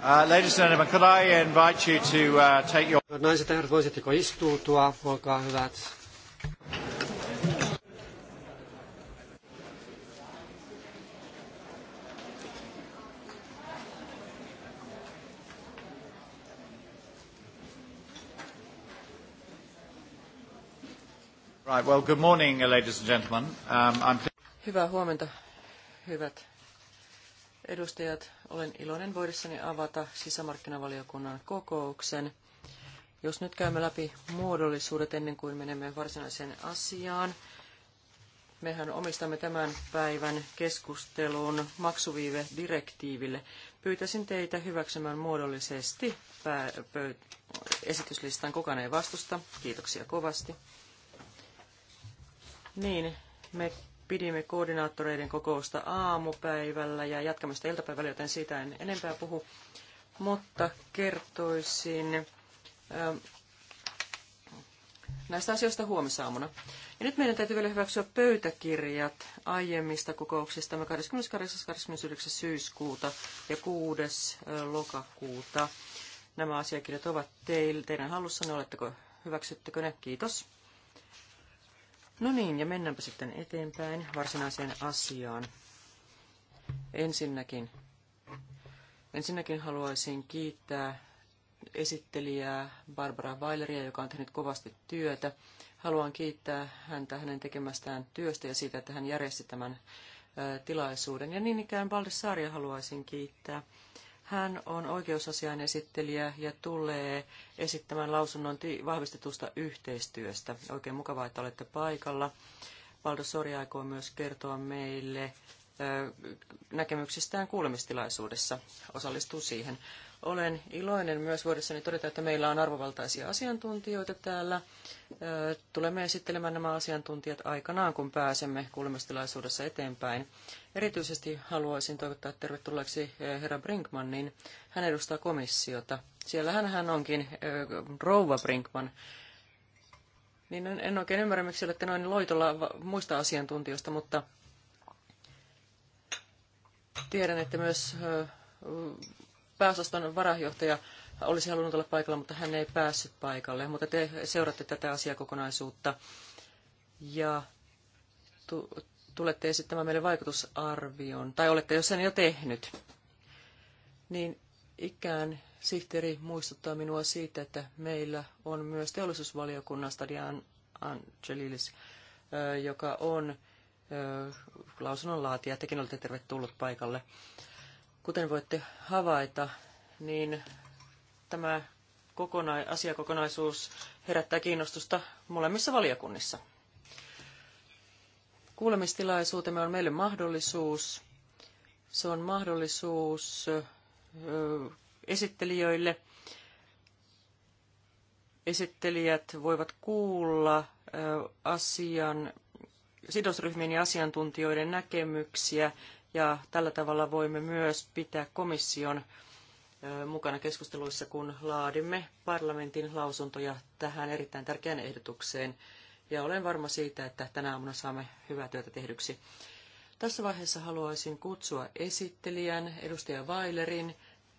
Uh, ladies and gentlemen, could I invite you to uh, take your... Naiset ja herrat, voisitteko istuutua? Olkaa hyvät. Right, well, good morning, uh, ladies and gentlemen. Um, I'm... Hyvää huomenta, hyvät edustajat. Olen iloinen voidessani avata sisämarkkinavaliokunnan kokouksen. Jos nyt käymme läpi muodollisuudet ennen kuin menemme varsinaiseen asiaan, mehän omistamme tämän päivän keskustelun maksuviivedirektiiville. Pyytäisin teitä hyväksymään muodollisesti esityslistan. Kukaan ei vastusta. Kiitoksia kovasti. Niin, me Pidimme koordinaattoreiden kokousta aamupäivällä ja jatkamme sitä iltapäivällä, joten siitä en enempää puhu. Mutta kertoisin ähm, näistä asioista huomisaamuna. Ja nyt meidän täytyy vielä hyväksyä pöytäkirjat aiemmista kokouksista 28. 29. syyskuuta ja 6. lokakuuta. Nämä asiakirjat ovat teille, teidän hallussanne, oletteko, hyväksyttekö ne? Kiitos. No niin, ja mennäänpä sitten eteenpäin varsinaiseen asiaan. Ensinnäkin, ensinnäkin haluaisin kiittää esittelijää Barbara Weileria, joka on tehnyt kovasti työtä. Haluan kiittää häntä hänen tekemästään työstä ja siitä, että hän järjesti tämän tilaisuuden. Ja niin ikään Baldessaaria haluaisin kiittää. Hän on oikeusasian esittelijä ja tulee esittämään lausunnon vahvistetusta yhteistyöstä. Oikein mukavaa, että olette paikalla. Valdo Sori aikoo myös kertoa meille näkemyksistään kuulemistilaisuudessa. Osallistuu siihen. Olen iloinen myös voidessani todeta, että meillä on arvovaltaisia asiantuntijoita täällä. Tulemme esittelemään nämä asiantuntijat aikanaan, kun pääsemme kuulemistilaisuudessa eteenpäin. Erityisesti haluaisin toivottaa tervetulleeksi herra Brinkmanin. Hän edustaa komissiota. Siellähän hän onkin rouva Brinkman. Niin en, en oikein ymmärrä, miksi olette noin loitolla muista asiantuntijoista, mutta tiedän, että myös pääosaston varajohtaja olisi halunnut olla paikalla, mutta hän ei päässyt paikalle. Mutta te seuraatte tätä asiakokonaisuutta ja tu- tulette esittämään meille vaikutusarvion, tai olette jo sen jo tehnyt. Niin ikään sihteeri muistuttaa minua siitä, että meillä on myös teollisuusvaliokunnasta Dian Angelilis, joka on lausunnonlaatija. Tekin olette tervetullut paikalle. Kuten voitte havaita, niin tämä kokona- asiakokonaisuus herättää kiinnostusta molemmissa valiokunnissa. Kuulemistilaisuutemme on meille mahdollisuus. Se on mahdollisuus esittelijöille. Esittelijät voivat kuulla asian sidosryhmien ja asiantuntijoiden näkemyksiä ja tällä tavalla voimme myös pitää komission mukana keskusteluissa, kun laadimme parlamentin lausuntoja tähän erittäin tärkeään ehdotukseen. Ja olen varma siitä, että tänä aamuna saamme hyvää työtä tehdyksi. Tässä vaiheessa haluaisin kutsua esittelijän, edustaja Vailerin.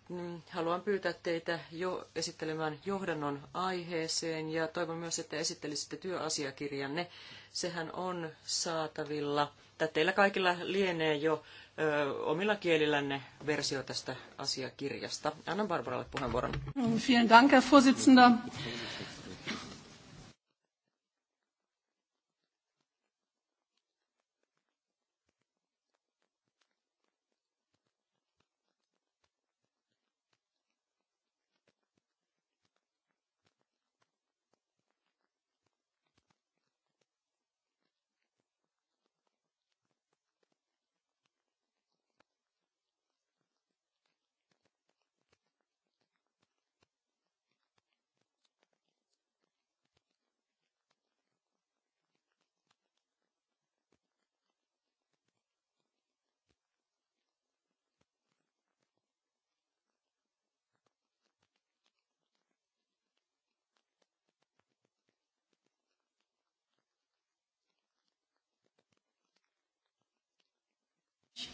Mm, haluan pyytää teitä jo esittelemään johdannon aiheeseen ja toivon myös, että esittelisitte työasiakirjanne. Sehän on saatavilla, tai teillä kaikilla lienee jo ö, omilla kielillänne versio tästä asiakirjasta. Annan Barbaralle puheenvuoron. Vielen Dank, Herr Vorsitzender.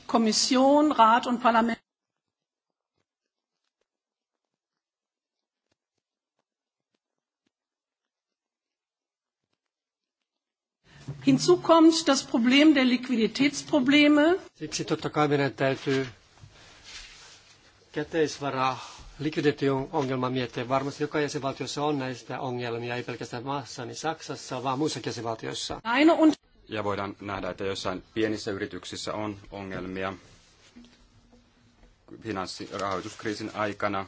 Kommission, Rat und Parlament Hinzu kommt das Problem der Liquiditätsprobleme. Siksi totta kai meidän täytyy käteisvaraa likviditeetin ongelma miettiä. Varmasti joka jäsenvaltiossa on näistä ongelmia, ei pelkästään maassa, niin Saksassa, vaan muissa jäsenvaltioissa. Aina on ja voidaan nähdä, että jossain pienissä yrityksissä on ongelmia finanssirahoituskriisin aikana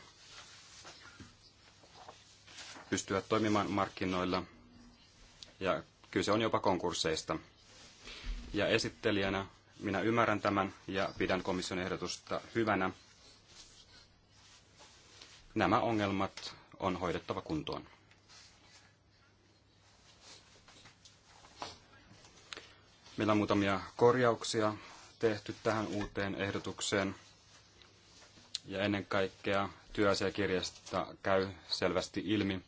pystyä toimimaan markkinoilla ja kyse on jopa konkursseista. Ja esittelijänä minä ymmärrän tämän ja pidän komission ehdotusta hyvänä. Nämä ongelmat on hoidettava kuntoon. Meillä on muutamia korjauksia tehty tähän uuteen ehdotukseen. Ja ennen kaikkea työasiakirjasta käy selvästi ilmi,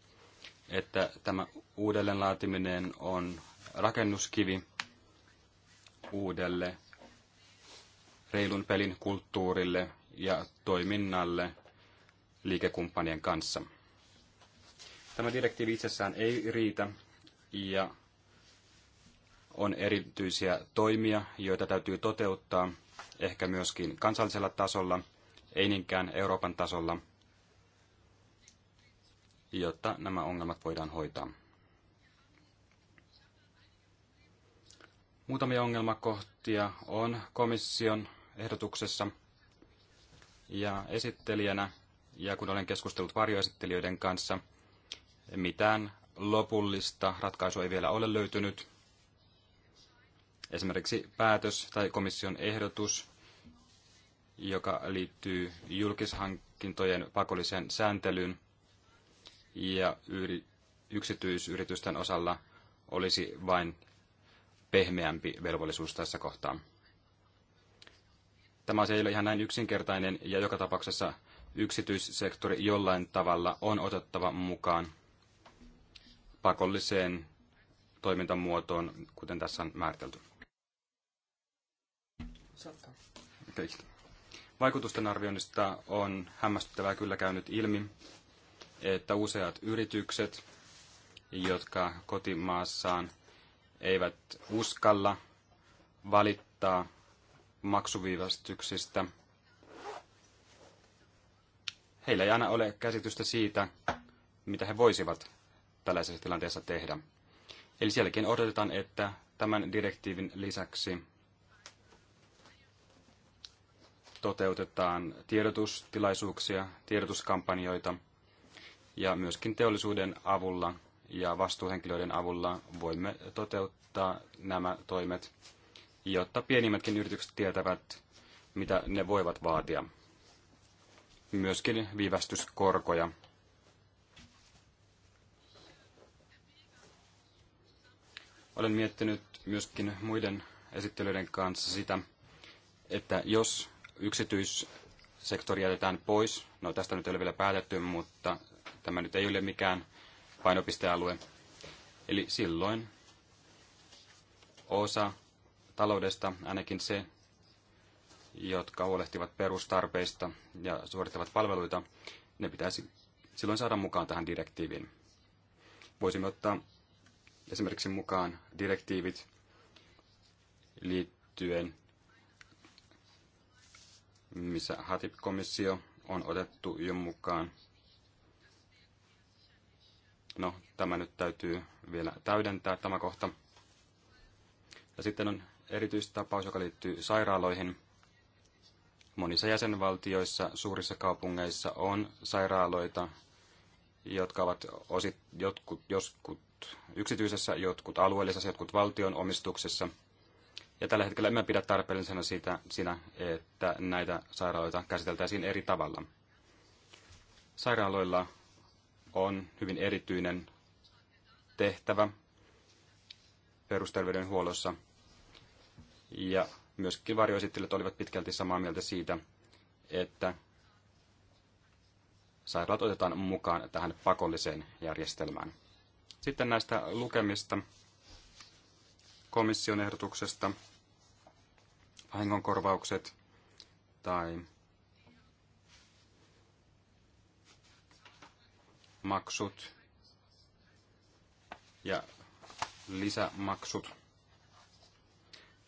että tämä uudelleenlaatiminen on rakennuskivi uudelle reilun pelin kulttuurille ja toiminnalle liikekumppanien kanssa. Tämä direktiivi itsessään ei riitä ja on erityisiä toimia, joita täytyy toteuttaa, ehkä myöskin kansallisella tasolla, ei niinkään Euroopan tasolla, jotta nämä ongelmat voidaan hoitaa. Muutamia ongelmakohtia on komission ehdotuksessa ja esittelijänä, ja kun olen keskustellut varjoesittelijöiden kanssa, mitään lopullista ratkaisua ei vielä ole löytynyt, Esimerkiksi päätös tai komission ehdotus, joka liittyy julkishankintojen pakolliseen sääntelyyn ja yksityisyritysten osalla olisi vain pehmeämpi velvollisuus tässä kohtaa. Tämä asia ei ole ihan näin yksinkertainen ja joka tapauksessa yksityissektori jollain tavalla on otettava mukaan pakolliseen toimintamuotoon, kuten tässä on määritelty. Okay. Vaikutusten arvioinnista on hämmästyttävää kyllä käynyt ilmi, että useat yritykset, jotka kotimaassaan eivät uskalla valittaa maksuviivästyksistä, heillä ei aina ole käsitystä siitä, mitä he voisivat tällaisessa tilanteessa tehdä. Eli sielläkin odotetaan, että tämän direktiivin lisäksi toteutetaan tiedotustilaisuuksia, tiedotuskampanjoita ja myöskin teollisuuden avulla ja vastuuhenkilöiden avulla voimme toteuttaa nämä toimet, jotta pienimmätkin yritykset tietävät, mitä ne voivat vaatia. Myöskin viivästyskorkoja. Olen miettinyt myöskin muiden esittelyiden kanssa sitä, että jos yksityissektori jätetään pois. No tästä nyt ei ole vielä päätetty, mutta tämä nyt ei ole mikään painopistealue. Eli silloin osa taloudesta, ainakin se, jotka huolehtivat perustarpeista ja suorittavat palveluita, ne pitäisi silloin saada mukaan tähän direktiiviin. Voisimme ottaa esimerkiksi mukaan direktiivit liittyen missä HATIP-komissio on otettu jo mukaan. No, tämä nyt täytyy vielä täydentää tämä kohta. Ja sitten on erityistapaus, joka liittyy sairaaloihin. Monissa jäsenvaltioissa, suurissa kaupungeissa on sairaaloita, jotka ovat osit, jotkut, joskus yksityisessä, jotkut alueellisessa, jotkut valtion omistuksessa – ja tällä hetkellä emme pidä tarpeellisena sitä, siinä, että näitä sairaaloita käsiteltäisiin eri tavalla. Sairaaloilla on hyvin erityinen tehtävä perusterveydenhuollossa. Ja myöskin varjoesittelijät olivat pitkälti samaa mieltä siitä, että sairaalat otetaan mukaan tähän pakolliseen järjestelmään. Sitten näistä lukemista komission ehdotuksesta vahingonkorvaukset tai maksut ja lisämaksut.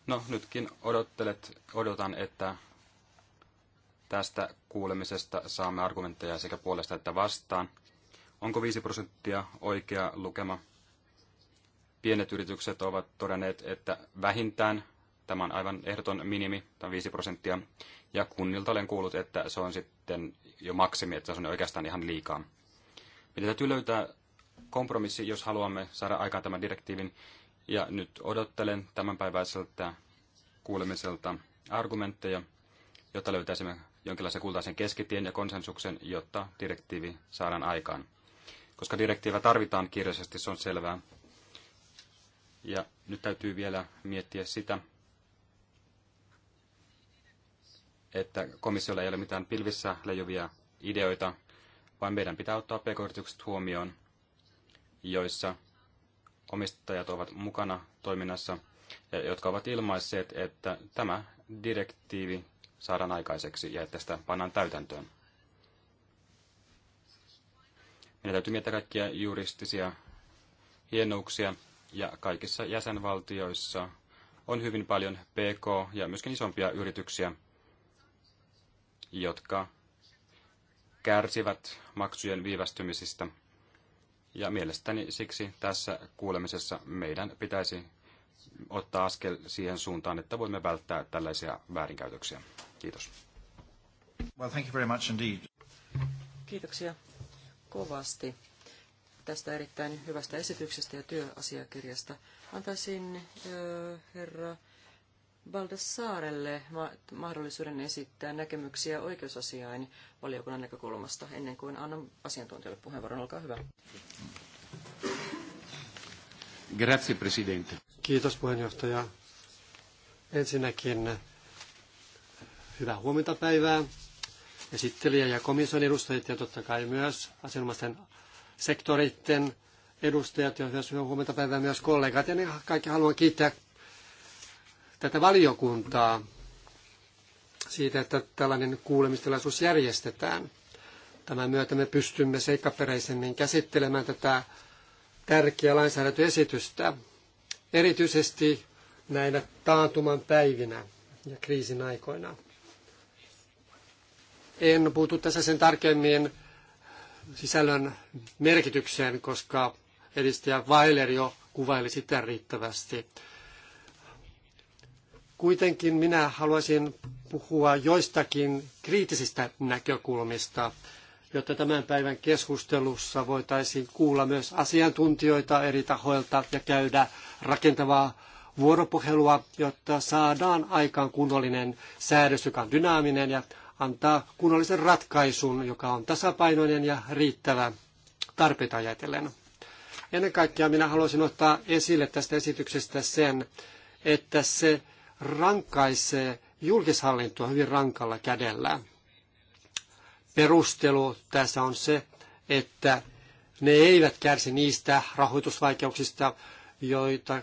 No nytkin odottelet, odotan, että tästä kuulemisesta saamme argumentteja sekä puolesta että vastaan. Onko 5 prosenttia oikea lukema? Pienet yritykset ovat todenneet, että vähintään Tämä on aivan ehdoton minimi, tämä 5 prosenttia. Ja kunnilta olen kuullut, että se on sitten jo maksimi, että se on oikeastaan ihan liikaa. Meidän täytyy löytää kompromissi, jos haluamme saada aikaan tämän direktiivin. Ja nyt odottelen tämänpäiväiseltä kuulemiselta argumentteja, jotta löytäisimme jonkinlaisen kultaisen keskitien ja konsensuksen, jotta direktiivi saadaan aikaan. Koska direktiivä tarvitaan kirjallisesti, se on selvää. Ja nyt täytyy vielä miettiä sitä, että komissiolla ei ole mitään pilvissä leijuvia ideoita, vaan meidän pitää ottaa pk huomioon, joissa omistajat ovat mukana toiminnassa ja jotka ovat ilmaisseet, että tämä direktiivi saadaan aikaiseksi ja että sitä pannaan täytäntöön. Meidän täytyy miettiä kaikkia juristisia hienouksia ja kaikissa jäsenvaltioissa on hyvin paljon PK- ja myöskin isompia yrityksiä, jotka kärsivät maksujen viivästymisistä. Ja mielestäni siksi tässä kuulemisessa meidän pitäisi ottaa askel siihen suuntaan, että voimme välttää tällaisia väärinkäytöksiä. Kiitos. Well, thank you very much indeed. Kiitoksia kovasti tästä erittäin hyvästä esityksestä ja työasiakirjasta. Antaisin herra Valdassaarelle mahdollisuuden esittää näkemyksiä oikeusasiain valiokunnan näkökulmasta ennen kuin annan asiantuntijalle puheenvuoron. Olkaa hyvä. Grazie, Presidente. Kiitos puheenjohtaja. Ensinnäkin hyvää huomenta päivää esittelijä ja komission edustajat ja totta kai myös asianomaisten sektoreiden edustajat ja myös hyvää huomenta päivää myös kollegat. Ja niin kaikki haluan kiittää tätä valiokuntaa siitä, että tällainen kuulemistilaisuus järjestetään. Tämän myötä me pystymme seikkaperäisemmin käsittelemään tätä tärkeää lainsäädäntöesitystä, erityisesti näinä taantuman päivinä ja kriisin aikoina. En puutu tässä sen tarkemmin sisällön merkitykseen, koska edistäjä Weiler jo kuvaili sitä riittävästi. Kuitenkin minä haluaisin puhua joistakin kriittisistä näkökulmista, jotta tämän päivän keskustelussa voitaisiin kuulla myös asiantuntijoita eri tahoilta ja käydä rakentavaa vuoropuhelua, jotta saadaan aikaan kunnollinen säädös, joka on dynaaminen ja antaa kunnollisen ratkaisun, joka on tasapainoinen ja riittävä tarpeita ajatellen. Ennen kaikkea minä haluaisin ottaa esille tästä esityksestä sen, että se rankaisee julkishallintoa hyvin rankalla kädellä. Perustelu tässä on se, että ne eivät kärsi niistä rahoitusvaikeuksista, joita,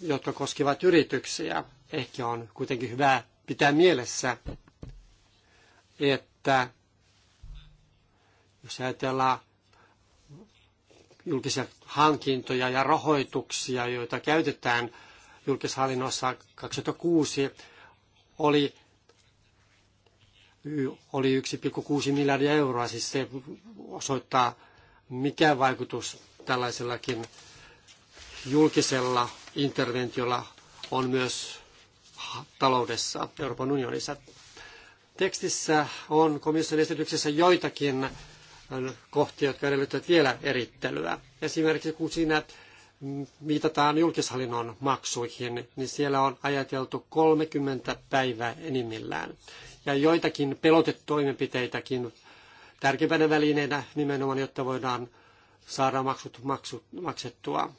jotka koskevat yrityksiä. Ehkä on kuitenkin hyvä pitää mielessä, että jos ajatellaan julkisia hankintoja ja rahoituksia, joita käytetään julkishallinnossa 2006 oli, oli 1,6 miljardia euroa. Siis se osoittaa, mikä vaikutus tällaisellakin julkisella interventiolla on myös taloudessa Euroopan unionissa. Tekstissä on komission esityksessä joitakin kohtia, jotka edellyttävät vielä erittelyä. Esimerkiksi kun siinä viitataan julkishallinnon maksuihin, niin siellä on ajateltu 30 päivää enimmillään. Ja joitakin pelotetoimenpiteitäkin tärkeimpänä välineenä nimenomaan, jotta voidaan saada maksut maksu, maksettua.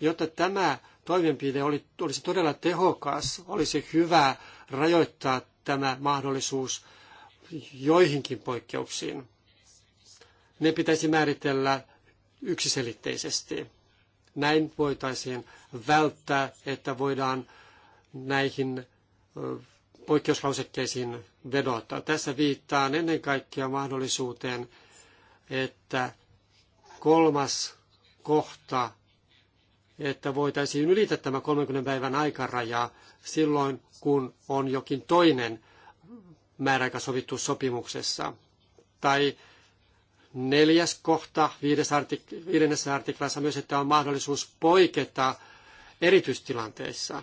Jotta tämä toimenpide oli, olisi todella tehokas, olisi hyvä rajoittaa tämä mahdollisuus joihinkin poikkeuksiin. Ne pitäisi määritellä yksiselitteisesti näin voitaisiin välttää, että voidaan näihin poikkeuslausekkeisiin vedota. Tässä viittaan ennen kaikkea mahdollisuuteen, että kolmas kohta, että voitaisiin ylittää tämä 30 päivän aikaraja silloin, kun on jokin toinen määräaika sovittu sopimuksessa. Tai Neljäs kohta viides artik- viidennessä artiklassa myös, että on mahdollisuus poiketa erityistilanteissa.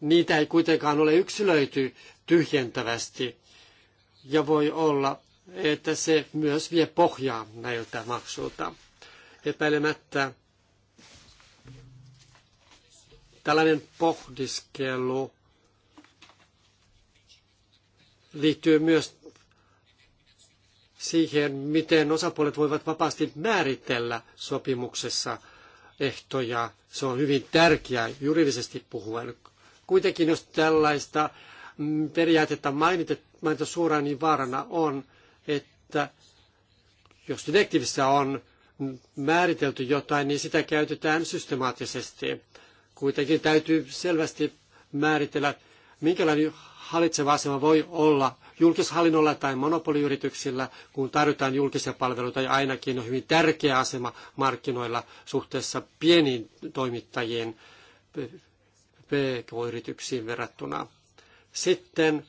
Niitä ei kuitenkaan ole yksilöity tyhjentävästi ja voi olla, että se myös vie pohjaa näiltä maksulta. Epäilemättä tällainen pohdiskelu liittyy myös siihen, miten osapuolet voivat vapaasti määritellä sopimuksessa ehtoja. Se on hyvin tärkeää juridisesti puhuen. Kuitenkin jos tällaista mm, periaatetta mainita, suoraan, niin vaarana on, että jos direktiivissä on määritelty jotain, niin sitä käytetään systemaattisesti. Kuitenkin täytyy selvästi määritellä, minkälainen hallitseva asema voi olla julkishallinnolla tai monopoliyrityksillä, kun tarjotaan julkisia palveluita ja ainakin on hyvin tärkeä asema markkinoilla suhteessa pieniin toimittajiin PK-yrityksiin verrattuna. Sitten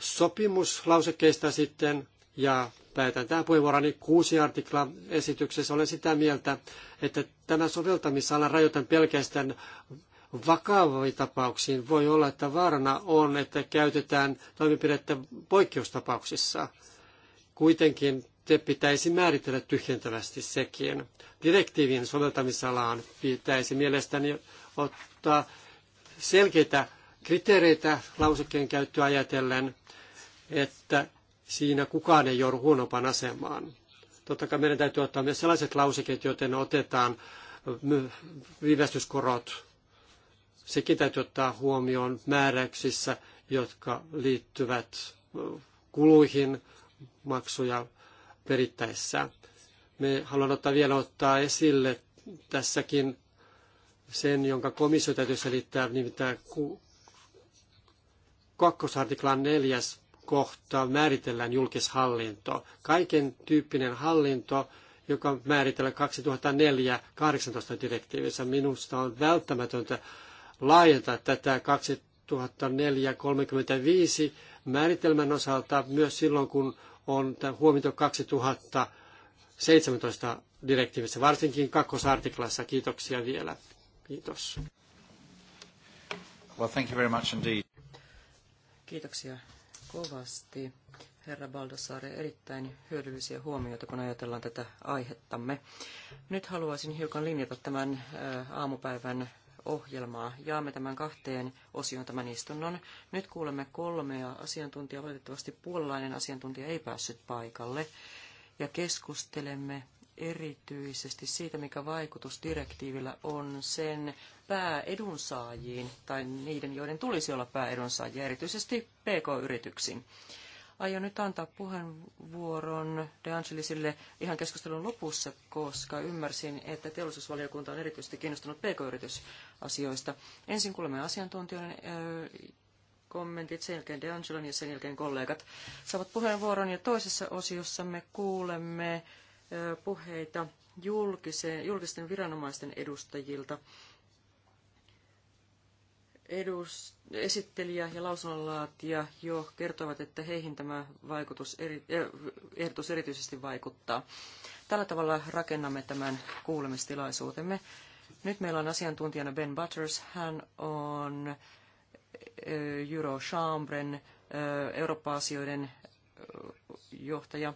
sopimuslausekkeista sitten ja päätän tämän puheenvuoroni kuusi artikla esityksessä. Olen sitä mieltä, että tämä soveltamisala rajoitan pelkästään vakaviin tapauksiin voi olla, että vaarana on, että käytetään toimenpidettä poikkeustapauksissa. Kuitenkin te pitäisi määritellä tyhjentävästi sekin. Direktiivin soveltamisalaan pitäisi mielestäni ottaa selkeitä kriteereitä lausekkeen käyttöä ajatellen, että siinä kukaan ei joudu huonompaan asemaan. Totta kai meidän täytyy ottaa myös sellaiset lausekkeet, joten otetaan viivästyskorot Sekin täytyy ottaa huomioon määräyksissä, jotka liittyvät kuluihin maksuja perittäessä. Me haluan ottaa vielä ottaa esille tässäkin sen, jonka komissio täytyy selittää, nimittäin kakkosartiklan neljäs kohta määritellään julkishallinto. Kaiken tyyppinen hallinto, joka määritellään 2004-18 direktiivissä, minusta on välttämätöntä laajentaa tätä 2004-35 määritelmän osalta myös silloin, kun on huomioitu 2017 direktiivissä, varsinkin kakkosartiklassa. Kiitoksia vielä. Kiitos. Well, thank you very much indeed. Kiitoksia kovasti, herra Baldassare. Erittäin hyödyllisiä huomioita, kun ajatellaan tätä aihettamme. Nyt haluaisin hiukan linjata tämän aamupäivän ohjelmaa. Jaamme tämän kahteen osioon tämän istunnon. Nyt kuulemme kolmea asiantuntijaa. Valitettavasti puolalainen asiantuntija ei päässyt paikalle. Ja keskustelemme erityisesti siitä, mikä vaikutus direktiivillä on sen pääedunsaajiin tai niiden, joiden tulisi olla pääedunsaajia, erityisesti PK-yrityksiin. Aion nyt antaa puheenvuoron De Angelisille ihan keskustelun lopussa, koska ymmärsin, että teollisuusvaliokunta on erityisesti kiinnostunut pk-yritysasioista. Ensin kuulemme asiantuntijoiden kommentit, sen jälkeen De Angelon ja sen jälkeen kollegat saavat puheenvuoron. Ja toisessa osiossa me kuulemme puheita julkisten viranomaisten edustajilta edus, esittelijä ja lausunnonlaatija jo kertoivat, että heihin tämä vaikutus eri, e, ehdotus erityisesti vaikuttaa. Tällä tavalla rakennamme tämän kuulemistilaisuutemme. Nyt meillä on asiantuntijana Ben Butters. Hän on e, Eurochambre, e, Eurooppa-asioiden johtaja.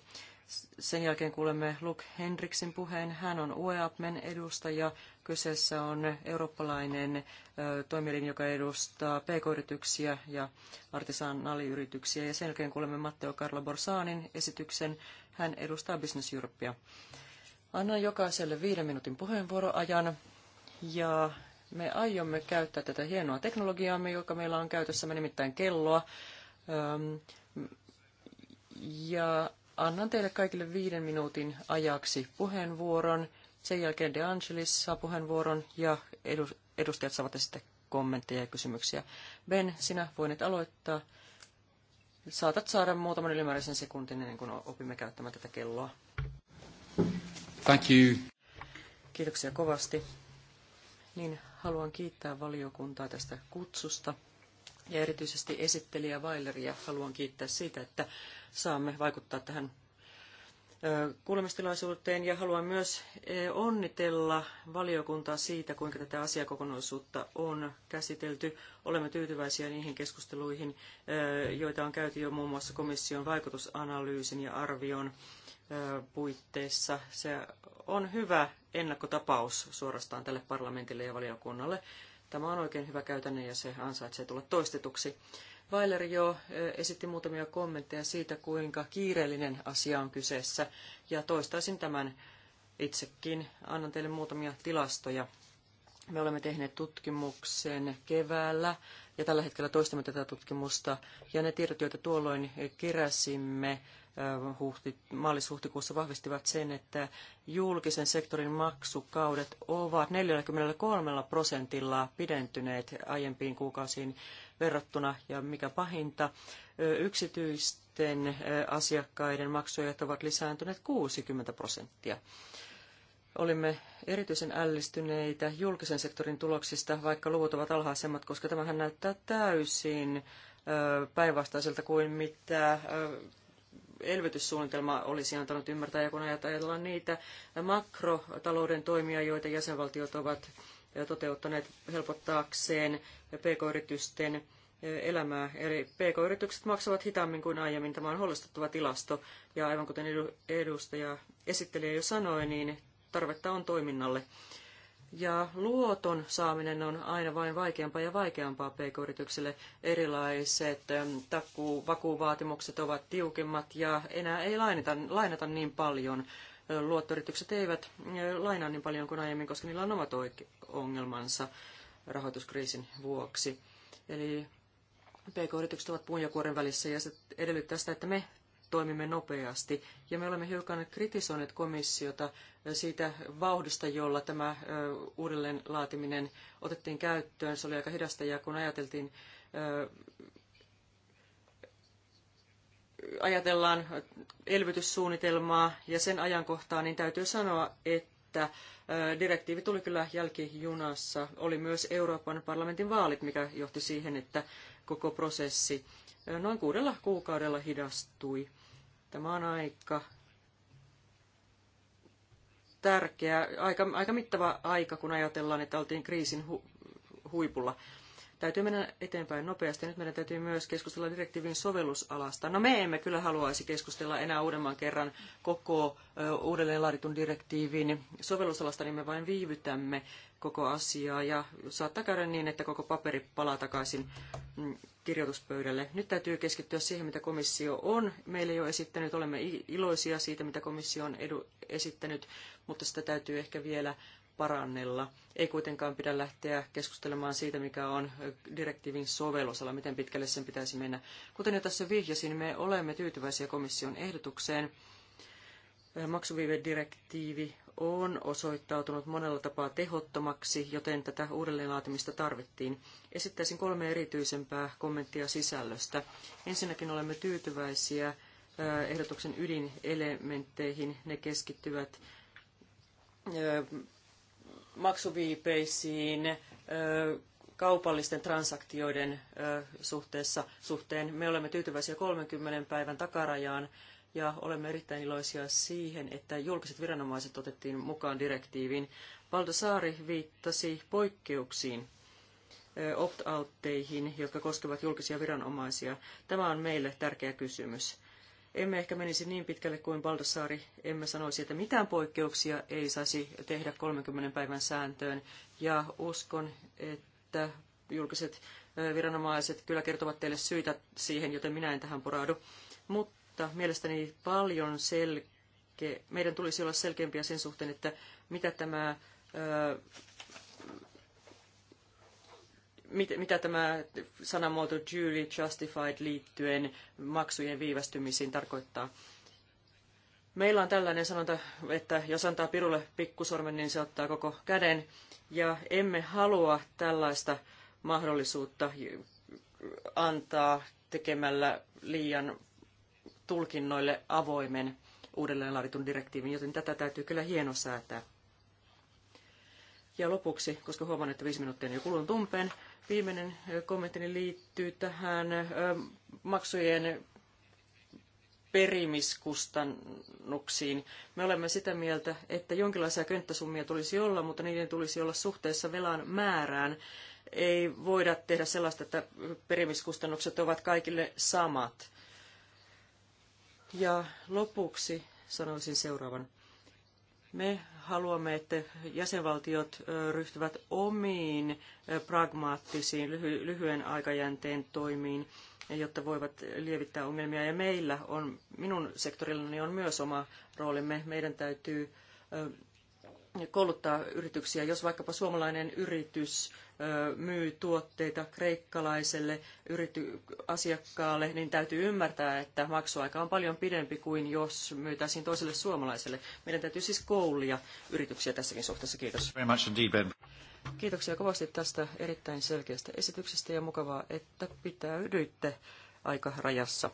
Sen jälkeen kuulemme Luke Henriksin puheen. Hän on UEAPMen edustaja. Kyseessä on eurooppalainen toimielin, joka edustaa pk-yrityksiä ja artisanaaliyrityksiä. Ja sen jälkeen kuulemme Matteo Carlo Borsaanin esityksen. Hän edustaa Business Europea. Annan jokaiselle viiden minuutin puheenvuoroajan ja me aiomme käyttää tätä hienoa teknologiaa, joka meillä on käytössämme, nimittäin kelloa. Ja Annan teille kaikille viiden minuutin ajaksi puheenvuoron. Sen jälkeen De Angelis saa puheenvuoron ja edustajat saavat esittää kommentteja ja kysymyksiä. Ben, sinä voinet aloittaa. Saatat saada muutaman ylimääräisen sekuntin ennen kuin opimme käyttämään tätä kelloa. Thank you. Kiitoksia kovasti. Niin, haluan kiittää valiokuntaa tästä kutsusta ja erityisesti esittelijä Weileria haluan kiittää siitä, että saamme vaikuttaa tähän kuulemistilaisuuteen ja haluan myös onnitella valiokuntaa siitä, kuinka tätä asiakokonaisuutta on käsitelty. Olemme tyytyväisiä niihin keskusteluihin, joita on käyty jo muun muassa komission vaikutusanalyysin ja arvion puitteissa. Se on hyvä ennakkotapaus suorastaan tälle parlamentille ja valiokunnalle. Tämä on oikein hyvä käytännön ja se ansaitsee tulla toistetuksi. Weiler jo esitti muutamia kommentteja siitä, kuinka kiireellinen asia on kyseessä, ja toistaisin tämän itsekin. Annan teille muutamia tilastoja. Me olemme tehneet tutkimuksen keväällä, ja tällä hetkellä toistamme tätä tutkimusta, ja ne tiedot, joita tuolloin keräsimme, huhti, maalis-huhtikuussa vahvistivat sen, että julkisen sektorin maksukaudet ovat 43 prosentilla pidentyneet aiempiin kuukausiin verrattuna ja mikä pahinta, yksityisten asiakkaiden maksujat ovat lisääntyneet 60 prosenttia. Olimme erityisen ällistyneitä julkisen sektorin tuloksista, vaikka luvut ovat alhaisemmat, koska tämähän näyttää täysin päinvastaiselta kuin mitä elvytyssuunnitelma olisi antanut ymmärtää, ja kun ajatellaan niitä makrotalouden toimia, joita jäsenvaltiot ovat toteuttaneet helpottaakseen pk-yritysten elämää. Eli pk-yritykset maksavat hitaammin kuin aiemmin. Tämä on huolestuttava tilasto. Ja aivan kuten edustaja esittelijä jo sanoi, niin tarvetta on toiminnalle. Ja luoton saaminen on aina vain vaikeampaa ja vaikeampaa pk-yrityksille. Erilaiset takuu, ovat tiukemmat ja enää ei lainata, lainata niin paljon luottoyritykset eivät lainaa niin paljon kuin aiemmin, koska niillä on omat ongelmansa rahoituskriisin vuoksi. Eli PK-yritykset ovat puun ja kuoren välissä ja se edellyttää sitä, että me toimimme nopeasti. Ja me olemme hiukan kritisoineet komissiota siitä vauhdista, jolla tämä uudelleenlaatiminen laatiminen otettiin käyttöön. Se oli aika hidasta ja kun ajateltiin ajatellaan elvytyssuunnitelmaa ja sen ajankohtaa, niin täytyy sanoa, että direktiivi tuli kyllä jälkijunassa. Oli myös Euroopan parlamentin vaalit, mikä johti siihen, että koko prosessi noin kuudella kuukaudella hidastui. Tämä on aika tärkeä, aika, aika mittava aika, kun ajatellaan, että oltiin kriisin hu, huipulla. Täytyy mennä eteenpäin nopeasti. Nyt meidän täytyy myös keskustella direktiivin sovellusalasta. No me emme kyllä haluaisi keskustella enää uudemman kerran koko uudelleen laaditun direktiivin sovellusalasta, niin me vain viivytämme koko asiaa ja saattaa käydä niin, että koko paperi palaa takaisin mm, kirjoituspöydälle. Nyt täytyy keskittyä siihen, mitä komissio on meille jo esittänyt. Olemme iloisia siitä, mitä komissio on esittänyt, mutta sitä täytyy ehkä vielä parannella. Ei kuitenkaan pidä lähteä keskustelemaan siitä, mikä on direktiivin sovellusala, miten pitkälle sen pitäisi mennä. Kuten jo tässä vihjasin, me olemme tyytyväisiä komission ehdotukseen. Maksuviivedirektiivi on osoittautunut monella tapaa tehottomaksi, joten tätä uudelleenlaatimista tarvittiin. Esittäisin kolme erityisempää kommenttia sisällöstä. Ensinnäkin olemme tyytyväisiä ehdotuksen ydinelementteihin. Ne keskittyvät maksuviipeisiin kaupallisten transaktioiden suhteessa, suhteen. Me olemme tyytyväisiä 30 päivän takarajaan ja olemme erittäin iloisia siihen, että julkiset viranomaiset otettiin mukaan direktiiviin. Valdo Saari viittasi poikkeuksiin opt-outteihin, jotka koskevat julkisia viranomaisia. Tämä on meille tärkeä kysymys emme ehkä menisi niin pitkälle kuin Baldassari, emme sanoisi, että mitään poikkeuksia ei saisi tehdä 30 päivän sääntöön. Ja uskon, että julkiset viranomaiset kyllä kertovat teille syitä siihen, joten minä en tähän poraudu. Mutta mielestäni paljon selke, meidän tulisi olla selkeämpiä sen suhteen, että mitä tämä mit, mitä tämä sanamuoto duly justified liittyen maksujen viivästymisiin tarkoittaa. Meillä on tällainen sanonta, että jos antaa pirulle pikkusormen, niin se ottaa koko käden. Ja emme halua tällaista mahdollisuutta antaa tekemällä liian tulkinnoille avoimen uudelleenlaaditun direktiivin, joten tätä täytyy kyllä säätää. Ja lopuksi, koska huomaan, että viisi minuuttia on jo kulunut umpeen, Viimeinen kommenttini liittyy tähän maksujen perimiskustannuksiin. Me olemme sitä mieltä, että jonkinlaisia könttäsummia tulisi olla, mutta niiden tulisi olla suhteessa velan määrään. Ei voida tehdä sellaista, että perimiskustannukset ovat kaikille samat. Ja lopuksi sanoisin seuraavan. Me haluamme, että jäsenvaltiot ryhtyvät omiin pragmaattisiin lyhyen aikajänteen toimiin, jotta voivat lievittää ongelmia. Ja meillä on, minun sektorillani on myös oma roolimme. Meidän täytyy kouluttaa yrityksiä. Jos vaikkapa suomalainen yritys myy tuotteita kreikkalaiselle yrity- asiakkaalle, niin täytyy ymmärtää, että maksuaika on paljon pidempi kuin jos myytäisiin toiselle suomalaiselle. Meidän täytyy siis koulia yrityksiä tässäkin suhteessa. Kiitos. Kiitoksia kovasti tästä erittäin selkeästä esityksestä ja mukavaa, että pitäydyitte aikarajassa.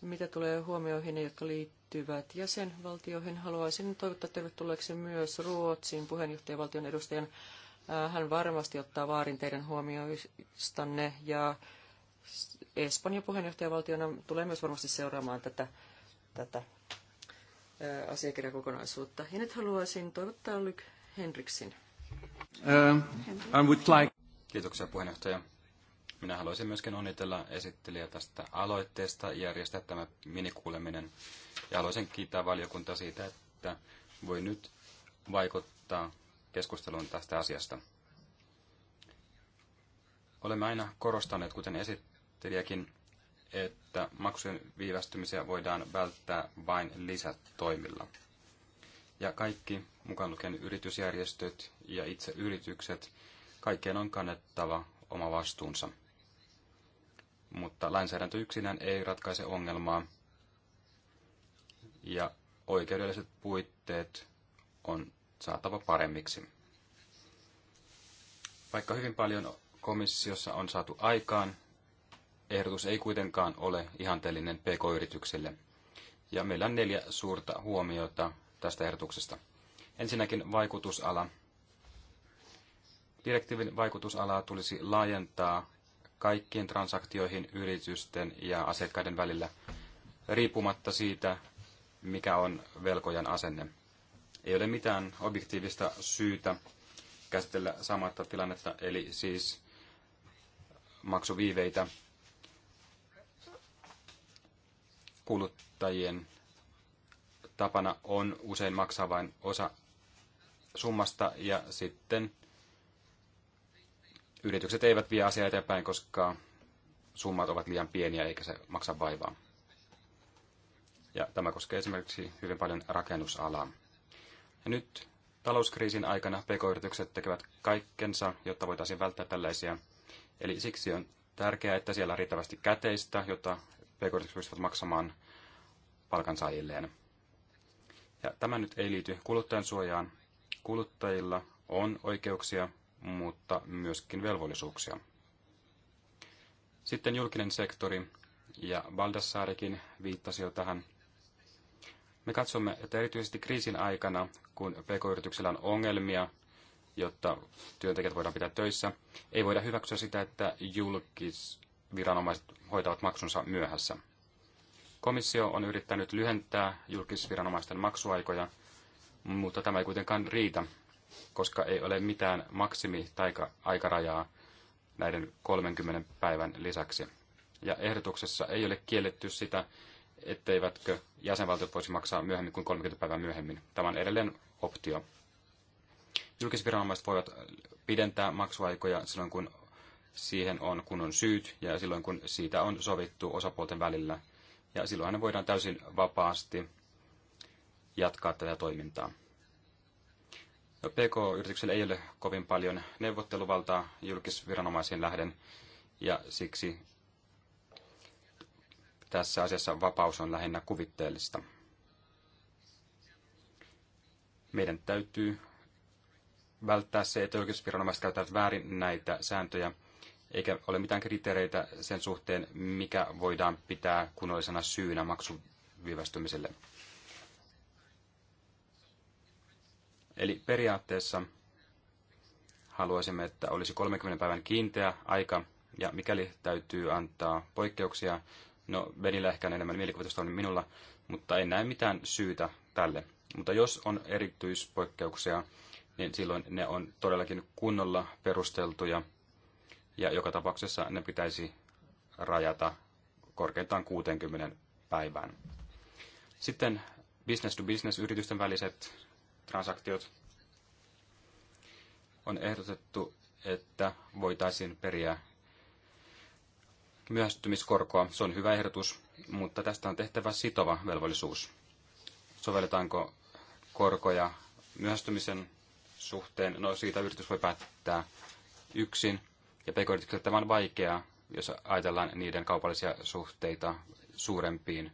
Mitä tulee huomioihin, jotka liittyvät jäsenvaltioihin, haluaisin toivottaa tervetulleeksi myös Ruotsin puheenjohtajavaltion edustajan. Äh, hän varmasti ottaa vaarin teidän huomioistanne ja Espanjan puheenjohtajavaltiona tulee myös varmasti seuraamaan tätä, tätä äh, asiakirjakokonaisuutta. Ja nyt haluaisin toivottaa Lyk Henriksin. Uh, like... Kiitoksia puheenjohtaja. Minä haluaisin myöskin onnitella esittelijä tästä aloitteesta järjestää tämä minikuuleminen. Ja haluaisin kiittää valiokuntaa siitä, että voi nyt vaikuttaa keskusteluun tästä asiasta. Olemme aina korostaneet, kuten esittelijäkin, että maksujen viivästymisiä voidaan välttää vain lisätoimilla. Ja kaikki, mukaan lukien yritysjärjestöt ja itse yritykset, kaikkien on kannettava oma vastuunsa mutta lainsäädäntö yksinään ei ratkaise ongelmaa. Ja oikeudelliset puitteet on saatava paremmiksi. Vaikka hyvin paljon komissiossa on saatu aikaan, ehdotus ei kuitenkaan ole ihanteellinen pk-yrityksille. Ja meillä on neljä suurta huomiota tästä ehdotuksesta. Ensinnäkin vaikutusala. Direktiivin vaikutusalaa tulisi laajentaa kaikkiin transaktioihin yritysten ja asiakkaiden välillä, riippumatta siitä, mikä on velkojan asenne. Ei ole mitään objektiivista syytä käsitellä samatta tilannetta, eli siis maksuviiveitä kuluttajien tapana on usein maksaa vain osa summasta ja sitten yritykset eivät vie asiaa eteenpäin, koska summat ovat liian pieniä eikä se maksa vaivaa. Ja tämä koskee esimerkiksi hyvin paljon rakennusalaa. Ja nyt talouskriisin aikana pk-yritykset tekevät kaikkensa, jotta voitaisiin välttää tällaisia. Eli siksi on tärkeää, että siellä on riittävästi käteistä, jotta pk-yritykset pystyvät maksamaan palkansaajilleen. Ja tämä nyt ei liity kuluttajan suojaan. Kuluttajilla on oikeuksia mutta myöskin velvollisuuksia. Sitten julkinen sektori, ja Baldassarikin viittasi jo tähän. Me katsomme, että erityisesti kriisin aikana, kun pk-yrityksillä on ongelmia, jotta työntekijät voidaan pitää töissä, ei voida hyväksyä sitä, että julkisviranomaiset hoitavat maksunsa myöhässä. Komissio on yrittänyt lyhentää julkisviranomaisten maksuaikoja, mutta tämä ei kuitenkaan riitä, koska ei ole mitään maksimi- tai aikarajaa näiden 30 päivän lisäksi. Ja ehdotuksessa ei ole kielletty sitä, etteivätkö jäsenvaltiot voisi maksaa myöhemmin kuin 30 päivää myöhemmin. Tämä on edelleen optio. Julkisviranomaiset voivat pidentää maksuaikoja silloin, kun siihen on kunnon syyt ja silloin, kun siitä on sovittu osapuolten välillä. Ja silloin ne voidaan täysin vapaasti jatkaa tätä toimintaa. PK-yrityksillä ei ole kovin paljon neuvotteluvaltaa julkisviranomaisiin lähden, ja siksi tässä asiassa vapaus on lähinnä kuvitteellista. Meidän täytyy välttää se, että julkisviranomaiset käyttävät väärin näitä sääntöjä, eikä ole mitään kriteereitä sen suhteen, mikä voidaan pitää kunnollisena syynä maksuviivästymiselle. Eli periaatteessa haluaisimme, että olisi 30 päivän kiinteä aika, ja mikäli täytyy antaa poikkeuksia, no Benillä ehkä on enemmän mielikuvitusta kuin minulla, mutta en näe mitään syytä tälle. Mutta jos on erityispoikkeuksia, niin silloin ne on todellakin kunnolla perusteltuja, ja joka tapauksessa ne pitäisi rajata korkeintaan 60 päivään. Sitten business-to-business-yritysten väliset transaktiot. On ehdotettu, että voitaisiin periä myöhästymiskorkoa. Se on hyvä ehdotus, mutta tästä on tehtävä sitova velvollisuus. Sovelletaanko korkoja myöhästymisen suhteen? No siitä yritys voi päättää yksin. Ja pk tämä on vaikeaa, jos ajatellaan niiden kaupallisia suhteita suurempiin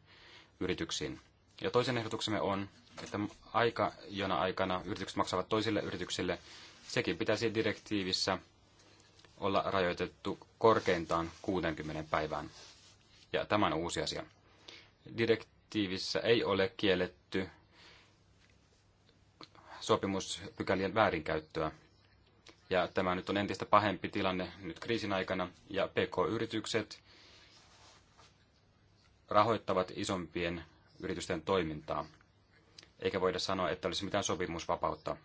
yrityksiin. Ja toisen ehdotuksemme on, että aika, jona aikana yritykset maksavat toisille yrityksille, sekin pitäisi direktiivissä olla rajoitettu korkeintaan 60 päivään. Ja tämä on uusi asia. Direktiivissä ei ole kielletty sopimuspykälien väärinkäyttöä. Ja tämä nyt on entistä pahempi tilanne nyt kriisin aikana, ja PK-yritykset rahoittavat isompien yritysten toimintaa eikä voida sanoa, että olisi mitään sopimusvapautta.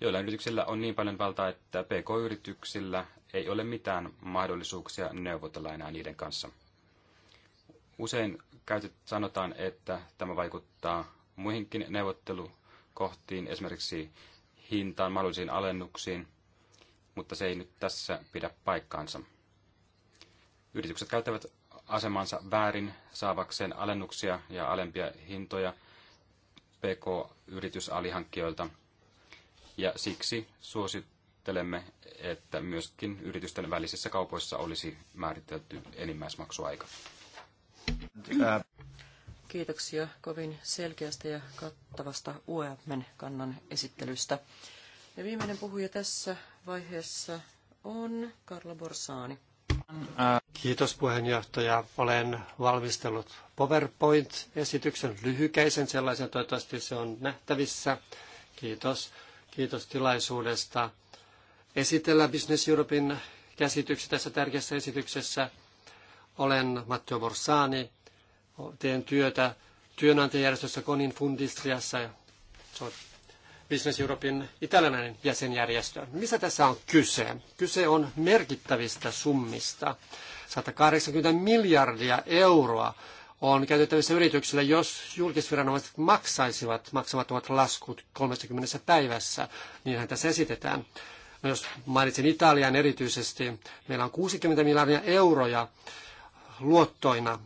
Joilla yrityksillä on niin paljon valtaa, että PK-yrityksillä ei ole mitään mahdollisuuksia neuvotella enää niiden kanssa. Usein käytet, sanotaan, että tämä vaikuttaa muihinkin neuvottelukohtiin, esimerkiksi hintaan, mahdollisiin alennuksiin, mutta se ei nyt tässä pidä paikkaansa. Yritykset käyttävät asemansa väärin saavakseen alennuksia ja alempia hintoja PK-yritysalihankkijoilta. Ja siksi suosittelemme, että myöskin yritysten välisissä kaupoissa olisi määritelty enimmäismaksuaika. Kiitoksia kovin selkeästä ja kattavasta UEMn kannan esittelystä. Ja viimeinen puhuja tässä vaiheessa on Karla Borsaani. Kiitos puheenjohtaja. Olen valmistellut PowerPoint-esityksen, lyhykäisen sellaisen, toivottavasti se on nähtävissä. Kiitos. Kiitos tilaisuudesta esitellä Business Europein käsityksiä tässä tärkeässä esityksessä. Olen Matteo Borsani, teen työtä työnantajajärjestössä Konin Fundistriassa. Se on Business Europein italialainen jäsenjärjestö. Mistä tässä on kyse? Kyse on merkittävistä summista. 180 miljardia euroa on käytettävissä yrityksillä, jos julkisviranomaiset maksaisivat maksamattomat laskut 30 päivässä. Niinhän tässä esitetään. No jos mainitsen Italian erityisesti, meillä on 60 miljardia euroja luottoina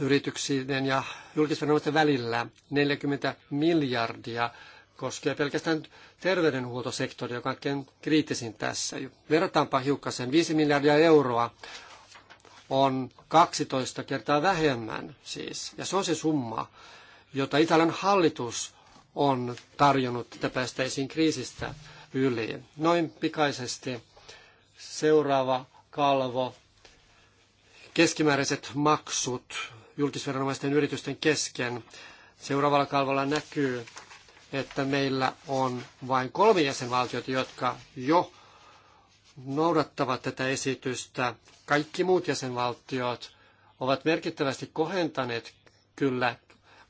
yrityksien ja julkisviranomaisten välillä 40 miljardia koskee pelkästään terveydenhuoltosektoria, joka on kriittisin tässä. Verrataanpa hiukkasen. 5 miljardia euroa on 12 kertaa vähemmän siis. Ja se on se summa, jota Italian hallitus on tarjonnut, että päästäisiin kriisistä yli. Noin pikaisesti seuraava kalvo. Keskimääräiset maksut julkisviranomaisten yritysten kesken. Seuraavalla kalvolla näkyy, että meillä on vain kolme jäsenvaltiota, jotka jo noudattavat tätä esitystä. Kaikki muut jäsenvaltiot ovat merkittävästi kohentaneet kyllä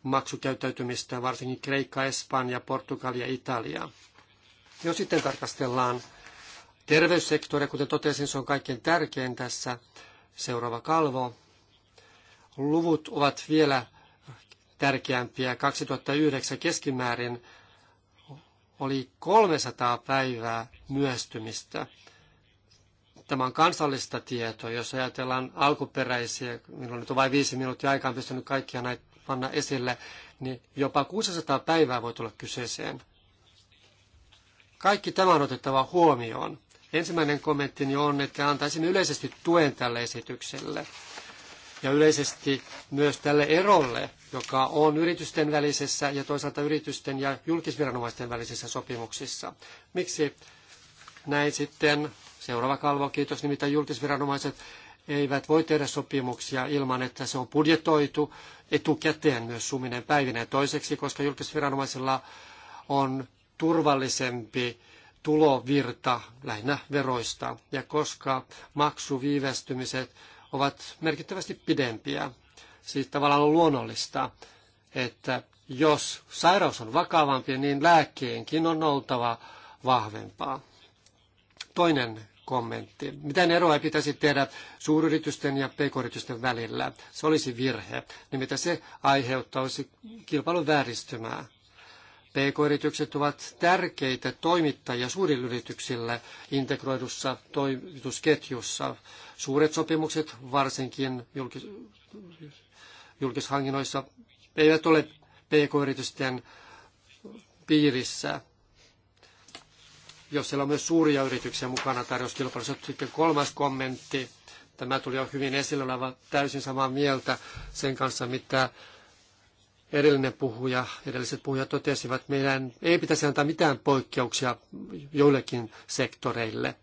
maksukäyttäytymistä, varsinkin Kreikka, Espanja, Portugalia ja Italia. Jos sitten tarkastellaan terveyssektoria, kuten totesin, se on kaikkein tärkein tässä. Seuraava kalvo luvut ovat vielä tärkeämpiä. 2009 keskimäärin oli 300 päivää myöstymistä. Tämä on kansallista tietoa, jos ajatellaan alkuperäisiä, minulla nyt on vain viisi minuuttia aikaa, pystynyt kaikkia näitä panna esille, niin jopa 600 päivää voi tulla kyseeseen. Kaikki tämä on otettava huomioon. Ensimmäinen kommenttini on, että antaisin yleisesti tuen tälle esitykselle ja yleisesti myös tälle erolle, joka on yritysten välisessä ja toisaalta yritysten ja julkisviranomaisten välisissä sopimuksissa. Miksi näin sitten seuraava kalvo, kiitos, nimittäin julkisviranomaiset eivät voi tehdä sopimuksia ilman, että se on budjetoitu etukäteen myös suminen päivinä. Toiseksi, koska julkisviranomaisilla on turvallisempi tulovirta lähinnä veroista ja koska maksuviivästymiset ovat merkittävästi pidempiä. Siis tavallaan on luonnollista, että jos sairaus on vakavampi, niin lääkkeenkin on oltava vahvempaa. Toinen kommentti. miten eroa ei pitäisi tehdä suuryritysten ja pk-yritysten välillä. Se olisi virhe. Nimittäin se aiheuttaisi kilpailun vääristymää. PK-yritykset ovat tärkeitä toimittajia suurille integroidussa toimitusketjussa. Suuret sopimukset, varsinkin julkis- julkishankinnoissa, eivät ole PK-yritysten piirissä. Jos siellä on myös suuria yrityksiä mukana tarjouskilpailussa. Sitten kolmas kommentti. Tämä tuli jo hyvin esille oleva täysin samaa mieltä sen kanssa, mitä edellinen puhuja, edelliset puhujat totesivat, meidän ei pitäisi antaa mitään poikkeuksia joillekin sektoreille.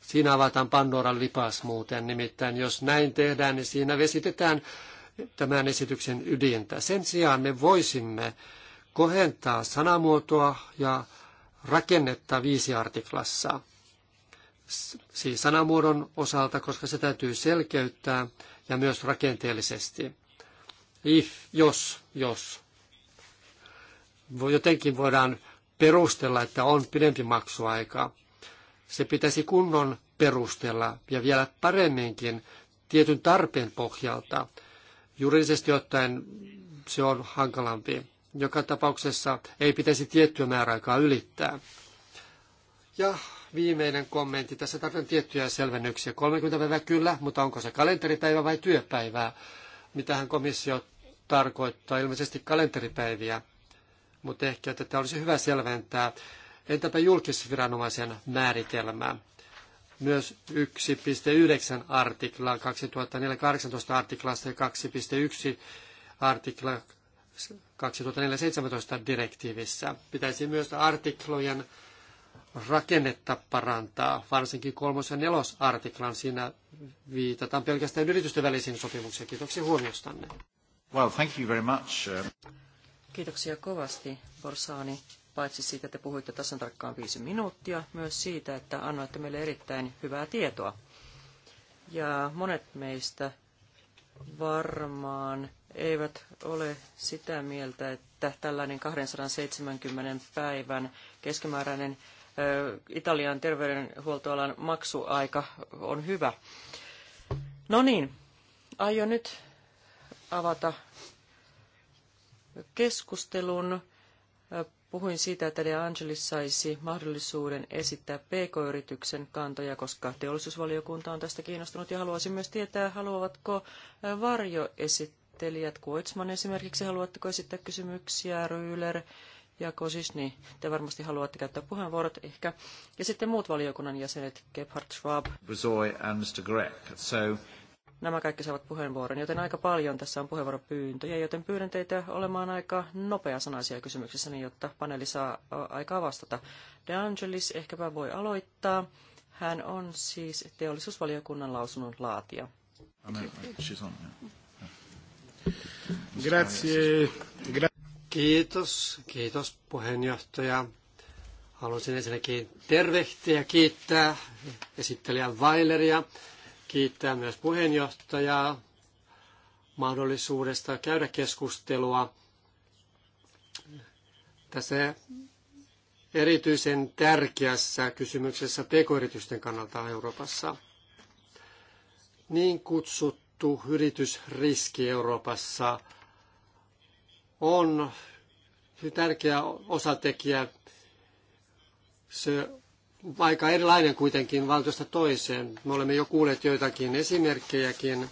Siinä avataan Pandoran lipas muuten, nimittäin jos näin tehdään, niin siinä vesitetään tämän esityksen ydintä. Sen sijaan me voisimme kohentaa sanamuotoa ja rakennetta viisi artiklassa. Siis sanamuodon osalta, koska se täytyy selkeyttää ja myös rakenteellisesti if, jos, jos. Jotenkin voidaan perustella, että on pidempi maksuaika. Se pitäisi kunnon perustella ja vielä paremminkin tietyn tarpeen pohjalta. Juridisesti ottaen se on hankalampi. Joka tapauksessa ei pitäisi tiettyä määräaikaa ylittää. Ja viimeinen kommentti. Tässä tarvitaan tiettyjä selvennyksiä. 30 päivää kyllä, mutta onko se kalenteripäivä vai työpäivää? Mitähän komissio tarkoittaa ilmeisesti kalenteripäiviä, mutta ehkä tätä olisi hyvä selventää. Entäpä julkisviranomaisen määritelmää? Myös 1.9 artikla 2018 artiklasta ja 2.1 artikla 2014 direktiivissä. Pitäisi myös artiklojen rakennetta parantaa, varsinkin kolmos- ja nelosartiklan. Siinä viitataan pelkästään yritysten välisiin sopimuksiin. Kiitoksia huomiostanne. Well, thank you very much. Uh, Kiitoksia kovasti, Borsaani, paitsi siitä, että puhuitte tasan tarkkaan viisi minuuttia, myös siitä, että annoitte meille erittäin hyvää tietoa. Ja monet meistä varmaan eivät ole sitä mieltä, että tällainen 270 päivän keskimääräinen Italian terveydenhuoltoalan maksuaika on hyvä. No niin, aion nyt avata keskustelun. Puhuin siitä, että De Angelis saisi mahdollisuuden esittää PK-yrityksen kantoja, koska teollisuusvaliokunta on tästä kiinnostunut ja haluaisin myös tietää, haluavatko varjoesittelijät, Kuotsman esimerkiksi, haluatteko esittää kysymyksiä, Ryyler ja kosisni. niin te varmasti haluatte käyttää puheenvuorot ehkä. Ja sitten muut valiokunnan jäsenet, Gebhard Schwab. and Mr. So Nämä kaikki saavat puheenvuoron, joten aika paljon tässä on puheenvuoropyyntöjä, joten pyydän teitä olemaan aika nopeasanaisia kysymyksissä, niin jotta paneeli saa aikaa vastata. De Angelis ehkäpä voi aloittaa. Hän on siis teollisuusvaliokunnan lausunnon laatija. Grazie. Kiitos, kiitos puheenjohtaja. Haluaisin ensinnäkin tervehtiä ja kiittää esittelijä Weileria kiittää myös puheenjohtajaa mahdollisuudesta käydä keskustelua tässä erityisen tärkeässä kysymyksessä pk-yritysten kannalta Euroopassa. Niin kutsuttu yritysriski Euroopassa on tärkeä osatekijä. Se aika erilainen kuitenkin valtiosta toiseen. Me olemme jo kuulleet joitakin esimerkkejäkin,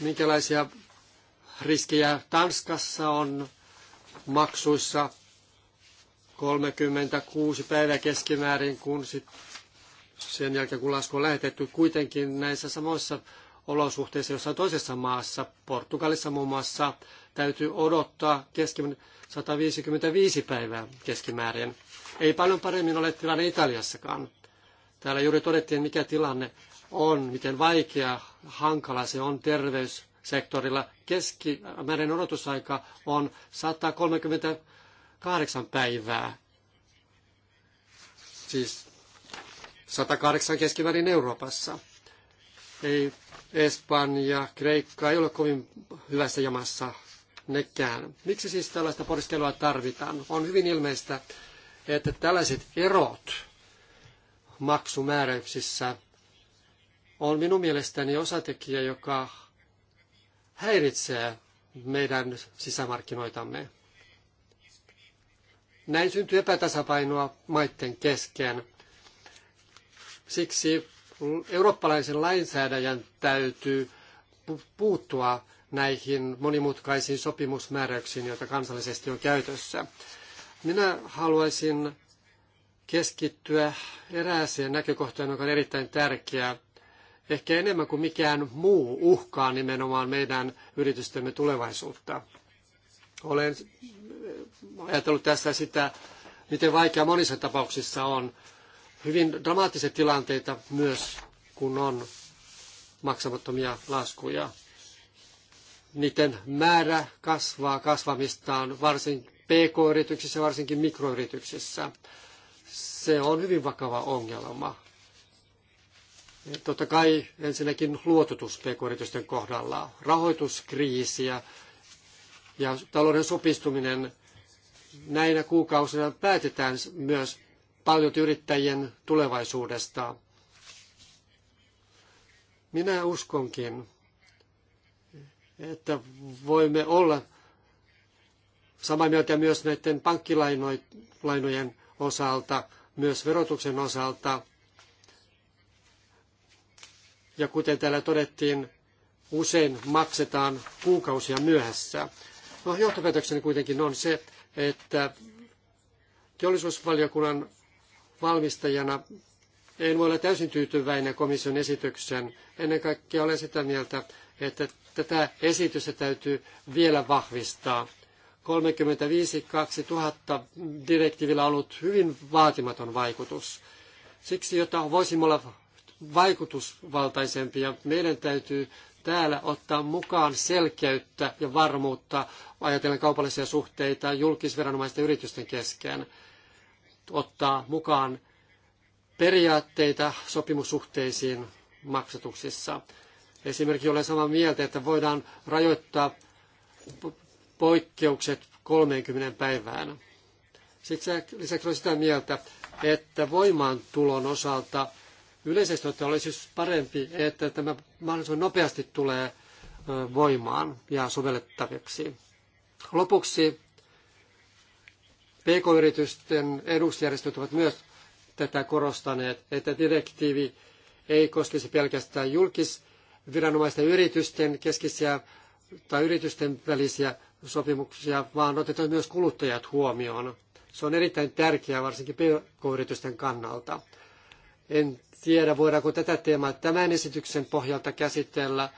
minkälaisia riskejä Tanskassa on maksuissa 36 päivää keskimäärin, kun sit sen jälkeen kun lasku on lähetetty kuitenkin näissä samoissa olosuhteissa jossain toisessa maassa, Portugalissa muun muassa, täytyy odottaa keskimäärin 155 päivää keskimäärin. Ei paljon paremmin ole tilanne Italiassakaan. Täällä juuri todettiin, mikä tilanne on, miten vaikea, hankala se on terveyssektorilla. Keskimääräinen odotusaika on 138 päivää. Siis 108 keskimäärin Euroopassa. Ei Espanja, Kreikka ei ole kovin hyvässä jamassa nekään. Miksi siis tällaista poriskelua tarvitaan? On hyvin ilmeistä, että tällaiset erot maksumääräyksissä on minun mielestäni osatekijä, joka häiritsee meidän sisämarkkinoitamme. Näin syntyy epätasapainoa maiden kesken. Siksi eurooppalaisen lainsäädäjän täytyy puuttua näihin monimutkaisiin sopimusmääräyksiin, joita kansallisesti on käytössä. Minä haluaisin keskittyä erääseen näkökohtaan, joka on erittäin tärkeä. Ehkä enemmän kuin mikään muu uhkaa nimenomaan meidän yritystemme tulevaisuutta. Olen ajatellut tässä sitä, miten vaikea monissa tapauksissa on. Hyvin dramaattisia tilanteita myös, kun on maksamattomia laskuja. Niiden määrä kasvaa kasvamistaan varsin PK-yrityksissä, varsinkin mikroyrityksissä. Se on hyvin vakava ongelma. Totta kai ensinnäkin luototus PK-yritysten kohdalla, rahoituskriisiä ja talouden supistuminen. Näinä kuukausina päätetään myös paljon yrittäjien tulevaisuudesta. Minä uskonkin, että voimme olla Samaa mieltä myös näiden pankkilainojen osalta, myös verotuksen osalta. Ja kuten täällä todettiin, usein maksetaan kuukausia myöhässä. No, johtopäätökseni kuitenkin on se, että teollisuusvaliokunnan valmistajana en voi olla täysin tyytyväinen komission esityksen. Ennen kaikkea olen sitä mieltä, että tätä esitystä täytyy vielä vahvistaa. 35-2000 direktiivillä ollut hyvin vaatimaton vaikutus. Siksi, jotta voisimme olla vaikutusvaltaisempia, meidän täytyy täällä ottaa mukaan selkeyttä ja varmuutta ajatellen kaupallisia suhteita julkisviranomaisten yritysten kesken. Ottaa mukaan periaatteita sopimussuhteisiin maksatuksissa. Esimerkiksi olen samaa mieltä, että voidaan rajoittaa poikkeukset 30 päivään. Sitten lisäksi olen sitä mieltä, että voimaantulon osalta yleisesti ottaen olisi siis parempi, että tämä mahdollisimman nopeasti tulee voimaan ja sovellettaviksi. Lopuksi PK-yritysten edusjärjestöt ovat myös tätä korostaneet, että direktiivi ei koskisi pelkästään julkisviranomaisten yritysten keskisiä tai yritysten välisiä sopimuksia, vaan otetaan myös kuluttajat huomioon. Se on erittäin tärkeää varsinkin pk-yritysten kannalta. En tiedä, voidaanko tätä teemaa tämän esityksen pohjalta käsitellä,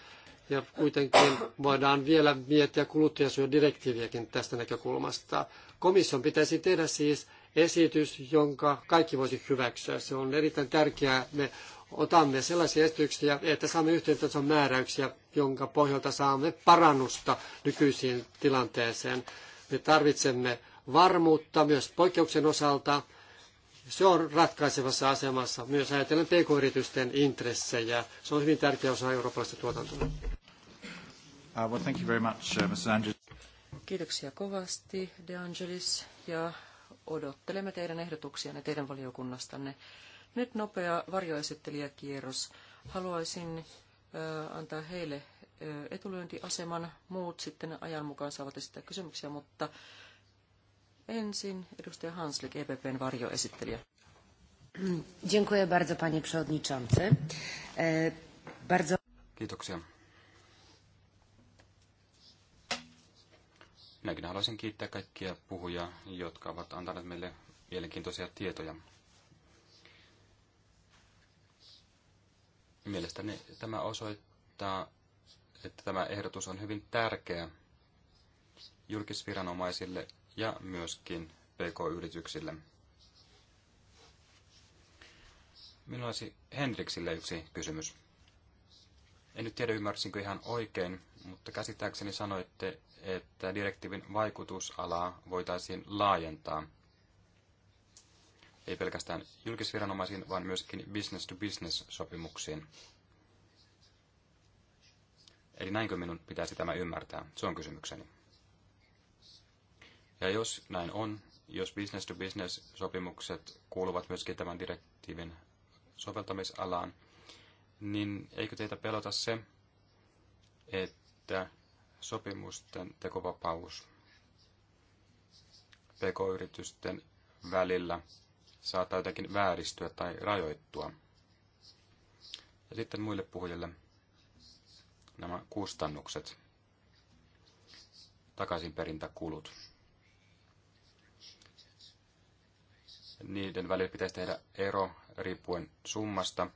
ja kuitenkin voidaan vielä miettiä kuluttajasuojadirektiiviäkin tästä näkökulmasta. Komission pitäisi tehdä siis esitys, jonka kaikki voisi hyväksyä. Se on erittäin tärkeää. Me otamme sellaisia esityksiä, että saamme yhteyttäson määräyksiä, jonka pohjalta saamme parannusta nykyisiin tilanteeseen. Me tarvitsemme varmuutta myös poikkeuksen osalta. Se on ratkaisevassa asemassa myös ajatellen pk-yritysten intressejä. Se on hyvin tärkeä osa eurooppalaista tuotantoa. Uh, well, thank you very much, uh, Mr. Angelis. Kiitoksia kovasti, De Angelis, ja odottelemme teidän ehdotuksianne teidän valiokunnastanne. Nyt nopea varjoesittelijäkierros. Haluaisin antaa heille etulyöntiaseman. Muut sitten ajan mukaan saavat esittää kysymyksiä, mutta ensin edustaja Hanslik, EPPn varjoesittelijä. Dziękuję bardzo, panie przewodniczący. E, bardzo... Kiitoksia. Minäkin haluaisin kiittää kaikkia puhuja, jotka ovat antaneet meille mielenkiintoisia tietoja. Mielestäni tämä osoittaa, että tämä ehdotus on hyvin tärkeä julkisviranomaisille ja myöskin PK-yrityksille. Minulla olisi Henriksille yksi kysymys. En nyt tiedä, ymmärsinkö ihan oikein, mutta käsittääkseni sanoitte, että direktiivin vaikutusalaa voitaisiin laajentaa – ei pelkästään julkisviranomaisiin, vaan myöskin business-to-business-sopimuksiin. Eli näinkö minun pitäisi tämä ymmärtää? Se on kysymykseni. Ja jos näin on, jos business-to-business-sopimukset kuuluvat myöskin tämän direktiivin soveltamisalaan, niin eikö teitä pelota se, että sopimusten tekovapaus pk-yritysten välillä saattaa jotenkin vääristyä tai rajoittua. Ja sitten muille puhujille nämä kustannukset, takaisinperintäkulut. Niiden välillä pitäisi tehdä ero riippuen summasta,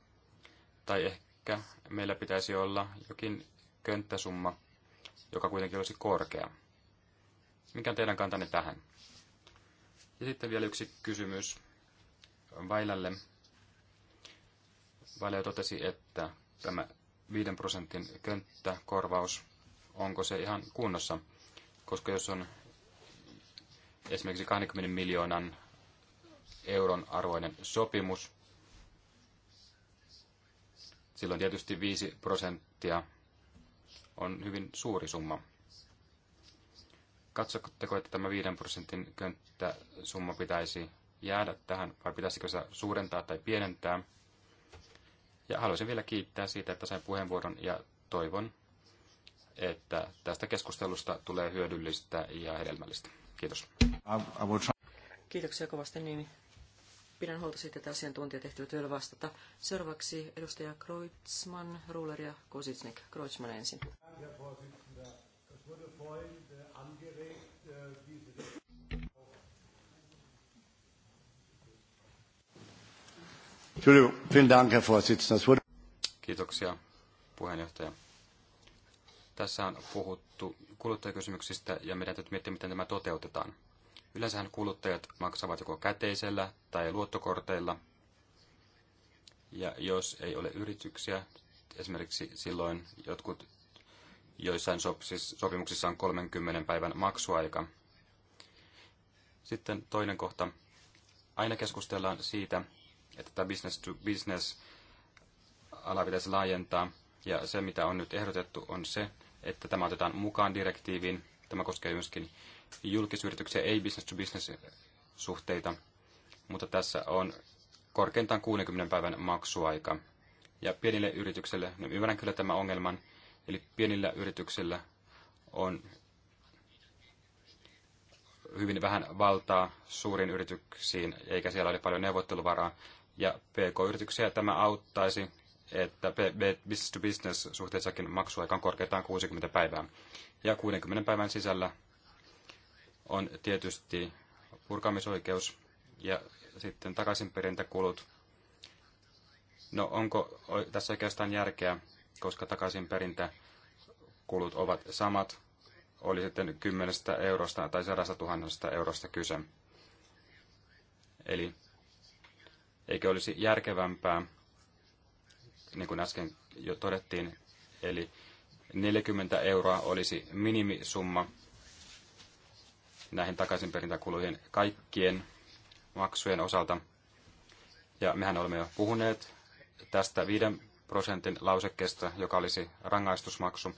tai ehkä meillä pitäisi olla jokin könttäsumma, joka kuitenkin olisi korkea. Mikä on teidän kantanne tähän? Ja sitten vielä yksi kysymys Vailalle. Väilä totesi, että tämä 5 prosentin könttäkorvaus, onko se ihan kunnossa? Koska jos on esimerkiksi 20 miljoonan euron arvoinen sopimus, silloin tietysti 5 prosenttia on hyvin suuri summa. Katsotteko, että tämä 5 prosentin könttäsumma pitäisi jäädä tähän vai pitäisikö se suurentaa tai pienentää. Ja haluaisin vielä kiittää siitä, että sain puheenvuoron ja toivon, että tästä keskustelusta tulee hyödyllistä ja hedelmällistä. Kiitos. Kiitoksia kovasti, niin pidän huolta siitä, että asiantuntija ehtivät työllä vastata. Seuraavaksi edustaja Kreutzmann, Ruler ja Kositsnik. Kreutzmann ensin. Kiitoksia, puheenjohtaja. Tässä on puhuttu kuluttajakysymyksistä ja meidän täytyy miettiä, miten tämä toteutetaan. Yleensähän kuluttajat maksavat joko käteisellä tai luottokorteilla. Ja jos ei ole yrityksiä, esimerkiksi silloin jotkut joissain sop- siis sopimuksissa on 30 päivän maksuaika. Sitten toinen kohta. Aina keskustellaan siitä, että tätä business to business ala pitäisi laajentaa. Ja se, mitä on nyt ehdotettu, on se, että tämä otetaan mukaan direktiiviin. Tämä koskee myöskin julkisyrityksiä, ei business to business suhteita, mutta tässä on korkeintaan 60 päivän maksuaika. Ja pienille yrityksille, no ymmärrän kyllä tämän ongelman, eli pienillä yrityksillä on hyvin vähän valtaa suuriin yrityksiin, eikä siellä ole paljon neuvotteluvaraa, ja PK-yrityksiä tämä auttaisi, että business to business suhteessakin maksuaika on korkeintaan 60 päivää. Ja 60 päivän sisällä on tietysti purkamisoikeus ja sitten takaisinperintäkulut. No onko tässä oikeastaan järkeä, koska takaisinperintäkulut ovat samat, oli sitten 10 eurosta tai 100 000 eurosta kyse. Eli Eikö olisi järkevämpää, niin kuin äsken jo todettiin, eli 40 euroa olisi minimisumma näihin takaisinperintäkuluihin kaikkien maksujen osalta. Ja mehän olemme jo puhuneet tästä 5 prosentin lausekkeesta, joka olisi rangaistusmaksu.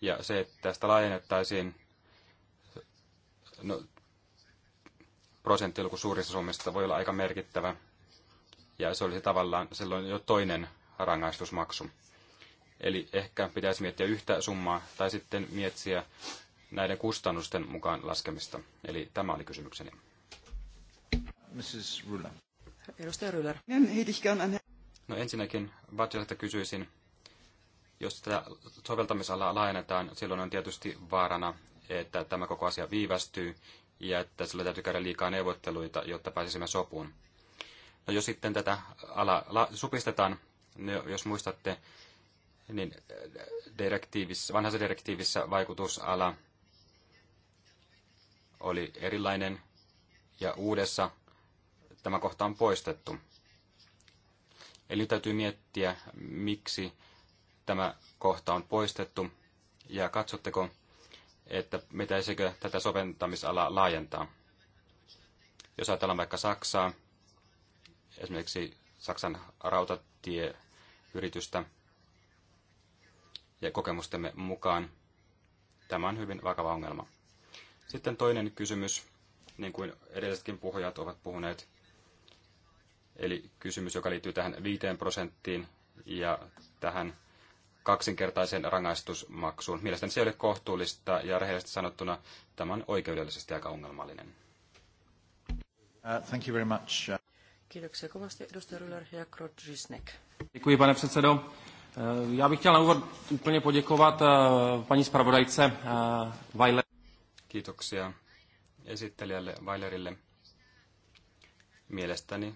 Ja se, että tästä laajennettaisiin no, prosenttiluku suurissa summista voi olla aika merkittävä ja se olisi tavallaan silloin jo toinen rangaistusmaksu. Eli ehkä pitäisi miettiä yhtä summaa tai sitten miettiä näiden kustannusten mukaan laskemista. Eli tämä oli kysymykseni. Mrs. Ruller. Edustaja Ruller. No ensinnäkin Badgerilta kysyisin, jos tätä soveltamisalaa laajennetaan, silloin on tietysti vaarana, että tämä koko asia viivästyy ja että sillä täytyy käydä liikaa neuvotteluita, jotta pääsisimme sopuun. No jos sitten tätä alaa supistetaan, niin jos muistatte, niin direktiivissä, vanhassa direktiivissä vaikutusala oli erilainen ja uudessa tämä kohta on poistettu. Eli nyt täytyy miettiä, miksi tämä kohta on poistettu ja katsotteko, että pitäisikö tätä soventamisalaa laajentaa. Jos ajatellaan vaikka Saksaa, esimerkiksi Saksan rautatieyritystä. Ja kokemustemme mukaan tämä on hyvin vakava ongelma. Sitten toinen kysymys, niin kuin edellisetkin puhujat ovat puhuneet, eli kysymys, joka liittyy tähän 5 prosenttiin ja tähän kaksinkertaisen rangaistusmaksuun. Mielestäni se ei ole kohtuullista ja rehellisesti sanottuna tämä on oikeudellisesti aika ongelmallinen. Uh, thank you very much. Uh, Kiitoksia kovasti edustaja Ryller ja Krodžisnek. Děkuji, pane předsedo. Eh, já bych chtěl na úvod úplně poděkovat eh, paní zpravodajce eh, Weiler. Kiitoksia esittelijälle Weilerille. Mielestäni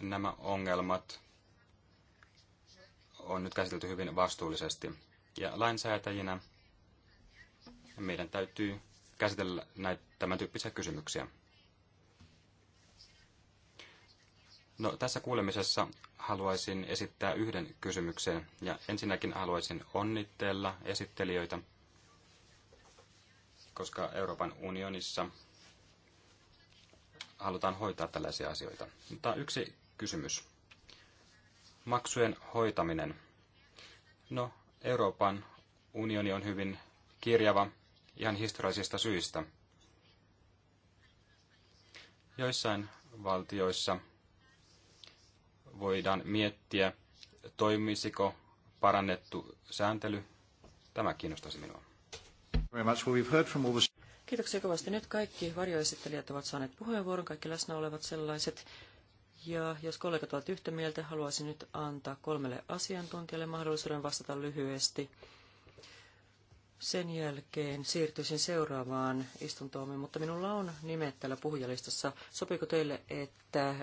nämä ongelmat on nyt käsitelty hyvin vastuullisesti. Ja lainsäätäjinä meidän täytyy käsitellä näitä, tämän tyyppisiä kysymyksiä. No, tässä kuulemisessa haluaisin esittää yhden kysymyksen ja ensinnäkin haluaisin onnitella esittelijöitä, koska Euroopan unionissa halutaan hoitaa tällaisia asioita. Mutta yksi kysymys. Maksujen hoitaminen. No, Euroopan unioni on hyvin kirjava ihan historiallisista syistä. Joissain valtioissa – voidaan miettiä, toimisiko parannettu sääntely. Tämä kiinnostaisi minua. Kiitoksia kovasti. Nyt kaikki varjoesittelijät ovat saaneet puheenvuoron, kaikki läsnä olevat sellaiset. Ja jos kollegat ovat yhtä mieltä, haluaisin nyt antaa kolmelle asiantuntijalle mahdollisuuden vastata lyhyesti. Sen jälkeen siirtyisin seuraavaan istuntoomme, mutta minulla on nimet täällä puhujalistassa. Sopiiko teille, että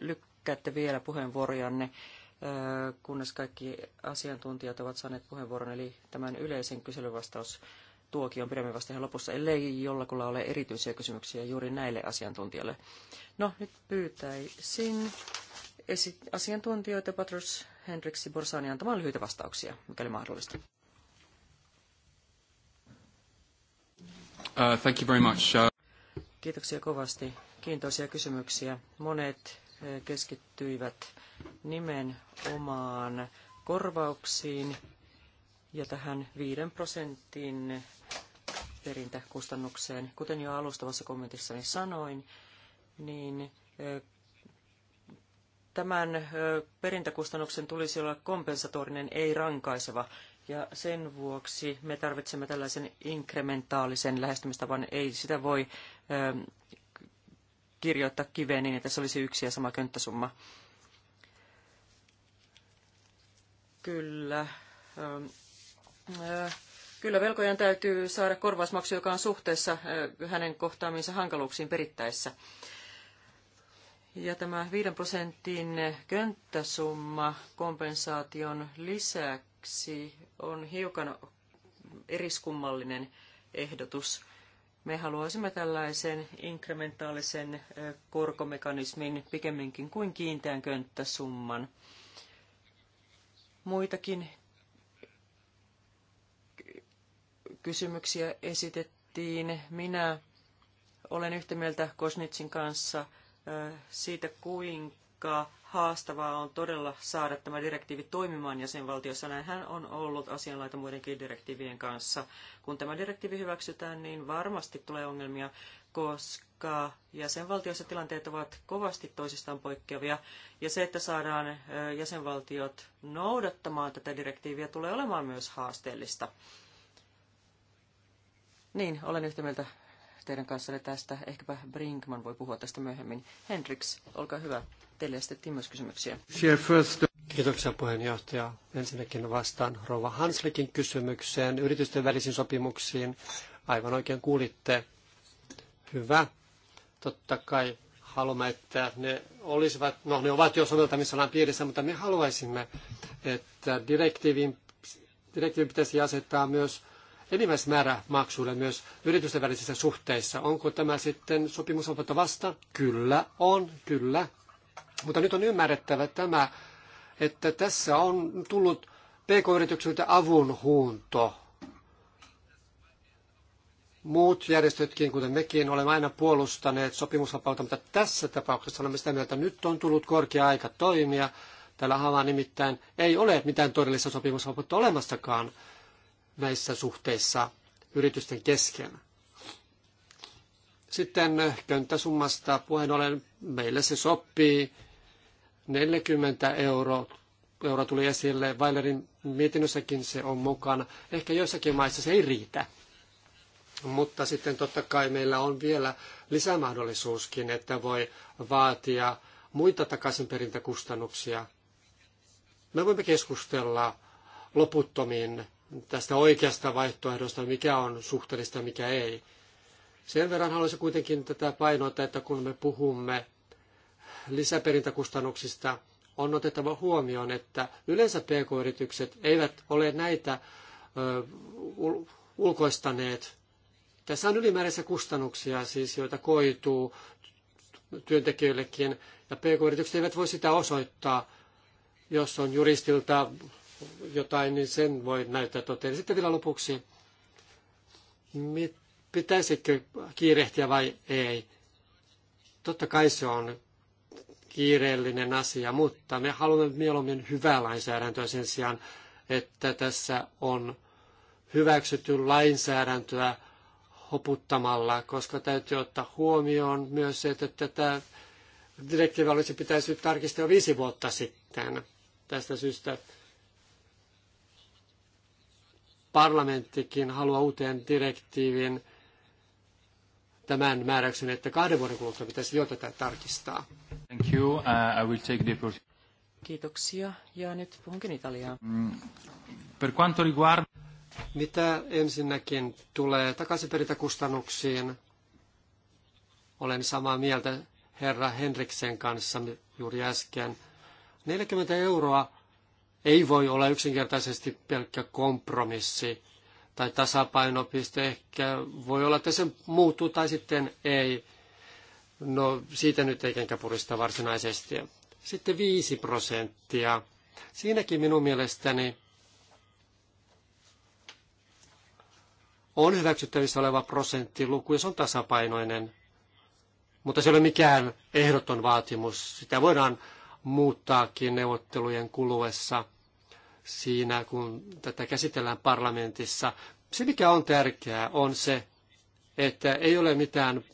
lyk? käytte vielä puheenvuorojanne, äh, kunnes kaikki asiantuntijat ovat saaneet puheenvuoron, eli tämän yleisen kyselyvastaus tuokion pidämme vasta ihan lopussa, ellei jollakulla ole erityisiä kysymyksiä juuri näille asiantuntijoille. No, nyt pyytäisin asiantuntijoita Patrus Henriksi Borsani antamaan lyhyitä vastauksia, mikäli mahdollista. Uh, thank you very much. Uh, Kiitoksia kovasti. Kiintoisia kysymyksiä. Monet keskittyivät nimenomaan korvauksiin ja tähän 5 prosentin perintäkustannukseen. Kuten jo alustavassa kommentissani sanoin, niin tämän perintäkustannuksen tulisi olla kompensatorinen, ei rankaiseva. Ja sen vuoksi me tarvitsemme tällaisen inkrementaalisen lähestymistavan. Ei sitä voi kirjoittaa kiveen niin, että se olisi yksi ja sama könttäsumma. Kyllä. Ähm, äh, kyllä velkojan täytyy saada korvausmaksu, joka on suhteessa äh, hänen kohtaamiinsa hankaluuksiin perittäessä. Ja tämä 5 prosentin könttäsumma kompensaation lisäksi on hiukan eriskummallinen ehdotus. Me haluaisimme tällaisen inkrementaalisen korkomekanismin pikemminkin kuin kiinteän könttäsumman. Muitakin kysymyksiä esitettiin. Minä olen yhtä mieltä Kosnitsin kanssa siitä, kuinka haastavaa on todella saada tämä direktiivi toimimaan jäsenvaltiossa. Näinhän on ollut asianlaita muidenkin direktiivien kanssa. Kun tämä direktiivi hyväksytään, niin varmasti tulee ongelmia, koska jäsenvaltioissa tilanteet ovat kovasti toisistaan poikkeavia. Ja se, että saadaan jäsenvaltiot noudattamaan tätä direktiiviä, tulee olemaan myös haasteellista. Niin, olen yhtä mieltä teidän kanssanne tästä. Ehkäpä Brinkman voi puhua tästä myöhemmin. Hendrix, olkaa hyvä esittelijä sitten myös kysymyksiä Kiitoksia puheenjohtaja. Ensinnäkin vastaan Rova Hanslikin kysymykseen yritysten välisiin sopimuksiin. Aivan oikein kuulitte. Hyvä. Totta kai haluamme, että ne olisivat, no ne ovat jo soveltamisalan piirissä, mutta me haluaisimme, että direktiivin, direktiivin pitäisi asettaa myös enimmäismäärä maksuille myös yritysten välisissä suhteissa. Onko tämä sitten sopimusvapautta vasta? Kyllä on, kyllä. Mutta nyt on ymmärrettävä tämä, että tässä on tullut PK-yrityksiltä avunhuunto. Muut järjestötkin, kuten mekin, olemme aina puolustaneet sopimusvapautta, mutta tässä tapauksessa olemme sitä mieltä, että nyt on tullut korkea aika toimia. Täällä havaa nimittäin ei ole mitään todellista sopimusvapautta olemassakaan näissä suhteissa yritysten kesken. Sitten könttäsummasta puheen ollen meille se sopii 40 euroa euro tuli esille. Weilerin mietinnössäkin se on mukana. Ehkä joissakin maissa se ei riitä. Mutta sitten totta kai meillä on vielä lisämahdollisuuskin, että voi vaatia muita takaisinperintäkustannuksia. Me voimme keskustella loputtomiin tästä oikeasta vaihtoehdosta, mikä on suhteellista ja mikä ei. Sen verran haluaisin kuitenkin tätä painottaa, että kun me puhumme lisäperintäkustannuksista, on otettava huomioon, että yleensä pk-yritykset eivät ole näitä ulkoistaneet. Tässä on ylimääräisiä kustannuksia, siis, joita koituu työntekijöillekin, ja pk-yritykset eivät voi sitä osoittaa. Jos on juristilta jotain, niin sen voi näyttää toteen. Sitten vielä lopuksi, pitäisikö kiirehtiä vai ei? Totta kai se on kiireellinen asia, mutta me haluamme mieluummin hyvää lainsäädäntöä sen sijaan, että tässä on hyväksytty lainsäädäntöä hoputtamalla, koska täytyy ottaa huomioon myös se, että tätä direktiiviä olisi pitäisi tarkistaa viisi vuotta sitten. Tästä syystä parlamenttikin haluaa uuteen direktiivin tämän määräyksen, että kahden vuoden kuluttua pitäisi jo tätä tarkistaa. Thank you. Uh, I will take the... Kiitoksia. Ja nyt puhunkin Italiaa. Mm. Per quanto riguarda... Mitä ensinnäkin tulee takaisinperintäkustannuksiin, olen samaa mieltä herra Henriksen kanssa juuri äsken. 40 euroa ei voi olla yksinkertaisesti pelkkä kompromissi tai tasapainopiste ehkä voi olla, että se muuttuu tai sitten ei. No siitä nyt ei kenkä purista varsinaisesti. Sitten 5 prosenttia. Siinäkin minun mielestäni on hyväksyttävissä oleva prosenttiluku ja se on tasapainoinen. Mutta se ei ole mikään ehdoton vaatimus. Sitä voidaan muuttaakin neuvottelujen kuluessa – siinä, kun tätä käsitellään parlamentissa. Se, mikä on tärkeää, on se, että ei ole mitään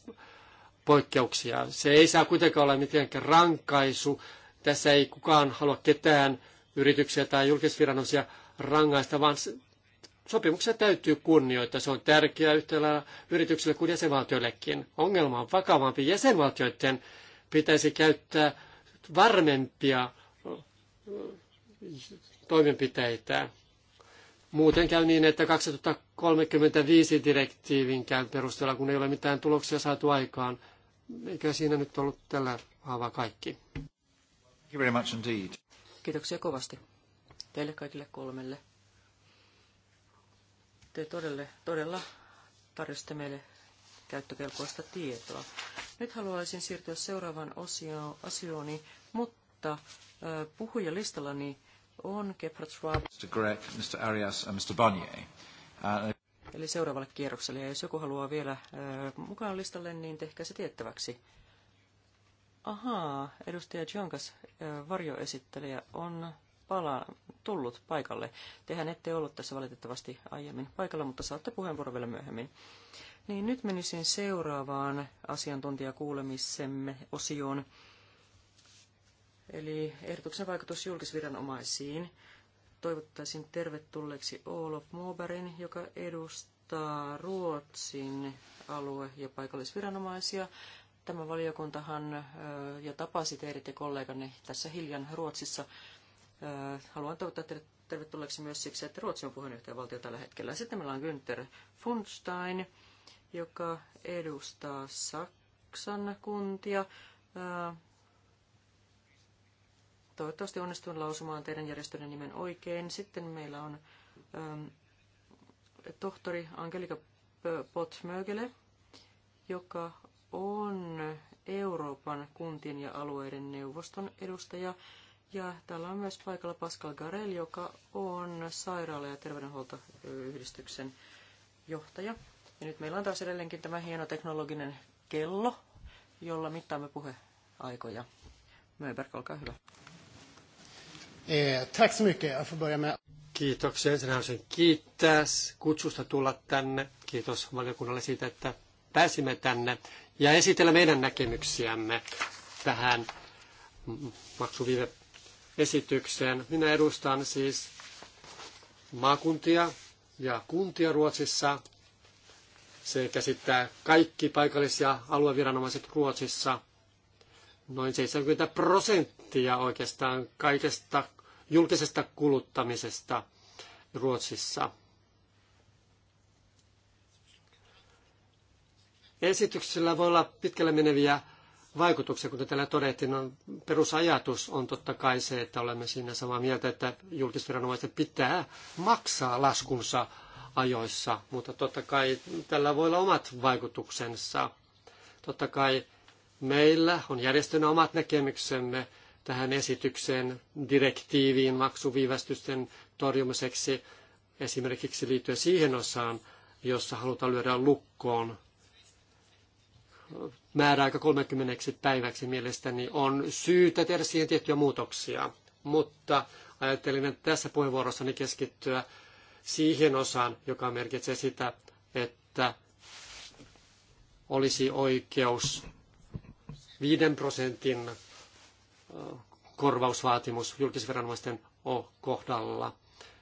poikkeuksia. Se ei saa kuitenkaan olla mitenkään rankaisu. Tässä ei kukaan halua ketään yrityksiä tai julkisviranomaisia rangaista, vaan sopimuksia täytyy kunnioittaa. Se on tärkeää yhtä yrityksille kuin jäsenvaltioillekin. Ongelma on vakavampi. Jäsenvaltioiden pitäisi käyttää varmempia toimenpiteitä. Muuten käy niin, että 2035 direktiivinkään perusteella, kun ei ole mitään tuloksia saatu aikaan, eikä siinä nyt ollut tällä haavaa kaikki. Kiitoksia kovasti teille kaikille kolmelle. Te todella, todella tarjositte meille käyttökelpoista tietoa. Nyt haluaisin siirtyä seuraavaan osiooni, mutta puhujalistallani on Gebhard Schwab. Mr. Mr. Arias ja Mr. Barnier. Uh, Eli seuraavalle kierrokselle. Ja jos joku haluaa vielä äh, mukaan listalle, niin tehkää se tiettäväksi. Ahaa, edustaja Jonkas, äh, varjoesittelijä, on pala- tullut paikalle. Tehän ette ollut tässä valitettavasti aiemmin paikalla, mutta saatte puheenvuoron vielä myöhemmin. Niin nyt menisin seuraavaan asiantuntijakuulemisemme osioon. Eli ehdotuksen vaikutus julkisviranomaisiin. Toivottaisin tervetulleeksi Olof Mobergin, joka edustaa Ruotsin alue- ja paikallisviranomaisia. Tämä valiokuntahan ja tapasi teidät ja kolleganne tässä hiljan Ruotsissa. Haluan toivottaa teidät tervetulleeksi myös siksi, että Ruotsi on puheenjohtajavaltio tällä hetkellä. Sitten meillä on Günther Funstein, joka edustaa Saksan kuntia Toivottavasti onnistuin lausumaan teidän järjestönne nimen oikein. Sitten meillä on ähm, tohtori Angelika Potmögele, joka on Euroopan kuntien ja alueiden neuvoston edustaja. Ja täällä on myös paikalla Pascal Garel, joka on sairaala- ja terveydenhuoltoyhdistyksen johtaja. Ja nyt meillä on taas edelleenkin tämä hieno teknologinen kello, jolla mittaamme puheaikoja. Möberg, olkaa hyvä. Eh, tack så mycket. Jag får börja med... Kiitoksia. Ensin haluaisin kiittää kutsusta tulla tänne. Kiitos valiokunnalle siitä, että pääsimme tänne ja esitellä meidän näkemyksiämme tähän maksuviive esitykseen. Minä edustan siis maakuntia ja kuntia Ruotsissa. Se käsittää kaikki paikallis- ja alueviranomaiset Ruotsissa. Noin 70 prosenttia oikeastaan kaikesta julkisesta kuluttamisesta Ruotsissa. Esityksellä voi olla pitkälle meneviä vaikutuksia, kuten täällä todettiin, on no, perusajatus on totta kai se, että olemme siinä samaa mieltä, että julkisviranomaisten pitää maksaa laskunsa ajoissa, mutta totta kai tällä voi olla omat vaikutuksensa. Totta kai meillä on järjestönä omat näkemyksemme tähän esitykseen direktiiviin maksuviivästysten torjumiseksi esimerkiksi liittyen siihen osaan, jossa halutaan lyödä lukkoon määräaika 30 päiväksi mielestäni on syytä tehdä siihen tiettyjä muutoksia. Mutta ajattelin että tässä puheenvuorossani keskittyä siihen osaan, joka merkitsee sitä, että olisi oikeus 5 prosentin korvausvaatimus julkisviranomaisten kohdalla,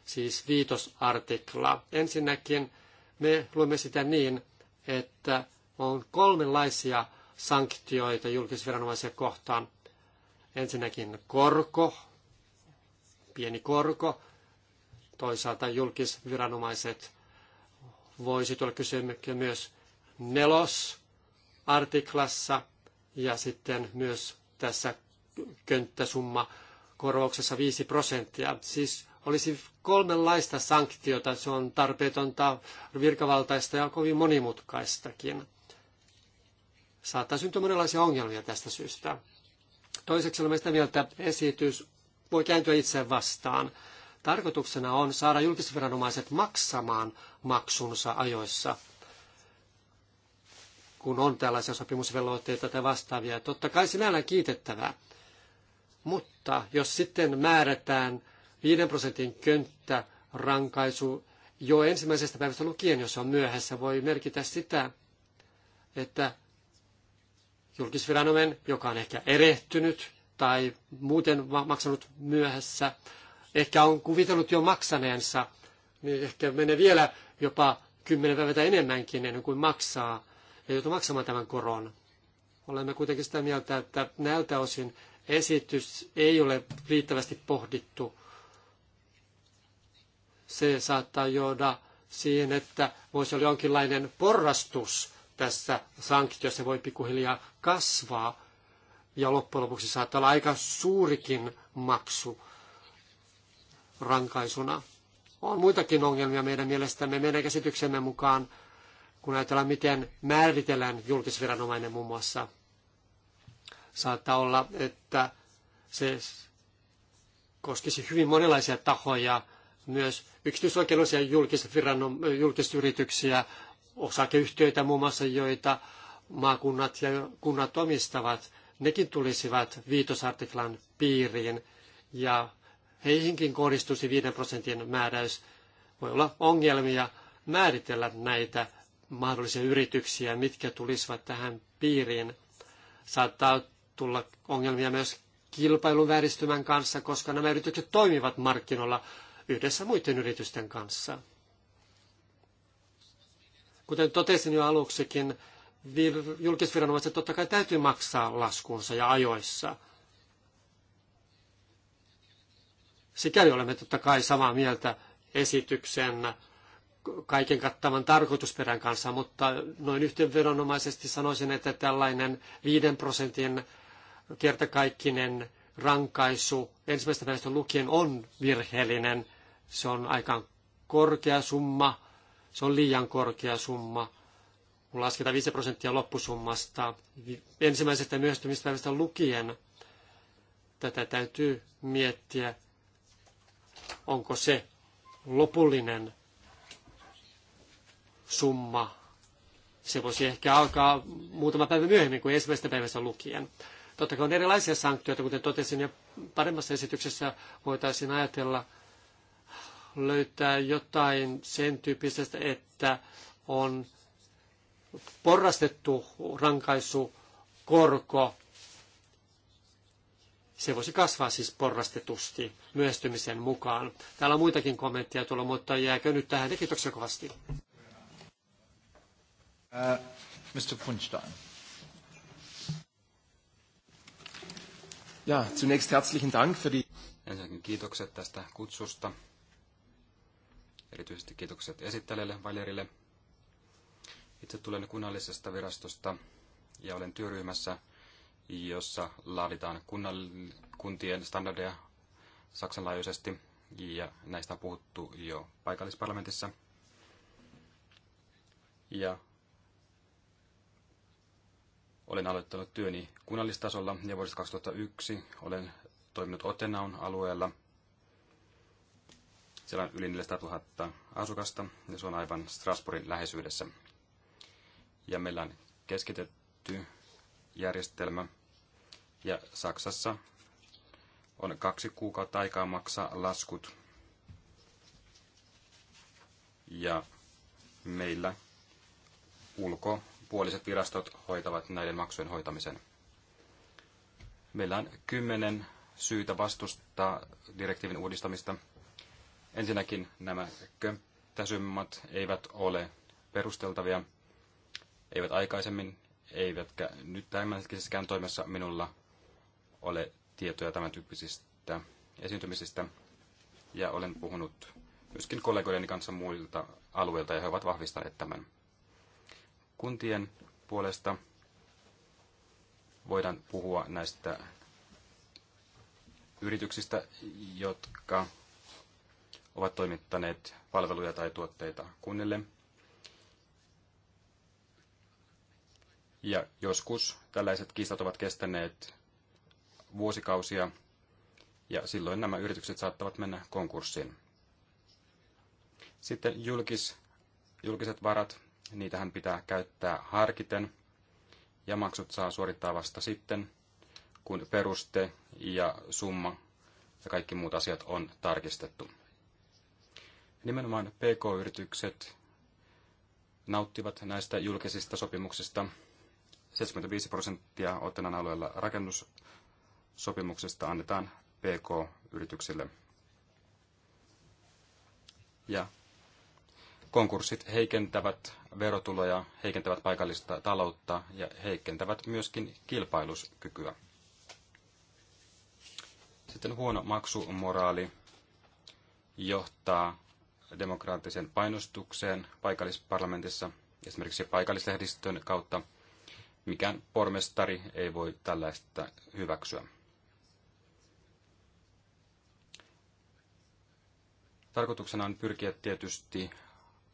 siis viitosartikla. Ensinnäkin me luemme sitä niin, että on kolmenlaisia sanktioita julkisviranomaisia kohtaan. Ensinnäkin korko, pieni korko, toisaalta julkisviranomaiset voisi tulla kysymykseen myös nelos artiklassa ja sitten myös tässä könttäsumma korvauksessa 5 prosenttia. Siis olisi kolmenlaista sanktiota, se on tarpeetonta, virkavaltaista ja kovin monimutkaistakin. Saattaa syntyä monenlaisia ongelmia tästä syystä. Toiseksi olemme sitä mieltä, että esitys voi kääntyä itseään vastaan. Tarkoituksena on saada julkisviranomaiset maksamaan maksunsa ajoissa, kun on tällaisia sopimusvelvoitteita tai vastaavia. Totta kai sinällään kiitettävää, mutta jos sitten määrätään 5 prosentin könttä rankaisu jo ensimmäisestä päivästä lukien, jos on myöhässä, voi merkitä sitä, että julkisviranomainen, joka on ehkä erehtynyt tai muuten maksanut myöhässä, ehkä on kuvitellut jo maksaneensa, niin ehkä menee vielä jopa kymmenen päivää enemmänkin ennen kuin maksaa ja joutuu maksamaan tämän koron. Olemme kuitenkin sitä mieltä, että näiltä osin esitys ei ole riittävästi pohdittu. Se saattaa johda siihen, että voisi olla jonkinlainen porrastus tässä sanktiossa, se voi pikkuhiljaa kasvaa ja loppujen lopuksi saattaa olla aika suurikin maksu rankaisuna. On muitakin ongelmia meidän mielestämme, meidän käsityksemme mukaan, kun ajatellaan, miten määritellään julkisviranomainen muun muassa – Saattaa olla, että se koskisi hyvin monenlaisia tahoja, myös yksityisoikeudellisia julkisyrityksiä, osakeyhtiöitä muun muassa, joita maakunnat ja kunnat omistavat. Nekin tulisivat viitosartiklan piiriin ja heihinkin kohdistuisi 5 prosentin määräys. Voi olla ongelmia määritellä näitä mahdollisia yrityksiä, mitkä tulisivat tähän piiriin. Saattaa tulla ongelmia myös kilpailun vääristymän kanssa, koska nämä yritykset toimivat markkinoilla yhdessä muiden yritysten kanssa. Kuten totesin jo aluksikin, julkisviranomaiset totta kai täytyy maksaa laskunsa ja ajoissa. Sikäli olemme totta kai samaa mieltä esityksen kaiken kattavan tarkoitusperän kanssa, mutta noin yhteenvedonomaisesti sanoisin, että tällainen 5 prosentin kertakaikkinen rankaisu ensimmäistä päivästä lukien on virheellinen. Se on aika korkea summa, se on liian korkea summa. Kun lasketaan 5 prosenttia loppusummasta niin ensimmäisestä myöhästymispäivästä lukien, tätä täytyy miettiä, onko se lopullinen summa. Se voisi ehkä alkaa muutama päivä myöhemmin kuin ensimmäisestä päivästä lukien. Totta kai on erilaisia sanktioita, kuten totesin, ja paremmassa esityksessä voitaisiin ajatella löytää jotain sen tyyppisestä, että on porrastettu rankaisu korko. Se voisi kasvaa siis porrastetusti myöstymisen mukaan. Täällä on muitakin kommentteja tulla, mutta jääkö nyt tähän kiitoksia kovasti. Uh, Mr. Punstein. Ja, zunächst herzlichen Dank für die... Ensinnäkin kiitokset tästä kutsusta. Erityisesti kiitokset esittelijälle Valerille. Itse tulen kunnallisesta virastosta ja olen työryhmässä, jossa laaditaan kunnall- kuntien standardeja saksanlaajuisesti ja näistä on puhuttu jo paikallisparlamentissa. Ja olen aloittanut työni kunnallistasolla ja vuodesta 2001 olen toiminut Otenaun alueella. Siellä on yli 400 000 asukasta ja se on aivan Strasbourgin läheisyydessä. Ja meillä on keskitetty järjestelmä ja Saksassa on kaksi kuukautta aikaa maksaa laskut. Ja meillä ulko puoliset virastot hoitavat näiden maksujen hoitamisen. Meillä on kymmenen syytä vastustaa direktiivin uudistamista. Ensinnäkin nämä könttäsymmat eivät ole perusteltavia, eivät aikaisemmin, eivätkä nyt tämänhetkisessäkään toimessa minulla ole tietoja tämän tyyppisistä esiintymisistä. Ja olen puhunut myöskin kollegoideni kanssa muilta alueilta, ja he ovat vahvistaneet tämän kuntien puolesta voidaan puhua näistä yrityksistä, jotka ovat toimittaneet palveluja tai tuotteita kunnille. Ja joskus tällaiset kiistat ovat kestäneet vuosikausia, ja silloin nämä yritykset saattavat mennä konkurssiin. Sitten julkis, julkiset varat, Niitähän pitää käyttää harkiten ja maksut saa suorittaa vasta sitten, kun peruste ja summa ja kaikki muut asiat on tarkistettu. Nimenomaan PK-yritykset nauttivat näistä julkisista sopimuksista. 75 prosenttia Otenan alueella rakennussopimuksesta annetaan PK-yrityksille. Ja Konkurssit heikentävät verotuloja, heikentävät paikallista taloutta ja heikentävät myöskin kilpailuskykyä. Sitten huono maksumoraali johtaa demokraattiseen painostukseen paikallisparlamentissa, esimerkiksi paikallislehdistön kautta. Mikään pormestari ei voi tällaista hyväksyä. Tarkoituksena on pyrkiä tietysti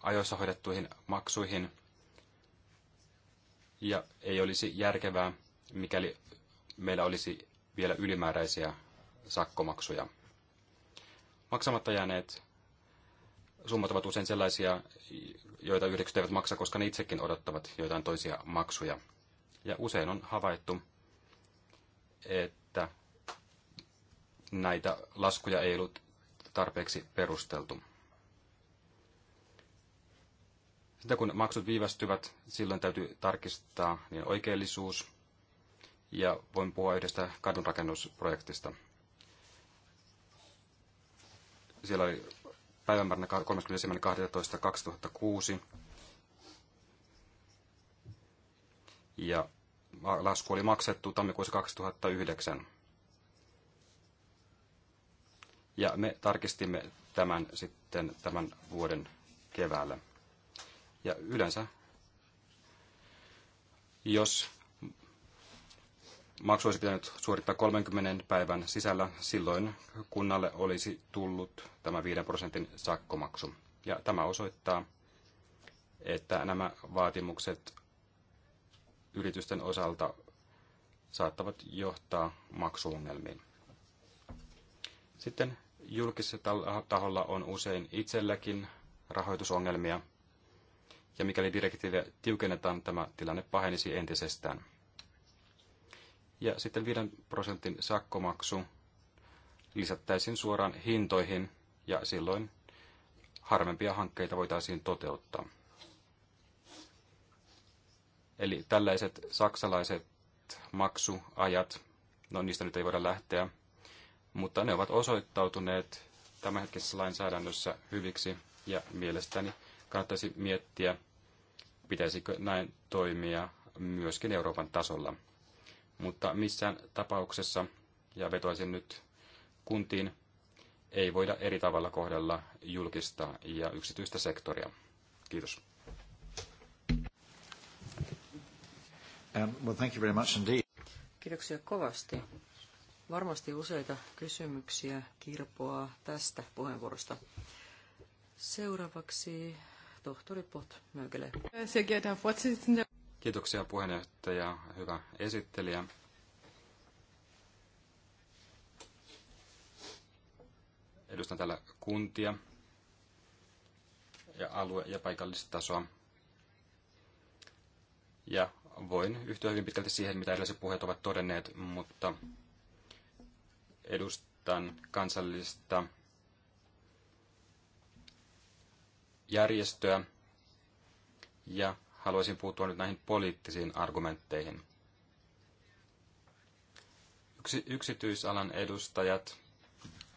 ajoissa hoidettuihin maksuihin. Ja ei olisi järkevää, mikäli meillä olisi vielä ylimääräisiä sakkomaksuja. Maksamatta jääneet summat ovat usein sellaisia, joita yritykset eivät maksa, koska ne itsekin odottavat joitain toisia maksuja. Ja usein on havaittu, että näitä laskuja ei ollut tarpeeksi perusteltu. Sitten kun maksut viivästyvät, silloin täytyy tarkistaa niin oikeellisuus ja voin puhua yhdestä kadunrakennusprojektista. Siellä oli päivämääränä 31.12.2006 ja lasku oli maksettu tammikuussa 2009. Ja me tarkistimme tämän sitten tämän vuoden keväällä. Ja yleensä, jos maksu olisi pitänyt suorittaa 30 päivän sisällä, silloin kunnalle olisi tullut tämä 5 prosentin sakkomaksu. Ja tämä osoittaa, että nämä vaatimukset yritysten osalta saattavat johtaa maksuongelmiin. Sitten julkisella taholla on usein itselläkin rahoitusongelmia – ja mikäli direktiiviä tiukennetaan, tämä tilanne pahenisi entisestään. Ja sitten 5 prosentin sakkomaksu lisättäisiin suoraan hintoihin, ja silloin harvempia hankkeita voitaisiin toteuttaa. Eli tällaiset saksalaiset maksuajat, no niistä nyt ei voida lähteä, mutta ne ovat osoittautuneet tämänhetkisessä lainsäädännössä hyviksi ja mielestäni kannattaisi miettiä, Pitäisikö näin toimia myöskin Euroopan tasolla? Mutta missään tapauksessa, ja vetoisin nyt kuntiin, ei voida eri tavalla kohdella julkista ja yksityistä sektoria. Kiitos. Um, well, thank you very much indeed. Kiitoksia kovasti. Varmasti useita kysymyksiä kirpoaa tästä puheenvuorosta. Seuraavaksi tohtori Pot Mögele. Kiitoksia puheenjohtaja, hyvä esittelijä. Edustan täällä kuntia ja alue- ja paikallistasoa. Ja voin yhtyä hyvin pitkälti siihen, mitä edelliset puheet ovat todenneet, mutta edustan kansallista järjestöä ja haluaisin puuttua nyt näihin poliittisiin argumentteihin. Yksi, yksityisalan edustajat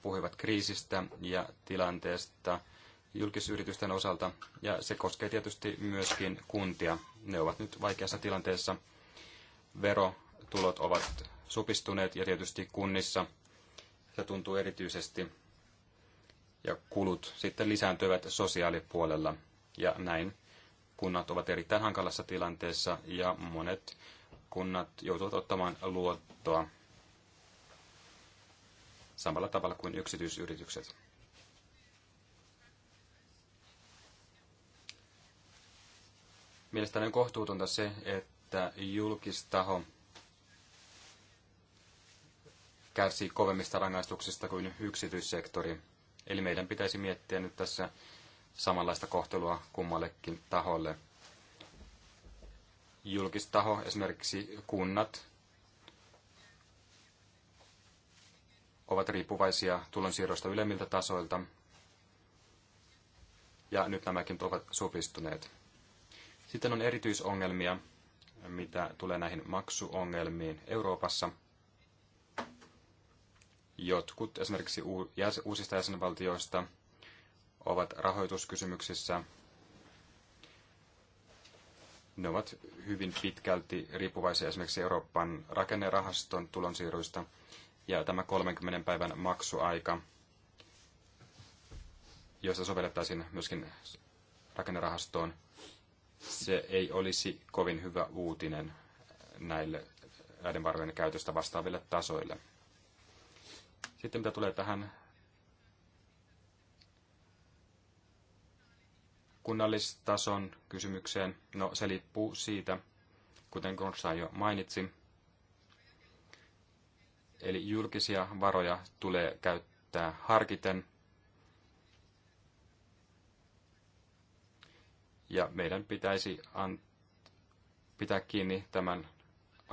puhuivat kriisistä ja tilanteesta julkisyritysten osalta, ja se koskee tietysti myöskin kuntia. Ne ovat nyt vaikeassa tilanteessa. Verotulot ovat supistuneet, ja tietysti kunnissa se tuntuu erityisesti ja kulut sitten lisääntyvät sosiaalipuolella. Ja näin kunnat ovat erittäin hankalassa tilanteessa ja monet kunnat joutuvat ottamaan luottoa samalla tavalla kuin yksityisyritykset. Mielestäni on kohtuutonta se, että julkistaho kärsii kovemmista rangaistuksista kuin yksityissektori. Eli meidän pitäisi miettiä nyt tässä samanlaista kohtelua kummallekin taholle. Julkistaho, esimerkiksi kunnat, ovat riippuvaisia tulonsiirroista ylemmiltä tasoilta, ja nyt nämäkin ovat supistuneet. Sitten on erityisongelmia, mitä tulee näihin maksuongelmiin Euroopassa – Jotkut esimerkiksi uusista jäsenvaltioista ovat rahoituskysymyksissä. Ne ovat hyvin pitkälti riippuvaisia esimerkiksi Euroopan rakennerahaston tulonsiirroista ja tämä 30 päivän maksuaika, josta sovellettaisiin myöskin rakennerahastoon, se ei olisi kovin hyvä uutinen näille näiden varojen käytöstä vastaaville tasoille. Sitten mitä tulee tähän kunnallistason kysymykseen, no se liippuu siitä, kuten Gonsa jo mainitsi. Eli julkisia varoja tulee käyttää harkiten. Ja meidän pitäisi an- pitää kiinni tämän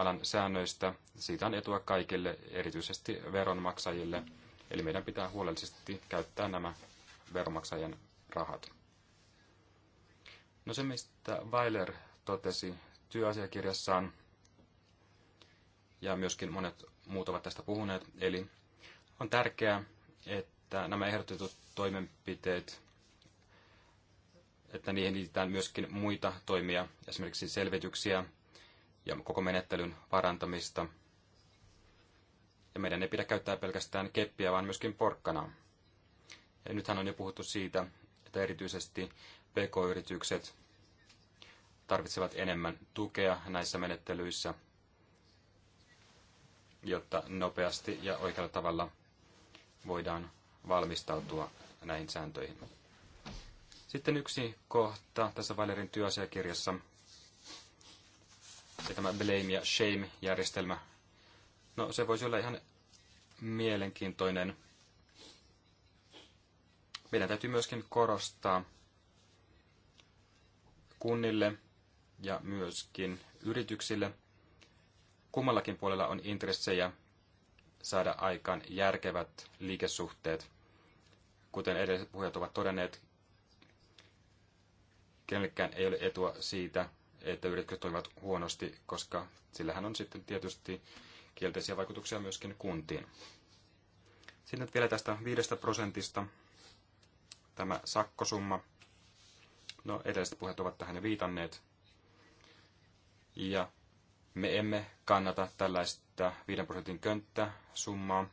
alan säännöistä. Siitä on etua kaikille, erityisesti veronmaksajille. Eli meidän pitää huolellisesti käyttää nämä veronmaksajien rahat. No se, mistä Weiler totesi työasiakirjassaan, ja myöskin monet muut ovat tästä puhuneet, eli on tärkeää, että nämä ehdotetut toimenpiteet, että niihin liitetään myöskin muita toimia, esimerkiksi selvityksiä, ja koko menettelyn parantamista. Ja meidän ei pidä käyttää pelkästään keppiä, vaan myöskin porkkanaa. Ja nythän on jo puhuttu siitä, että erityisesti pk-yritykset tarvitsevat enemmän tukea näissä menettelyissä, jotta nopeasti ja oikealla tavalla voidaan valmistautua näihin sääntöihin. Sitten yksi kohta tässä Valerin työasiakirjassa – ja tämä blame ja shame järjestelmä, no se voisi olla ihan mielenkiintoinen. Meidän täytyy myöskin korostaa kunnille ja myöskin yrityksille. Kummallakin puolella on intressejä saada aikaan järkevät liikesuhteet. Kuten edelliset puhujat ovat todenneet, kenellekään ei ole etua siitä, että yritykset toimivat huonosti, koska sillähän on sitten tietysti kielteisiä vaikutuksia myöskin kuntiin. Sitten vielä tästä 5 prosentista tämä sakkosumma. No edelliset puheet ovat tähän jo viitanneet. Ja me emme kannata tällaista 5 prosentin summaa.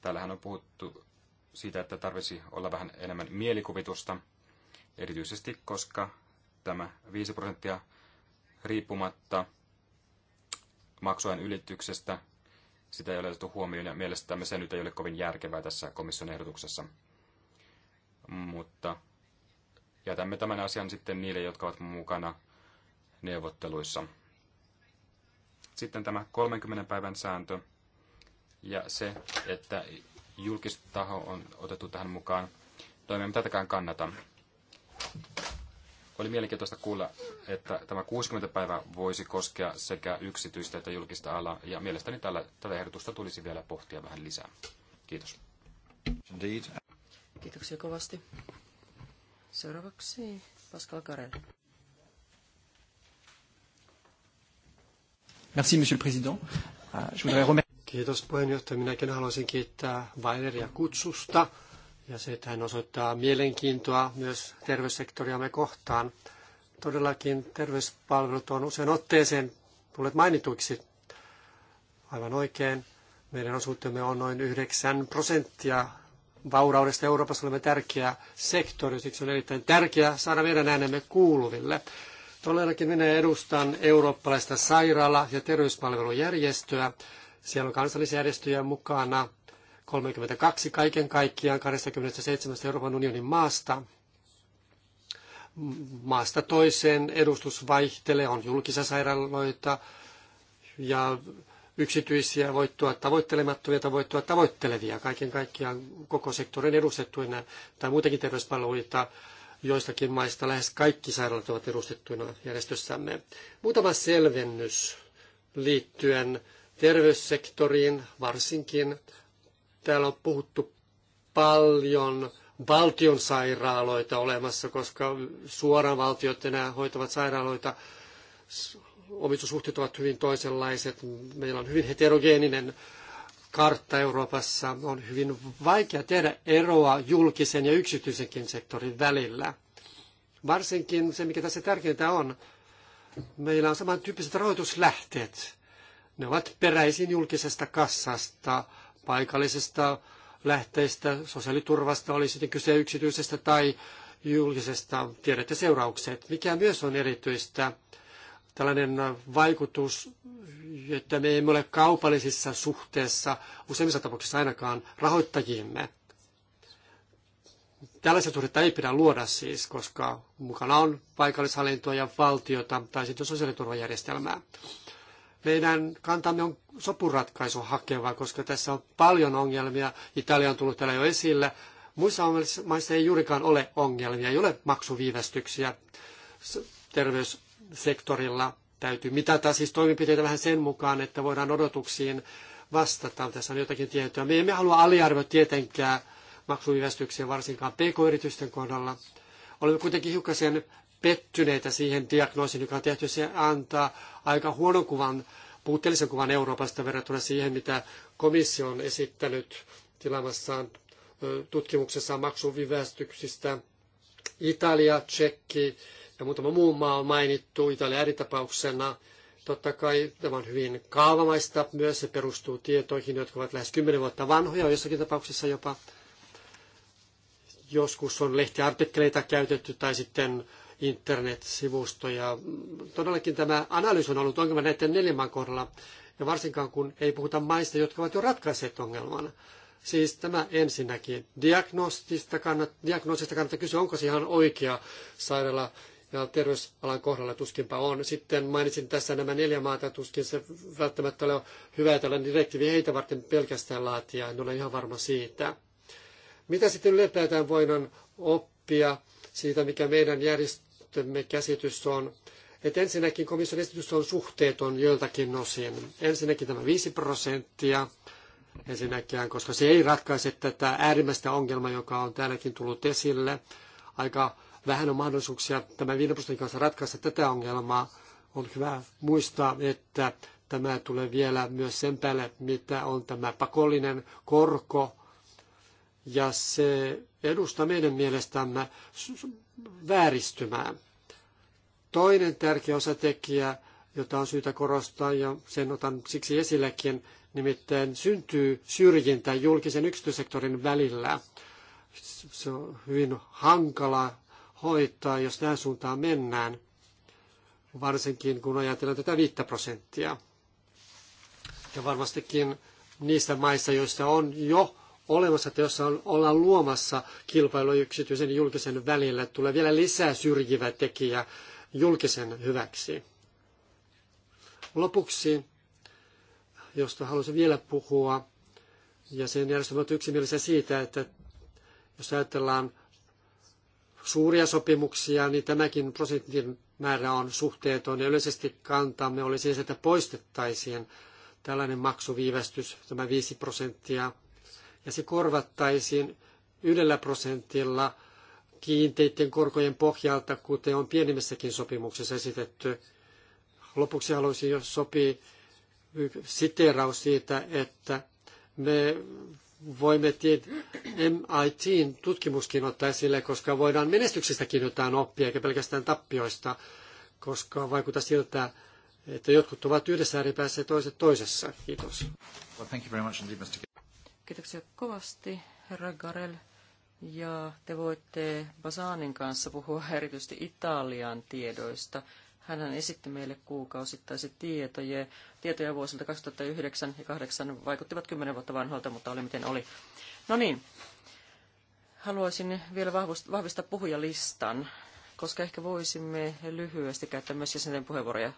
Täällähän on puhuttu siitä, että tarvisi olla vähän enemmän mielikuvitusta erityisesti koska tämä 5 prosenttia riippumatta maksuajan ylityksestä, sitä ei ole otettu huomioon ja mielestämme se nyt ei ole kovin järkevää tässä komission ehdotuksessa. Mutta jätämme tämän asian sitten niille, jotka ovat mukana neuvotteluissa. Sitten tämä 30 päivän sääntö ja se, että julkistaho on otettu tähän mukaan. Toimimme tätäkään kannata. Oli mielenkiintoista kuulla, että tämä 60 päivä voisi koskea sekä yksityistä että julkista alaa, ja mielestäni tällä, tätä ehdotusta tulisi vielä pohtia vähän lisää. Kiitos. Indeed. Kiitoksia kovasti. Seuraavaksi Pascal Karel. Merci, monsieur le président. Euh, je voudrais remercier... Kiitos puheenjohtaja. Minäkin haluaisin kiittää Valeria kutsusta ja se, että hän osoittaa mielenkiintoa myös terveyssektoriamme kohtaan. Todellakin terveyspalvelut on usein otteeseen tulleet mainituiksi aivan oikein. Meidän osuutemme on noin 9 prosenttia vauraudesta Euroopassa olemme tärkeä sektori, siksi on erittäin tärkeää saada meidän äänemme kuuluville. Todellakin minä edustan eurooppalaista sairaala- ja terveyspalvelujärjestöä. Siellä on kansallisjärjestöjä mukana, 32 kaiken kaikkiaan 27 Euroopan unionin maasta. Maasta toiseen edustus vaihtelee, on julkisia sairaaloita ja yksityisiä voittoa tavoittelemattomia tai voittoa tavoittelevia. Kaiken kaikkiaan koko sektorin edustettuina tai muutenkin terveyspalveluita joistakin maista lähes kaikki sairaalat ovat edustettuina järjestössämme. Muutama selvennys liittyen terveyssektoriin, varsinkin Täällä on puhuttu paljon valtion sairaaloita olemassa, koska suoraan valtiot enää hoitavat sairaaloita. Omistussuhteet ovat hyvin toisenlaiset. Meillä on hyvin heterogeeninen kartta Euroopassa. On hyvin vaikea tehdä eroa julkisen ja yksityisenkin sektorin välillä. Varsinkin se, mikä tässä tärkeintä on, meillä on samantyyppiset rahoituslähteet. Ne ovat peräisin julkisesta kassasta, paikallisista lähteistä, sosiaaliturvasta, oli sitten kyse yksityisestä tai julkisesta, tiedätte seuraukset. Mikä myös on erityistä, tällainen vaikutus, että me emme ole kaupallisissa suhteessa, useimmissa tapauksissa ainakaan, rahoittajiimme. Tällaisia suhdetta ei pidä luoda siis, koska mukana on paikallishallintoa ja valtiota tai sitten sosiaaliturvajärjestelmää meidän kantamme on sopuratkaisu hakeva, koska tässä on paljon ongelmia. Italia on tullut täällä jo esille. Muissa maissa ei juurikaan ole ongelmia, ei ole maksuviivästyksiä terveyssektorilla. Täytyy mitata siis toimenpiteitä vähän sen mukaan, että voidaan odotuksiin vastata. Tässä on jotakin tietoa. Me emme halua aliarvioida tietenkään maksuviivästyksiä varsinkaan pk-yritysten kohdalla. Olemme kuitenkin hiukkasen pettyneitä siihen diagnoosiin, joka on tehty. Se antaa aika huonon kuvan, puutteellisen kuvan Euroopasta verrattuna siihen, mitä komissio on esittänyt tilaamassaan tutkimuksessaan maksuvivästyksistä. Italia, Tsekki ja muutama muu maa on mainittu Italia tapauksena. Totta kai tämä on hyvin kaavamaista myös, se perustuu tietoihin, jotka ovat lähes 10 vuotta vanhoja, jossakin tapauksessa jopa joskus on lehtiartikkeleita käytetty tai sitten internetsivustoja. Todellakin tämä analyysi on ollut ongelma näiden neljän kohdalla, ja varsinkaan kun ei puhuta maista, jotka ovat jo ratkaisseet ongelman. Siis tämä ensinnäkin. Diagnostista kannat, diagnoosista kannattaa kysyä, onko se ihan oikea sairaala ja terveysalan kohdalla tuskinpa on. Sitten mainitsin tässä nämä neljä maata, tuskin se välttämättä ole hyvä tällainen direktiivi heitä varten pelkästään laatia, en ole ihan varma siitä. Mitä sitten ylipäätään voidaan oppia siitä, mikä meidän järjest- suhtemme käsitys on, että ensinnäkin komission esitys on suhteeton joiltakin osin. Ensinnäkin tämä 5 prosenttia, ensinnäkään, koska se ei ratkaise tätä äärimmäistä ongelmaa, joka on täälläkin tullut esille. Aika vähän on mahdollisuuksia tämän 5 prosentin kanssa ratkaista tätä ongelmaa. On hyvä muistaa, että tämä tulee vielä myös sen päälle, mitä on tämä pakollinen korko. Ja se edustaa meidän mielestämme vääristymään. Toinen tärkeä osatekijä, jota on syytä korostaa ja sen otan siksi esillekin, nimittäin syntyy syrjintä julkisen yksityissektorin välillä. Se on hyvin hankala hoitaa, jos tähän suuntaan mennään, varsinkin kun ajatellaan tätä 5 prosenttia. Ja varmastikin niissä maissa, joissa on jo olemassa, että jos ollaan luomassa kilpailua yksityisen ja julkisen välillä, tulee vielä lisää syrjivä tekijä julkisen hyväksi. Lopuksi, josta haluaisin vielä puhua, ja sen järjestelmät yksimielisiä siitä, että jos ajatellaan suuria sopimuksia, niin tämäkin prosentin määrä on suhteeton. Ja yleisesti kantamme oli siis, että poistettaisiin tällainen maksuviivästys, tämä 5 prosenttia ja se korvattaisiin yhdellä prosentilla kiinteiden korkojen pohjalta, kuten on pienemmissäkin sopimuksissa esitetty. Lopuksi haluaisin, jos sopii, siteeraus siitä, että me voimme MITin tutkimuskin ottaa esille, koska voidaan menestyksestäkin jotain oppia, eikä pelkästään tappioista, koska vaikuttaa siltä, että jotkut ovat yhdessä ääripäässä ja toiset toisessa. Kiitos. Well, Kiitoksia kovasti, herra Garel. Ja te voitte Basanin kanssa puhua erityisesti Italian tiedoista. Hän esitti meille kuukausittaisia tietoja. Tietoja vuosilta 2009 ja 2008 vaikuttivat 10 vuotta vanhoilta, mutta oli miten oli. No niin, haluaisin vielä vahvistaa puhujalistan, koska ehkä voisimme lyhyesti käyttää myös jäsenten puheenvuoroja.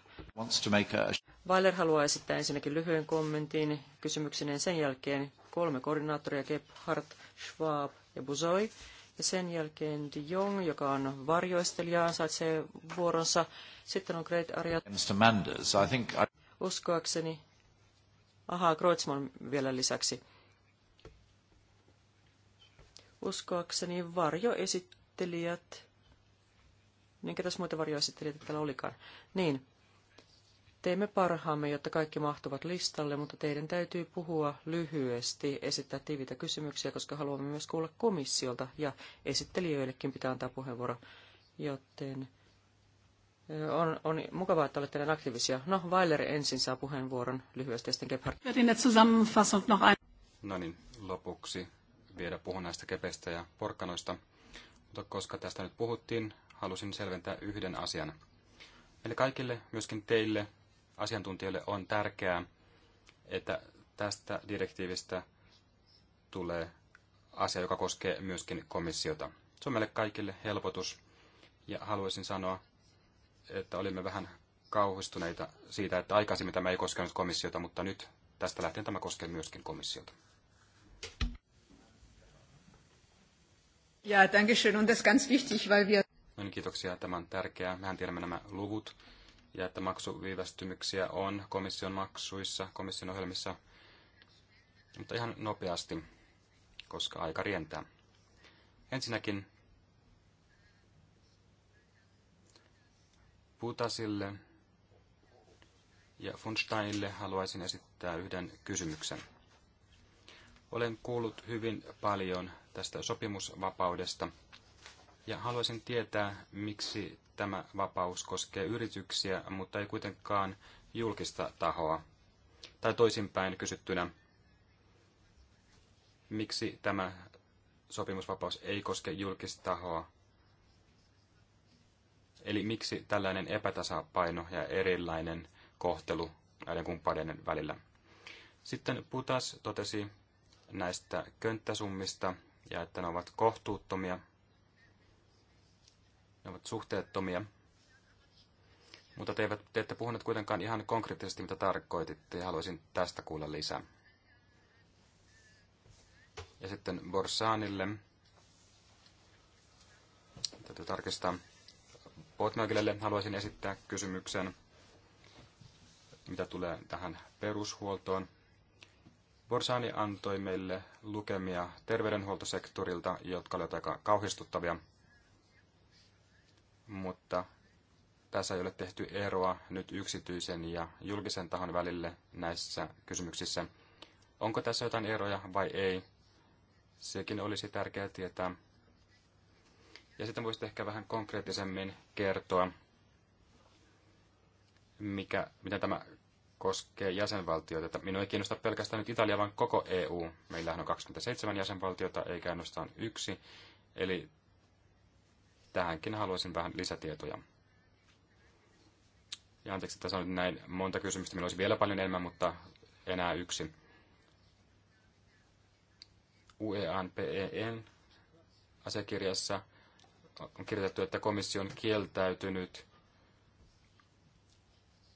Weiler haluaa esittää ensinnäkin lyhyen kommentin kysymyksineen sen jälkeen kolme koordinaattoria, Gebhardt, Schwab ja Buzoi. Ja sen jälkeen De Jong, joka on varjoistelija, ansaitsee vuoronsa. Sitten on Great Arja. Mr. Manders, I think I... Uskoakseni. Ahaa, Kreutzmann vielä lisäksi. Uskoakseni varjoesittelijät. Minkä tässä muita varjoesittelijöitä täällä olikaan? Niin, Teemme parhaamme, jotta kaikki mahtuvat listalle, mutta teidän täytyy puhua lyhyesti, esittää tiiviitä kysymyksiä, koska haluamme myös kuulla komissiolta ja esittelijöillekin pitää antaa puheenvuoro. Joten on, on mukavaa, että olette näin aktiivisia. No, Weiler ensin saa puheenvuoron lyhyesti ja sitten Gebhardt. No niin, lopuksi vielä puhun näistä kepeistä ja porkkanoista. Mutta koska tästä nyt puhuttiin, halusin selventää yhden asian. Meille kaikille, myöskin teille, asiantuntijoille on tärkeää, että tästä direktiivistä tulee asia, joka koskee myöskin komissiota. Se on meille kaikille helpotus ja haluaisin sanoa, että olimme vähän kauhistuneita siitä, että aikaisemmin tämä ei koskenut komissiota, mutta nyt tästä lähtien tämä koskee myöskin komissiota. Ja, danke schön. Und das ganz wichtig, weil wir... No niin, kiitoksia. Tämä on tärkeää. Mehän tiedämme nämä luvut ja että maksuviivästymyksiä on komission maksuissa, komission ohjelmissa, mutta ihan nopeasti, koska aika rientää. Ensinnäkin Putasille ja Funsteinille haluaisin esittää yhden kysymyksen. Olen kuullut hyvin paljon tästä sopimusvapaudesta ja haluaisin tietää, miksi tämä vapaus koskee yrityksiä, mutta ei kuitenkaan julkista tahoa. Tai toisinpäin kysyttynä, miksi tämä sopimusvapaus ei koske julkista tahoa? Eli miksi tällainen epätasapaino ja erilainen kohtelu näiden kumppaneiden välillä? Sitten Putas totesi näistä könttäsummista ja että ne ovat kohtuuttomia – ne ovat suhteettomia. Mutta te, eivät, te ette puhuneet kuitenkaan ihan konkreettisesti, mitä tarkoititte, ja haluaisin tästä kuulla lisää. Ja sitten Borsaanille. Täytyy tarkistaa. Potmögelelle haluaisin esittää kysymyksen, mitä tulee tähän perushuoltoon. Borsaani antoi meille lukemia terveydenhuoltosektorilta, jotka olivat aika kauhistuttavia mutta tässä ei ole tehty eroa nyt yksityisen ja julkisen tahon välille näissä kysymyksissä. Onko tässä jotain eroja vai ei? Sekin olisi tärkeää tietää. Ja sitten voisit ehkä vähän konkreettisemmin kertoa, mikä, miten tämä koskee jäsenvaltioita. Että minua ei kiinnosta pelkästään nyt Italia, vaan koko EU. Meillähän on 27 jäsenvaltiota, eikä ainoastaan yksi. Eli tähänkin haluaisin vähän lisätietoja. Ja anteeksi, tässä on näin monta kysymystä. Meillä olisi vielä paljon enemmän, mutta enää yksi. UEANPEN e asiakirjassa on kirjoitettu, että komissio on kieltäytynyt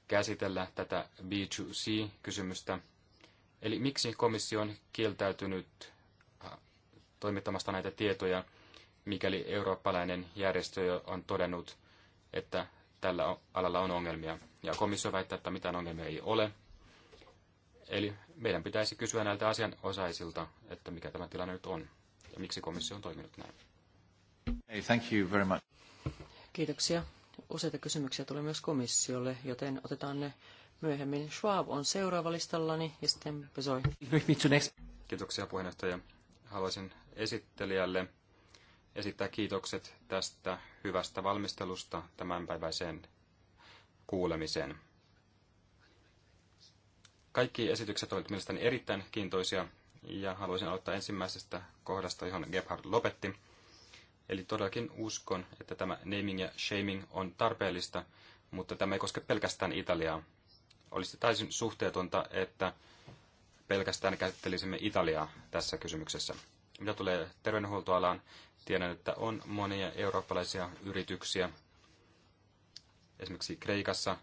käsitellä tätä B2C-kysymystä. Eli miksi komissio on kieltäytynyt äh, toimittamasta näitä tietoja mikäli eurooppalainen järjestö on todennut, että tällä alalla on ongelmia. Ja komissio väittää, että mitään ongelmia ei ole. Eli meidän pitäisi kysyä näiltä asianosaisilta, että mikä tämä tilanne nyt on ja miksi komissio on toiminut näin. Hey, thank you very much. Kiitoksia. Useita kysymyksiä tuli myös komissiolle, joten otetaan ne myöhemmin. Schwab on seuraava listallani ja sitten Pesoi. Kiitoksia puheenjohtaja. Haluaisin esittelijälle esittää kiitokset tästä hyvästä valmistelusta tämänpäiväiseen kuulemiseen. Kaikki esitykset olivat mielestäni erittäin kiintoisia ja haluaisin aloittaa ensimmäisestä kohdasta, johon Gebhard lopetti. Eli todellakin uskon, että tämä naming ja shaming on tarpeellista, mutta tämä ei koske pelkästään Italiaa. Olisi täysin suhteetonta, että pelkästään käsittelisimme Italiaa tässä kysymyksessä. Mitä tulee terveydenhuoltoalaan, Tiedän, että on monia eurooppalaisia yrityksiä. Esimerkiksi Kreikassa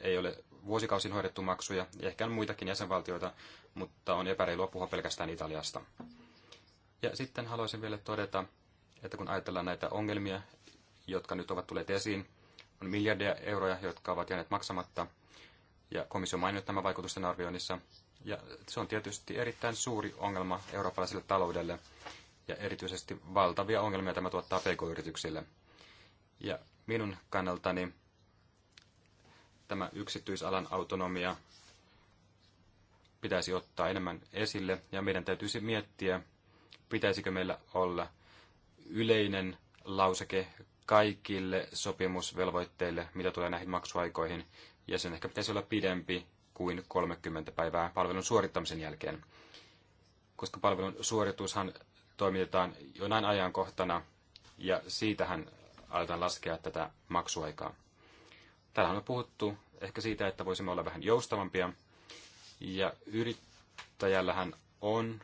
ei ole vuosikausin hoidettu maksuja, ja ehkä on muitakin jäsenvaltioita, mutta on epäreilua puhua pelkästään Italiasta. Ja sitten haluaisin vielä todeta, että kun ajatellaan näitä ongelmia, jotka nyt ovat tulleet esiin, on miljardeja euroja, jotka ovat jääneet maksamatta, ja komissio mainitsi tämän vaikutusten arvioinnissa, ja se on tietysti erittäin suuri ongelma eurooppalaiselle taloudelle, ja erityisesti valtavia ongelmia tämä tuottaa pk-yrityksille. Ja minun kannaltani tämä yksityisalan autonomia pitäisi ottaa enemmän esille ja meidän täytyisi miettiä, pitäisikö meillä olla yleinen lauseke kaikille sopimusvelvoitteille, mitä tulee näihin maksuaikoihin, ja sen ehkä pitäisi olla pidempi kuin 30 päivää palvelun suorittamisen jälkeen. Koska palvelun suoritushan toimitetaan jonain ajankohtana ja siitähän aletaan laskea tätä maksuaikaa. Täällä on puhuttu ehkä siitä, että voisimme olla vähän joustavampia ja yrittäjällähän on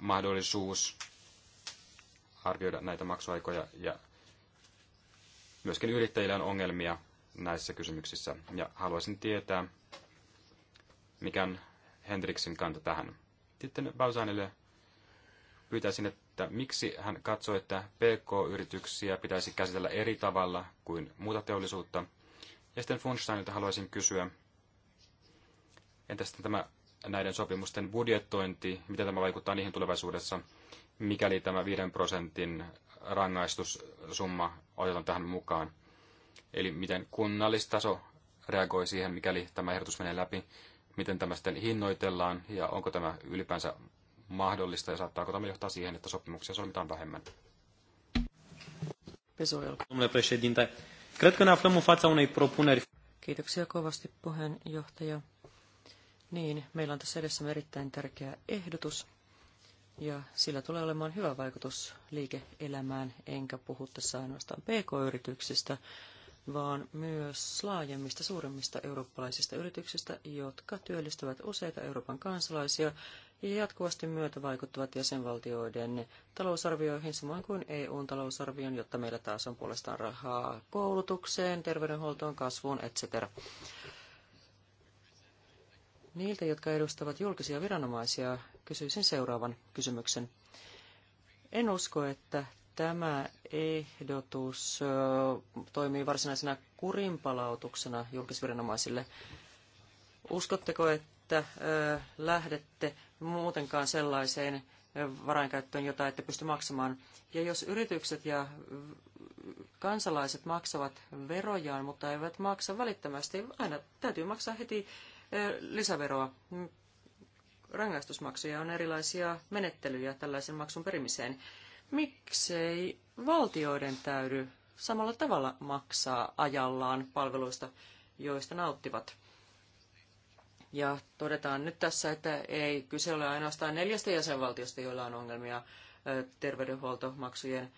mahdollisuus arvioida näitä maksuaikoja ja myöskin yrittäjillä on ongelmia näissä kysymyksissä ja haluaisin tietää, mikä on Henriksin kanta tähän. Sitten Bausanille pyytäisin, että miksi hän katsoi, että PK-yrityksiä pitäisi käsitellä eri tavalla kuin muuta teollisuutta. Ja sitten Funsteinilta haluaisin kysyä, entä sitten tämä näiden sopimusten budjettointi, miten tämä vaikuttaa niihin tulevaisuudessa, mikäli tämä 5 prosentin rangaistussumma otetaan tähän mukaan. Eli miten kunnallistaso reagoi siihen, mikäli tämä ehdotus menee läpi, miten tämä sitten hinnoitellaan ja onko tämä ylipäänsä mahdollista ja saattaako tämä johtaa siihen, että sopimuksia solmitaan vähemmän? Domnule președinte, cred că ne aflăm în fața unei propuneri. Kiitoksia kovasti puheenjohtaja. Niin, meillä on tässä edessä erittäin tärkeä ehdotus ja sillä tulee olemaan hyvä vaikutus liike-elämään, enkä puhu tässä ainoastaan pk-yrityksistä, vaan myös laajemmista, suuremmista eurooppalaisista yrityksistä, jotka työllistävät useita Euroopan kansalaisia ja jatkuvasti myötävaikuttavat jäsenvaltioiden talousarvioihin samoin kuin EUn talousarvion, jotta meillä taas on puolestaan rahaa koulutukseen, terveydenhuoltoon, kasvuun, etc. Niiltä, jotka edustavat julkisia viranomaisia, kysyisin seuraavan kysymyksen. En usko, että tämä ehdotus toimii varsinaisena kurinpalautuksena julkisviranomaisille. Uskotteko, että että lähdette muutenkaan sellaiseen varainkäyttöön, jota ette pysty maksamaan. Ja jos yritykset ja kansalaiset maksavat verojaan, mutta eivät maksa välittömästi, aina täytyy maksaa heti lisäveroa. Rangaistusmaksuja on erilaisia menettelyjä tällaisen maksun perimiseen. Miksei valtioiden täydy samalla tavalla maksaa ajallaan palveluista, joista nauttivat? Ja todetaan nyt tässä, että ei kyse ole ainoastaan neljästä jäsenvaltiosta, joilla on ongelmia terveydenhuoltomaksujen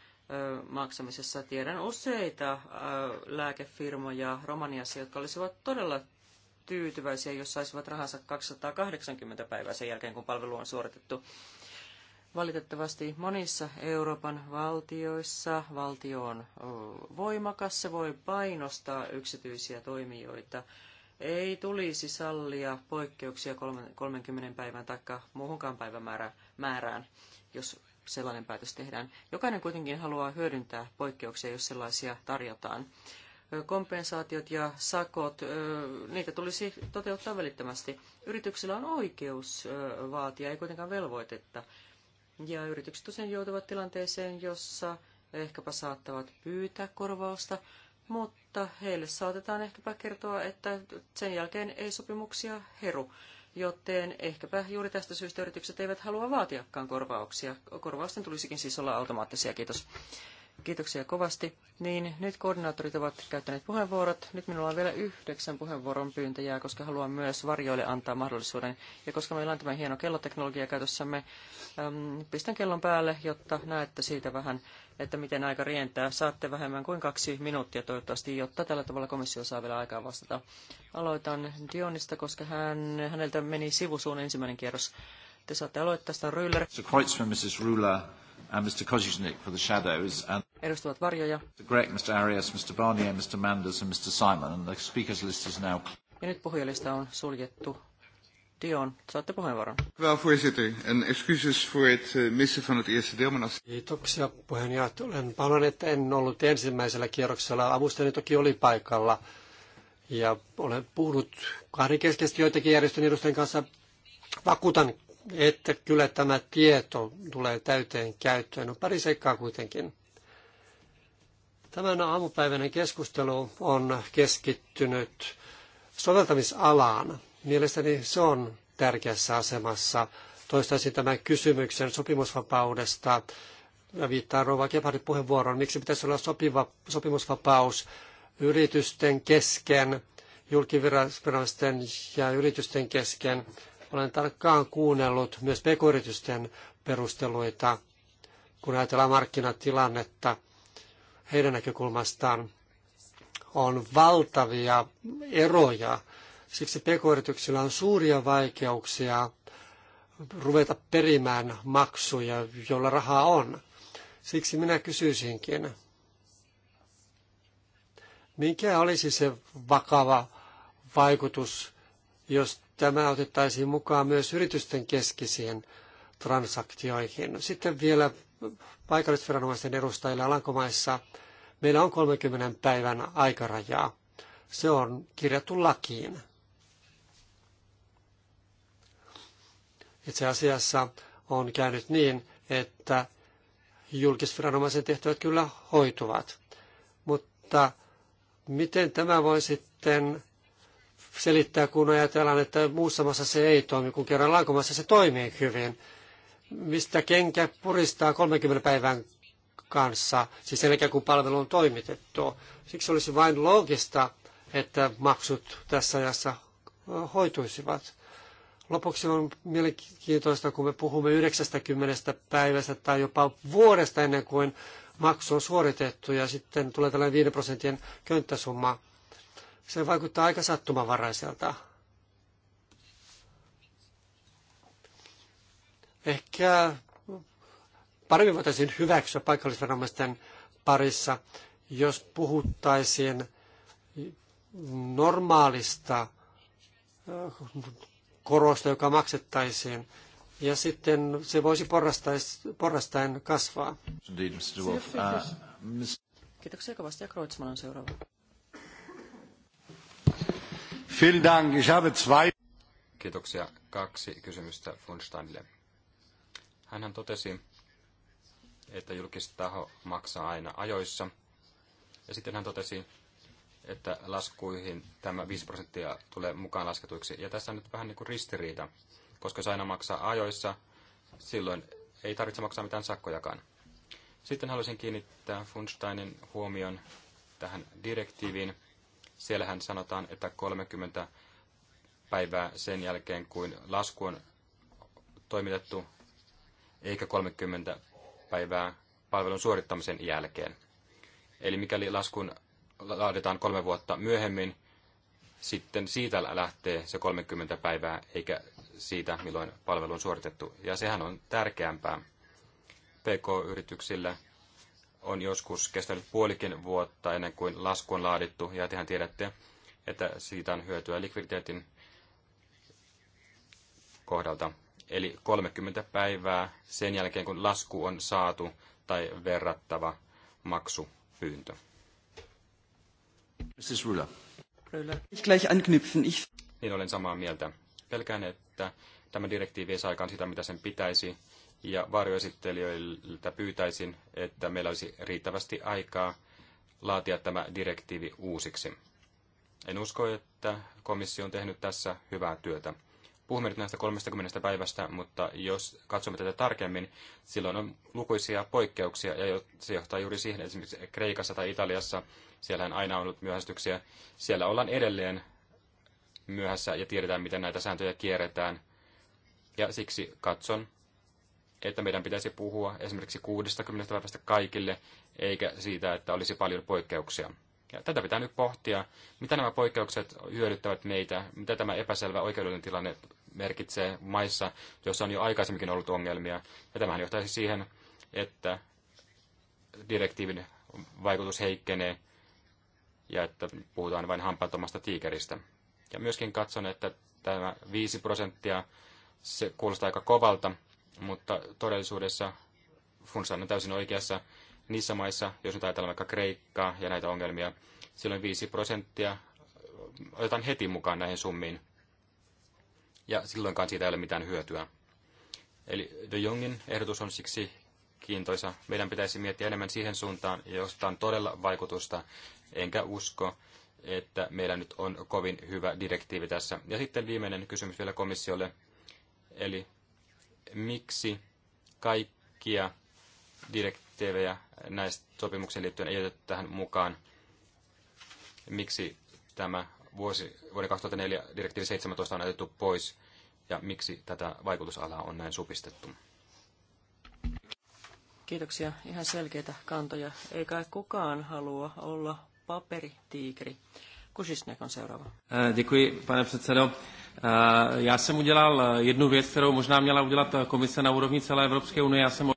maksamisessa. Tiedän useita lääkefirmoja Romaniassa, jotka olisivat todella tyytyväisiä, jos saisivat rahansa 280 päivää sen jälkeen, kun palvelu on suoritettu. Valitettavasti monissa Euroopan valtioissa valtio on voimakas, se voi painostaa yksityisiä toimijoita ei tulisi sallia poikkeuksia 30 päivän tai muuhunkaan päivämäärään, jos sellainen päätös tehdään. Jokainen kuitenkin haluaa hyödyntää poikkeuksia, jos sellaisia tarjotaan. Kompensaatiot ja sakot, niitä tulisi toteuttaa välittömästi. Yrityksillä on oikeus vaatia, ei kuitenkaan velvoitetta. Ja yritykset usein joutuvat tilanteeseen, jossa ehkäpä saattavat pyytää korvausta, mutta heille saatetaan ehkäpä kertoa, että sen jälkeen ei sopimuksia heru, joten ehkäpä juuri tästä syystä yritykset eivät halua vaatiakaan korvauksia. Korvausten tulisikin siis olla automaattisia. Kiitos. Kiitoksia kovasti. Niin, nyt koordinaattorit ovat käyttäneet puheenvuorot. Nyt minulla on vielä yhdeksän puheenvuoron pyyntäjää, koska haluan myös varjoille antaa mahdollisuuden. Ja koska meillä on tämä hieno kelloteknologia käytössämme, äm, pistän kellon päälle, jotta näette siitä vähän, että miten aika rientää. Saatte vähemmän kuin kaksi minuuttia toivottavasti, jotta tällä tavalla komissio saa vielä aikaa vastata. Aloitan Dionista, koska hän, häneltä meni sivusuun ensimmäinen kierros. Te saatte aloittaa sitä Rüller. Mrs. and Mr. Kozisnik for the shadows. And edustavat varjoja. Mr. Greg, Mr. Arias, Mr. Barnier, Mr. Manders and Mr. Simon. And the speakers list is now... Ja nyt puhujalista on suljettu. Dion, saatte puheenvuoron. Wel, voorzitter. En excuses voor het eh, missen van het eerste deel. als... Kiitoksia puheenjohtaja. Olen pahoin, että en ollut ensimmäisellä kierroksella. Avustani toki oli paikalla. Ja olen puhunut kahden keskeisesti joitakin järjestön edustajien kanssa. Vakuutan, että kyllä tämä tieto tulee täyteen käyttöön. On pari seikkaa kuitenkin. Tämän aamupäiväinen keskustelu on keskittynyt soveltamisalaan. Mielestäni se on tärkeässä asemassa. Toistaisin tämän kysymyksen sopimusvapaudesta ja viittaan Rova Kepardin puheenvuoroon, miksi pitäisi olla sopiva, sopimusvapaus yritysten kesken, julkiviranomaisten ja yritysten kesken. Olen tarkkaan kuunnellut myös pk-yritysten perusteluita, kun ajatellaan markkinatilannetta – heidän näkökulmastaan on valtavia eroja. Siksi pk-yrityksillä on suuria vaikeuksia ruveta perimään maksuja, joilla rahaa on. Siksi minä kysyisinkin, mikä olisi se vakava vaikutus, jos tämä otettaisiin mukaan myös yritysten keskisiin transaktioihin. Sitten vielä paikallisviranomaisten edustajille Alankomaissa meillä on 30 päivän aikarajaa. Se on kirjattu lakiin. Itse asiassa on käynyt niin, että julkisviranomaisen tehtävät kyllä hoituvat. Mutta miten tämä voi sitten selittää, kun ajatellaan, että muussa maassa se ei toimi, kun kerran lankomassa se toimii hyvin mistä kenkä puristaa 30 päivän kanssa, siis sen jälkeen kun palvelu on toimitettu. Siksi olisi vain loogista, että maksut tässä ajassa hoituisivat. Lopuksi on mielenkiintoista, kun me puhumme 90 päivästä tai jopa vuodesta ennen kuin maksu on suoritettu ja sitten tulee tällainen 5 prosentin könttäsumma. Se vaikuttaa aika sattumanvaraiselta. Ehkä paremmin voitaisiin hyväksyä paikallisviranomaisten parissa, jos puhuttaisiin normaalista äh, korosta, joka maksettaisiin, ja sitten se voisi porrastaen kasvaa. Uh, Kiitoksia kovasti, ja Kreutzmann on seuraava. Vielen Dank. Ich habe zwei... Kiitoksia. Kaksi kysymystä Funsteinille. Hänhän totesi, että taho maksaa aina ajoissa. Ja sitten hän totesi, että laskuihin tämä 5 prosenttia tulee mukaan lasketuiksi. Ja tässä on nyt vähän niin kuin ristiriita, koska jos aina maksaa ajoissa, silloin ei tarvitse maksaa mitään sakkojakaan. Sitten haluaisin kiinnittää Funsteinin huomion tähän direktiiviin. Siellähän sanotaan, että 30 päivää sen jälkeen, kuin lasku on toimitettu, eikä 30 päivää palvelun suorittamisen jälkeen. Eli mikäli laskun laaditaan kolme vuotta myöhemmin, sitten siitä lähtee se 30 päivää, eikä siitä, milloin palvelu on suoritettu. Ja sehän on tärkeämpää. PK-yrityksillä on joskus kestänyt puolikin vuotta ennen kuin lasku on laadittu, ja tehän tiedätte, että siitä on hyötyä likviditeetin kohdalta eli 30 päivää sen jälkeen, kun lasku on saatu tai verrattava maksupyyntö. Mrs. Rula. Ich gleich anknüpfen. Ich... Niin olen samaa mieltä. Pelkään, että tämä direktiivi ei saa aikaan sitä, mitä sen pitäisi, ja varjoesittelijöiltä pyytäisin, että meillä olisi riittävästi aikaa laatia tämä direktiivi uusiksi. En usko, että komissio on tehnyt tässä hyvää työtä. Puhumme nyt näistä 30 päivästä, mutta jos katsomme tätä tarkemmin, silloin on lukuisia poikkeuksia ja se johtaa juuri siihen, esimerkiksi Kreikassa tai Italiassa, siellä on aina ollut myöhästyksiä, siellä ollaan edelleen myöhässä ja tiedetään, miten näitä sääntöjä kierretään. Ja siksi katson, että meidän pitäisi puhua esimerkiksi 60 päivästä kaikille, eikä siitä, että olisi paljon poikkeuksia. Ja tätä pitää nyt pohtia, mitä nämä poikkeukset hyödyttävät meitä, mitä tämä epäselvä oikeudellinen tilanne merkitsee maissa, joissa on jo aikaisemminkin ollut ongelmia. Ja tämähän johtaisi siihen, että direktiivin vaikutus heikkenee ja että puhutaan vain hampaattomasta tiikeristä. Ja myöskin katson, että tämä 5 prosenttia, se kuulostaa aika kovalta, mutta todellisuudessa Funsan on täysin oikeassa. Niissä maissa, jos nyt ajatellaan vaikka Kreikkaa ja näitä ongelmia, silloin 5 prosenttia otetaan heti mukaan näihin summiin ja silloinkaan siitä ei ole mitään hyötyä. Eli De Jongin ehdotus on siksi kiintoisa. Meidän pitäisi miettiä enemmän siihen suuntaan, josta on todella vaikutusta, enkä usko, että meillä nyt on kovin hyvä direktiivi tässä. Ja sitten viimeinen kysymys vielä komissiolle. Eli miksi kaikkia direktiivejä näistä sopimuksiin liittyen ei tähän mukaan? Miksi tämä vuosi, vuoden 2004 direktiivi 17 on otettu pois ja miksi tätä vaikutusalaa on näin supistettu? Kiitoksia. Ihan selkeitä kantoja. Eikä kukaan halua olla paperitiikri. Kusisnek on seuraava. Eh, děkuji, pane předsedo. Eh, já jsem udělal eh, jednu věc, kterou možná měla udělat komise na úrovni celé Evropské unie. Já jsem...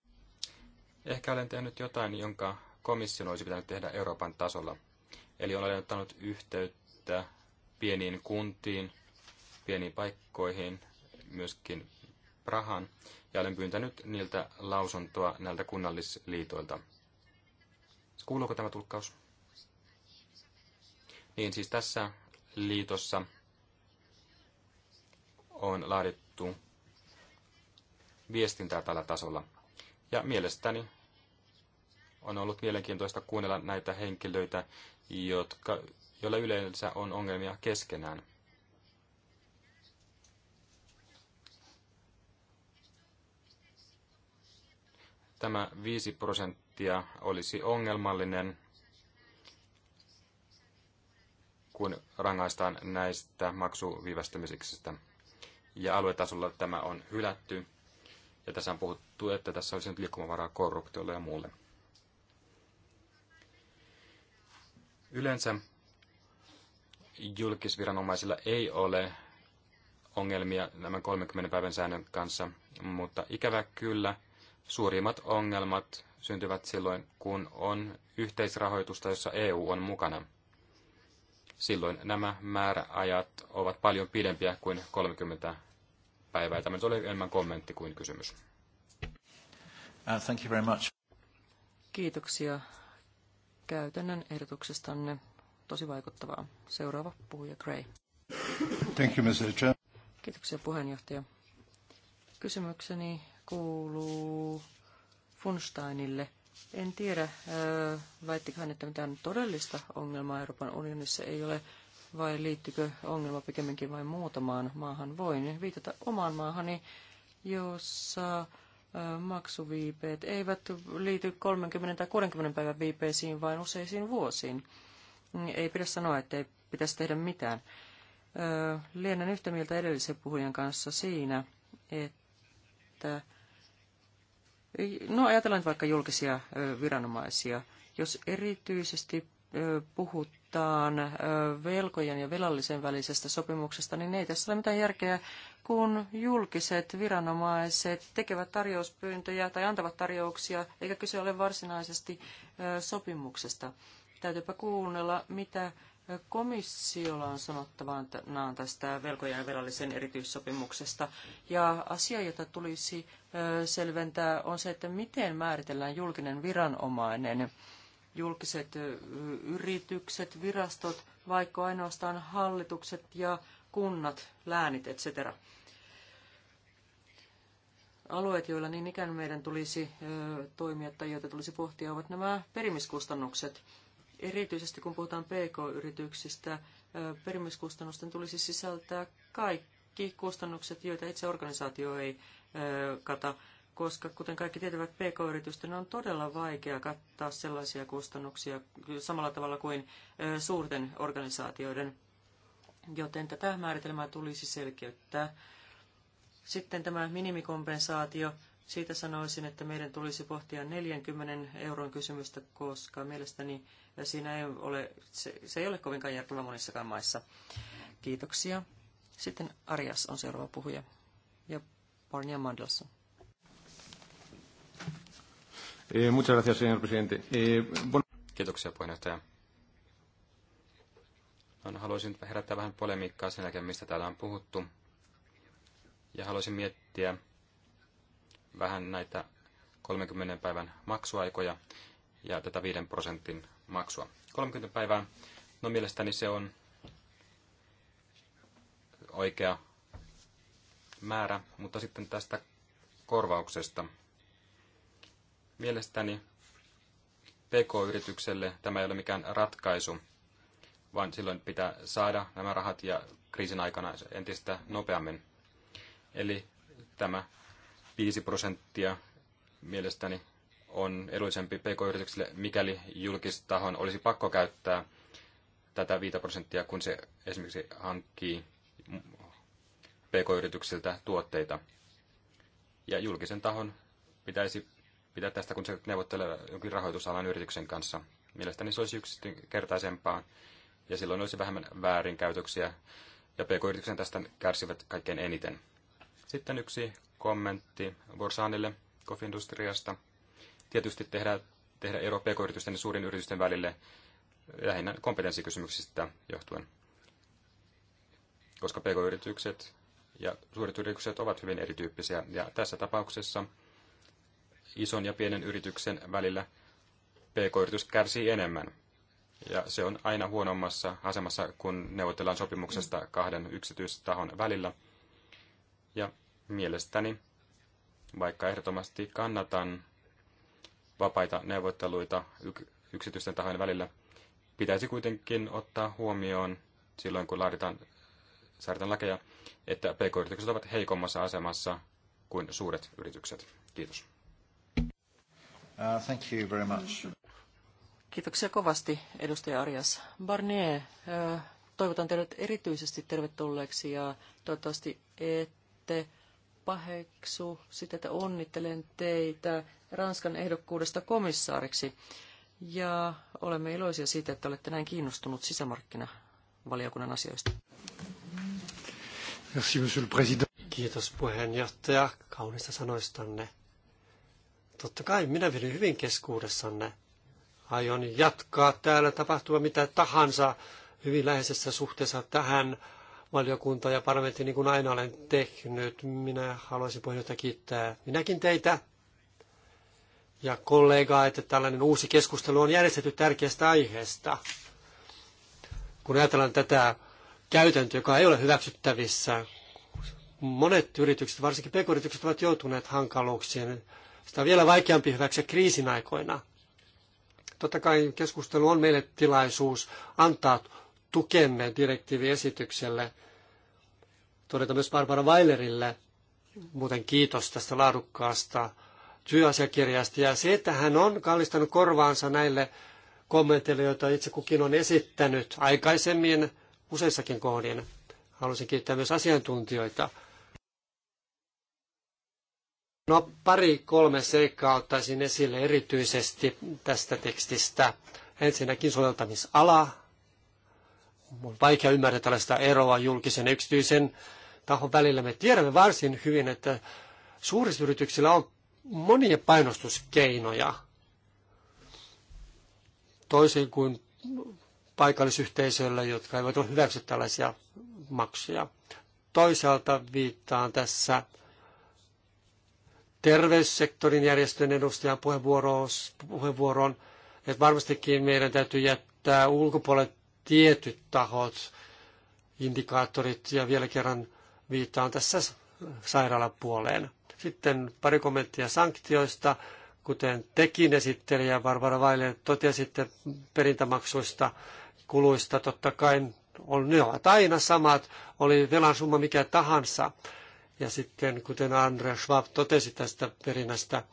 Ehkä olen tehnyt jotain, jonka komission olisi pitänyt tehdä Euroopan tasolla. Eli olen ottanut yhteyttä pieniin kuntiin, pieniin paikkoihin, myöskin Prahan, ja olen pyyntänyt niiltä lausuntoa näiltä kunnallisliitoilta. Kuuluuko tämä tulkkaus? Niin siis tässä liitossa on laadittu viestintää tällä tasolla. Ja mielestäni on ollut mielenkiintoista kuunnella näitä henkilöitä, jotka joilla yleensä on ongelmia keskenään. Tämä 5 prosenttia olisi ongelmallinen, kun rangaistaan näistä maksuviivästymisistä. Ja aluetasolla tämä on hylätty. Ja tässä on puhuttu, että tässä olisi nyt liikkumavaraa korruptiolle ja muulle. Yleensä julkisviranomaisilla ei ole ongelmia tämän 30 päivän säännön kanssa, mutta ikävä kyllä suurimmat ongelmat syntyvät silloin, kun on yhteisrahoitusta, jossa EU on mukana. Silloin nämä määräajat ovat paljon pidempiä kuin 30 päivää. Tämä oli enemmän kommentti kuin kysymys. Uh, thank you very much. Kiitoksia käytännön ehdotuksestanne tosi vaikuttavaa. Seuraava puhuja Gray. Thank you, Mr. Kiitoksia puheenjohtaja. Kysymykseni kuuluu Funsteinille. En tiedä, äh, väittikö hän, että mitään todellista ongelmaa Euroopan unionissa ei ole, vai liittyykö ongelma pikemminkin vain muutamaan maahan. Voin viitata omaan maahani, jossa äh, maksuviipeet eivät liity 30 tai 60 päivän viipeisiin, vaan useisiin vuosiin. Niin ei pidä sanoa, että ei pitäisi tehdä mitään. lienen yhtä mieltä edellisen puhujan kanssa siinä, että no ajatellaan nyt vaikka julkisia viranomaisia. Jos erityisesti puhutaan velkojen ja velallisen välisestä sopimuksesta, niin ei tässä ole mitään järkeä, kun julkiset viranomaiset tekevät tarjouspyyntöjä tai antavat tarjouksia, eikä kyse ole varsinaisesti sopimuksesta. Täytyypä kuunnella, mitä komissiolla on sanottavanaan tästä velkojan ja velallisen erityissopimuksesta. Ja asia, jota tulisi selventää, on se, että miten määritellään julkinen viranomainen, julkiset yritykset, virastot, vaikka ainoastaan hallitukset ja kunnat, läänit, etc. Alueet, joilla niin ikään meidän tulisi toimia tai joita tulisi pohtia, ovat nämä perimiskustannukset – Erityisesti kun puhutaan PK-yrityksistä, perimiskustannusten tulisi sisältää kaikki kustannukset, joita itse organisaatio ei kata, koska kuten kaikki tietävät, PK-yritysten on todella vaikea kattaa sellaisia kustannuksia samalla tavalla kuin suurten organisaatioiden, joten tätä määritelmää tulisi selkeyttää. Sitten tämä minimikompensaatio siitä sanoisin, että meidän tulisi pohtia 40 euron kysymystä, koska mielestäni siinä ei ole, se, se ei ole kovinkaan järkevä monissakaan maissa. Kiitoksia. Sitten Arias on seuraava puhuja. Ja Barnia Mandelson. Eh, gracias, señor presidente. Eh, bon... Kiitoksia, puheenjohtaja. No, no, haluaisin herättää vähän polemiikkaa sen jälkeen, mistä täällä on puhuttu. Ja haluaisin miettiä, vähän näitä 30 päivän maksuaikoja ja tätä 5 prosentin maksua. 30 päivää, no mielestäni se on oikea määrä, mutta sitten tästä korvauksesta. Mielestäni PK-yritykselle tämä ei ole mikään ratkaisu, vaan silloin pitää saada nämä rahat ja kriisin aikana entistä nopeammin. Eli tämä 5 prosenttia mielestäni on edullisempi pk-yrityksille, mikäli julkistahon olisi pakko käyttää tätä 5 prosenttia, kun se esimerkiksi hankkii pk-yrityksiltä tuotteita. Ja julkisen tahon pitäisi pitää tästä, kun se neuvottelee jonkin rahoitusalan yrityksen kanssa. Mielestäni se olisi yksinkertaisempaa ja silloin olisi vähemmän väärinkäytöksiä ja pk-yrityksen tästä kärsivät kaikkein eniten. Sitten yksi kommentti Vorsanille kofiindustriasta. Tietysti tehdä, tehdä ero pk-yritysten ja suurin yritysten välille lähinnä kompetenssikysymyksistä johtuen, koska pk-yritykset ja suuret yritykset ovat hyvin erityyppisiä. Ja tässä tapauksessa ison ja pienen yrityksen välillä pk-yritys kärsii enemmän. Ja se on aina huonommassa asemassa, kun neuvotellaan sopimuksesta kahden yksityistahon välillä. Ja mielestäni, vaikka ehdottomasti kannatan vapaita neuvotteluita yksityisten tahojen välillä, pitäisi kuitenkin ottaa huomioon silloin, kun laaditaan säädetään lakeja, että pk-yritykset ovat heikommassa asemassa kuin suuret yritykset. Kiitos. Uh, thank you very much. Kiitoksia kovasti, edustaja Arias. Barnier, uh, toivotan teidät erityisesti tervetulleeksi ja toivottavasti ette paheksu sitä, että onnittelen teitä Ranskan ehdokkuudesta komissaariksi. Ja olemme iloisia siitä, että olette näin kiinnostunut sisämarkkinavaliokunnan asioista. Merci, monsieur le président. Kiitos puheenjohtaja kaunista sanoistanne. Totta kai minä vielä hyvin keskuudessanne. Aion jatkaa täällä tapahtua mitä tahansa hyvin läheisessä suhteessa tähän valiokunta ja parlamentti, niin kuin aina olen tehnyt. Minä haluaisin puheenjohtaja kiittää minäkin teitä ja kollegaa, että tällainen uusi keskustelu on järjestetty tärkeästä aiheesta. Kun ajatellaan tätä käytäntöä, joka ei ole hyväksyttävissä, monet yritykset, varsinkin pk-yritykset, ovat joutuneet hankaluuksiin. Sitä on vielä vaikeampi hyväksyä kriisin aikoina. Totta kai keskustelu on meille tilaisuus antaa tukemme direktiiviesitykselle, todeta myös Barbara Weilerille muuten kiitos tästä laadukkaasta työasiakirjasta. Ja se, että hän on kallistanut korvaansa näille kommenteille, joita itse kukin on esittänyt aikaisemmin useissakin kohdin. Haluaisin kiittää myös asiantuntijoita. No pari kolme seikkaa ottaisin esille erityisesti tästä tekstistä. Ensinnäkin soveltamisala, on vaikea ymmärtää tällaista eroa julkisen ja yksityisen tahon välillä. Me tiedämme varsin hyvin, että suurisyrityksillä on monia painostuskeinoja, toisin kuin paikallisyhteisöillä, jotka eivät ole hyväksy tällaisia maksuja. Toisaalta viittaan tässä terveyssektorin järjestön edustajan puheenvuoroon, että varmastikin meidän täytyy jättää ulkopuolelle tietyt tahot, indikaattorit ja vielä kerran viittaan tässä sairaalapuoleen. Sitten pari kommenttia sanktioista, kuten tekin ja Barbara Vaile totesitte perintämaksuista, kuluista, totta kai on, ne ovat aina samat, oli velan summa mikä tahansa. Ja sitten, kuten Andre Schwab totesi tästä perinnästä,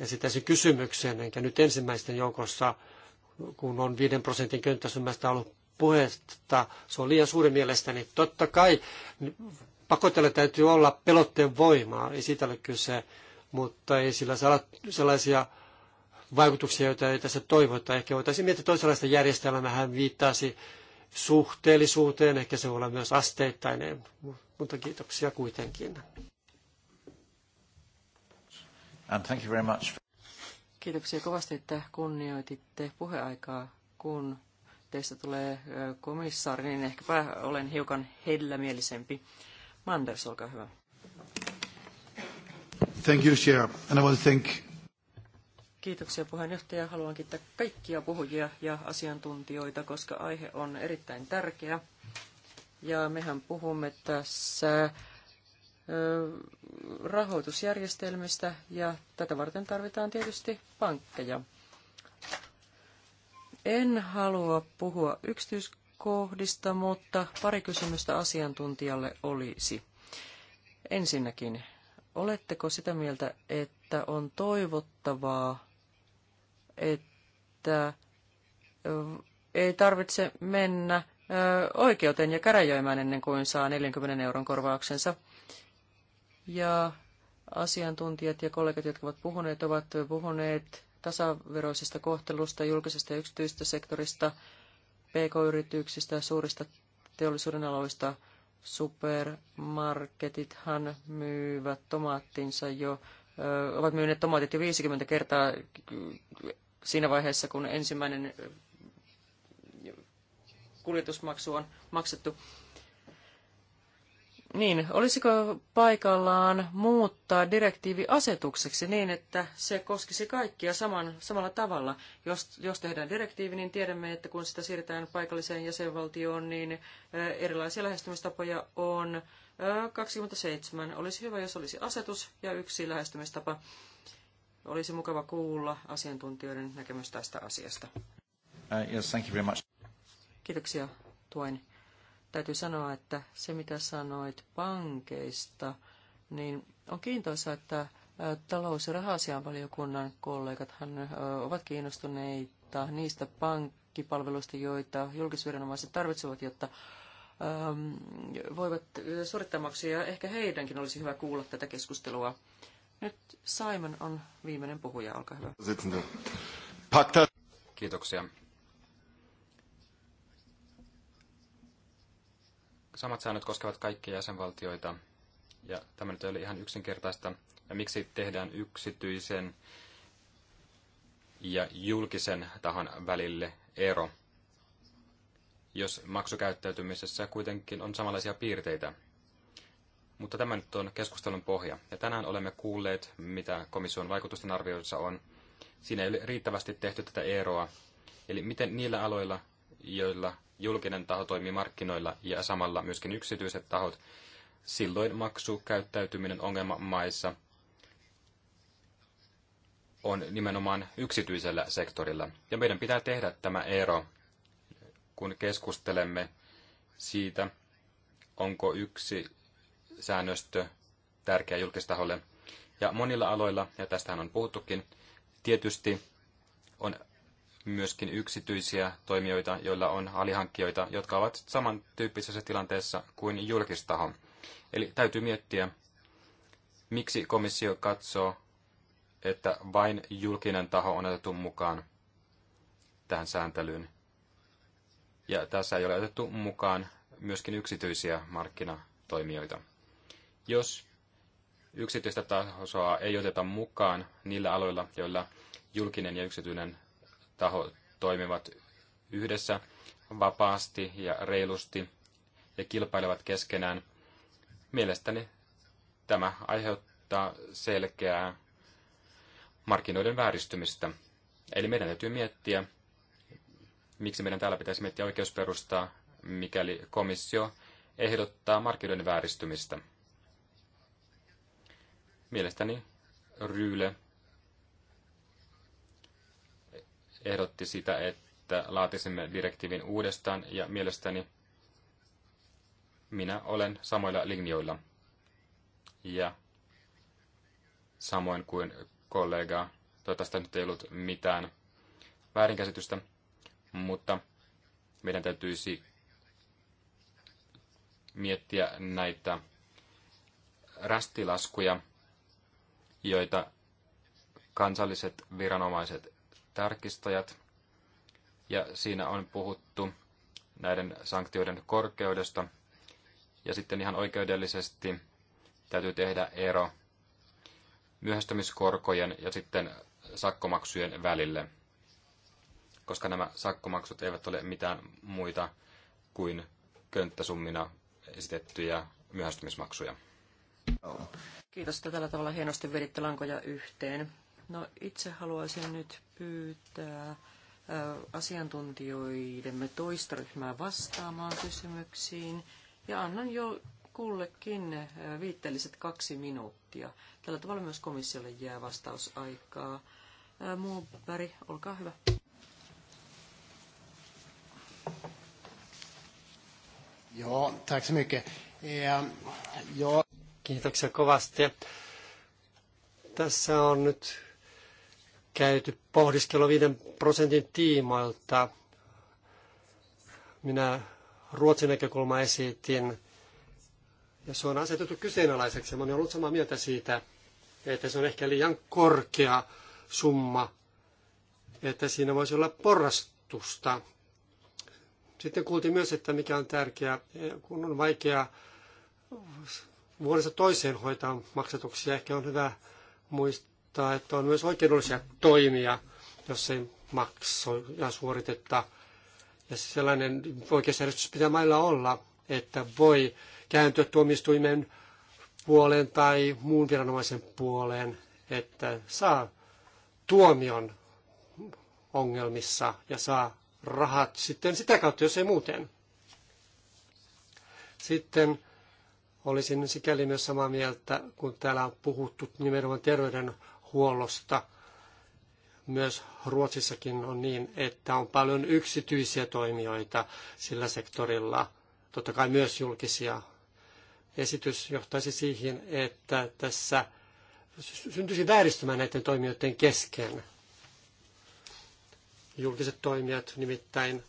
esittäisin kysymyksen, enkä nyt ensimmäisten joukossa, kun on 5 prosentin könttäsummasta ollut puhetta. Se on liian suuri mielestäni. Totta kai pakotteella täytyy olla pelotteen voimaa, ei siitä ole kyse, mutta ei sillä saa sellaisia vaikutuksia, joita ei tässä toivota. Ehkä voitaisiin miettiä toisenlaista järjestelmää. Hän viittasi suhteellisuuteen, ehkä se voi olla myös asteittainen, mutta kiitoksia kuitenkin. And thank you very much. Kiitoksia kovasti, että kunnioititte puheaikaa, kun teistä tulee komissaari, niin ehkäpä olen hiukan hellämielisempi. Manders, olkaa hyvä. Thank you, Chair, and I want to thank... Kiitoksia puheenjohtaja. Haluan kiittää kaikkia puhujia ja asiantuntijoita, koska aihe on erittäin tärkeä. Ja mehän puhumme tässä rahoitusjärjestelmistä ja tätä varten tarvitaan tietysti pankkeja. En halua puhua yksityiskohdista, mutta pari kysymystä asiantuntijalle olisi. Ensinnäkin, oletteko sitä mieltä, että on toivottavaa, että ei tarvitse mennä oikeuteen ja käräjöimään ennen kuin saa 40 euron korvauksensa? ja asiantuntijat ja kollegat, jotka ovat puhuneet, ovat puhuneet tasaveroisesta kohtelusta, julkisesta ja yksityistä sektorista, pk-yrityksistä, suurista teollisuuden aloista. Supermarketithan myyvät tomaattinsa jo, ovat myyneet tomaatit jo 50 kertaa siinä vaiheessa, kun ensimmäinen kuljetusmaksu on maksettu. Niin, olisiko paikallaan muuttaa direktiivi asetukseksi niin, että se koskisi kaikkia saman, samalla tavalla? Jos, jos tehdään direktiivi, niin tiedämme, että kun sitä siirretään paikalliseen jäsenvaltioon, niin eh, erilaisia lähestymistapoja on 27. Eh, olisi hyvä, jos olisi asetus ja yksi lähestymistapa. Olisi mukava kuulla asiantuntijoiden näkemys tästä asiasta. Uh, yes, thank you very much. Kiitoksia, tuen täytyy sanoa, että se mitä sanoit pankeista, niin on kiintoisaa, että talous- ja rahasianvaliokunnan kollegathan ovat kiinnostuneita niistä pankkipalveluista, joita julkisviranomaiset tarvitsevat, jotta voivat suorittaa maksuja. Ehkä heidänkin olisi hyvä kuulla tätä keskustelua. Nyt Simon on viimeinen puhuja, olkaa hyvä. Kiitoksia. samat säännöt koskevat kaikkia jäsenvaltioita, ja tämä nyt oli ihan yksinkertaista. Ja miksi tehdään yksityisen ja julkisen tahan välille ero, jos maksukäyttäytymisessä kuitenkin on samanlaisia piirteitä? Mutta tämä nyt on keskustelun pohja. Ja tänään olemme kuulleet, mitä komission vaikutusten arvioissa on. Siinä ei ole riittävästi tehty tätä eroa. Eli miten niillä aloilla, joilla julkinen taho toimii markkinoilla ja samalla myöskin yksityiset tahot, silloin maksukäyttäytyminen ongelmamaissa on nimenomaan yksityisellä sektorilla. Ja meidän pitää tehdä tämä ero, kun keskustelemme siitä, onko yksi säännöstö tärkeä julkistaholle. Ja monilla aloilla, ja tästähän on puhuttukin, tietysti on myöskin yksityisiä toimijoita, joilla on alihankkijoita, jotka ovat samantyyppisessä tilanteessa kuin julkistaho. Eli täytyy miettiä, miksi komissio katsoo, että vain julkinen taho on otettu mukaan tähän sääntelyyn. Ja tässä ei ole otettu mukaan myöskin yksityisiä markkinatoimijoita. Jos yksityistä tasoa ei oteta mukaan niillä aloilla, joilla julkinen ja yksityinen taho toimivat yhdessä vapaasti ja reilusti ja kilpailevat keskenään. Mielestäni tämä aiheuttaa selkeää markkinoiden vääristymistä. Eli meidän täytyy miettiä, miksi meidän täällä pitäisi miettiä oikeusperustaa, mikäli komissio ehdottaa markkinoiden vääristymistä. Mielestäni Ryyle ehdotti sitä, että laatisimme direktiivin uudestaan ja mielestäni minä olen samoilla linjoilla. Ja samoin kuin kollega, toivottavasti nyt ei ollut mitään väärinkäsitystä, mutta meidän täytyisi miettiä näitä rastilaskuja, joita kansalliset viranomaiset tarkistajat. Ja siinä on puhuttu näiden sanktioiden korkeudesta. Ja sitten ihan oikeudellisesti täytyy tehdä ero myöhästymiskorkojen ja sitten sakkomaksujen välille, koska nämä sakkomaksut eivät ole mitään muita kuin könttäsummina esitettyjä myöhästymismaksuja. Kiitos, että tällä tavalla hienosti veditte lankoja yhteen. No itse haluaisin nyt pyytää asiantuntijoidemme toista ryhmää vastaamaan kysymyksiin ja annan jo kullekin viitteelliset kaksi minuuttia. Tällä tavalla myös komissiolle jää vastausaikaa. Muu väri, olkaa hyvä. Joo, tack så mycket. Ehm, Kiitoksia kovasti. Tässä on nyt käyty pohdiskelu 5 prosentin tiimoilta. Minä Ruotsin näkökulma esitin, ja se on asetettu kyseenalaiseksi. Mä olen ollut samaa mieltä siitä, että se on ehkä liian korkea summa, että siinä voisi olla porrastusta. Sitten kuultiin myös, että mikä on tärkeää, kun on vaikea vuodesta toiseen hoitaa maksatuksia, ehkä on hyvä muistaa, osoittaa, että on myös oikeudellisia toimia, jos ei ja suoritetta. Ja sellainen oikeusjärjestys pitää mailla olla, että voi kääntyä tuomistuimen puoleen tai muun viranomaisen puoleen, että saa tuomion ongelmissa ja saa rahat sitten sitä kautta, jos ei muuten. Sitten olisin sikäli myös samaa mieltä, kun täällä on puhuttu nimenomaan terveyden huollosta. Myös Ruotsissakin on niin, että on paljon yksityisiä toimijoita sillä sektorilla, totta kai myös julkisia. Esitys johtaisi siihen, että tässä syntyisi vääristymä näiden toimijoiden kesken. Julkiset toimijat nimittäin,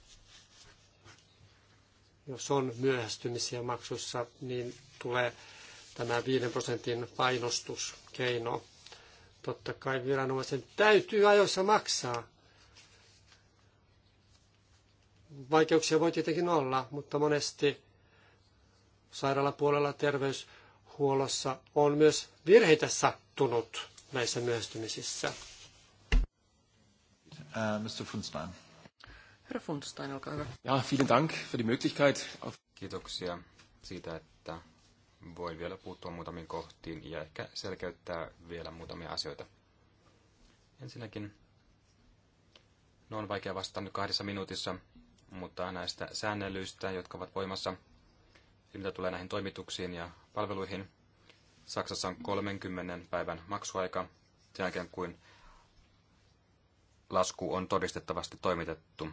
jos on myöhästymisiä maksussa, niin tulee tämä 5 prosentin painostuskeino. Totta kai viranomaisen täytyy ajoissa maksaa. Vaikeuksia voi tietenkin olla, mutta monesti sairaalapuolella terveyshuollossa on myös virheitä sattunut näissä myöhästymisissä. Uh, äh, Mr. Funstein. Herra Funstein, olkaa hyvä. Ja, vielen Dank für die Möglichkeit. Kiitoksia siitä, että voin vielä puuttua muutamiin kohtiin ja ehkä selkeyttää vielä muutamia asioita. Ensinnäkin, no on vaikea vastata nyt kahdessa minuutissa, mutta näistä säännellyistä, jotka ovat voimassa, mitä tulee näihin toimituksiin ja palveluihin, Saksassa on 30 päivän maksuaika sen jälkeen, kuin lasku on todistettavasti toimitettu.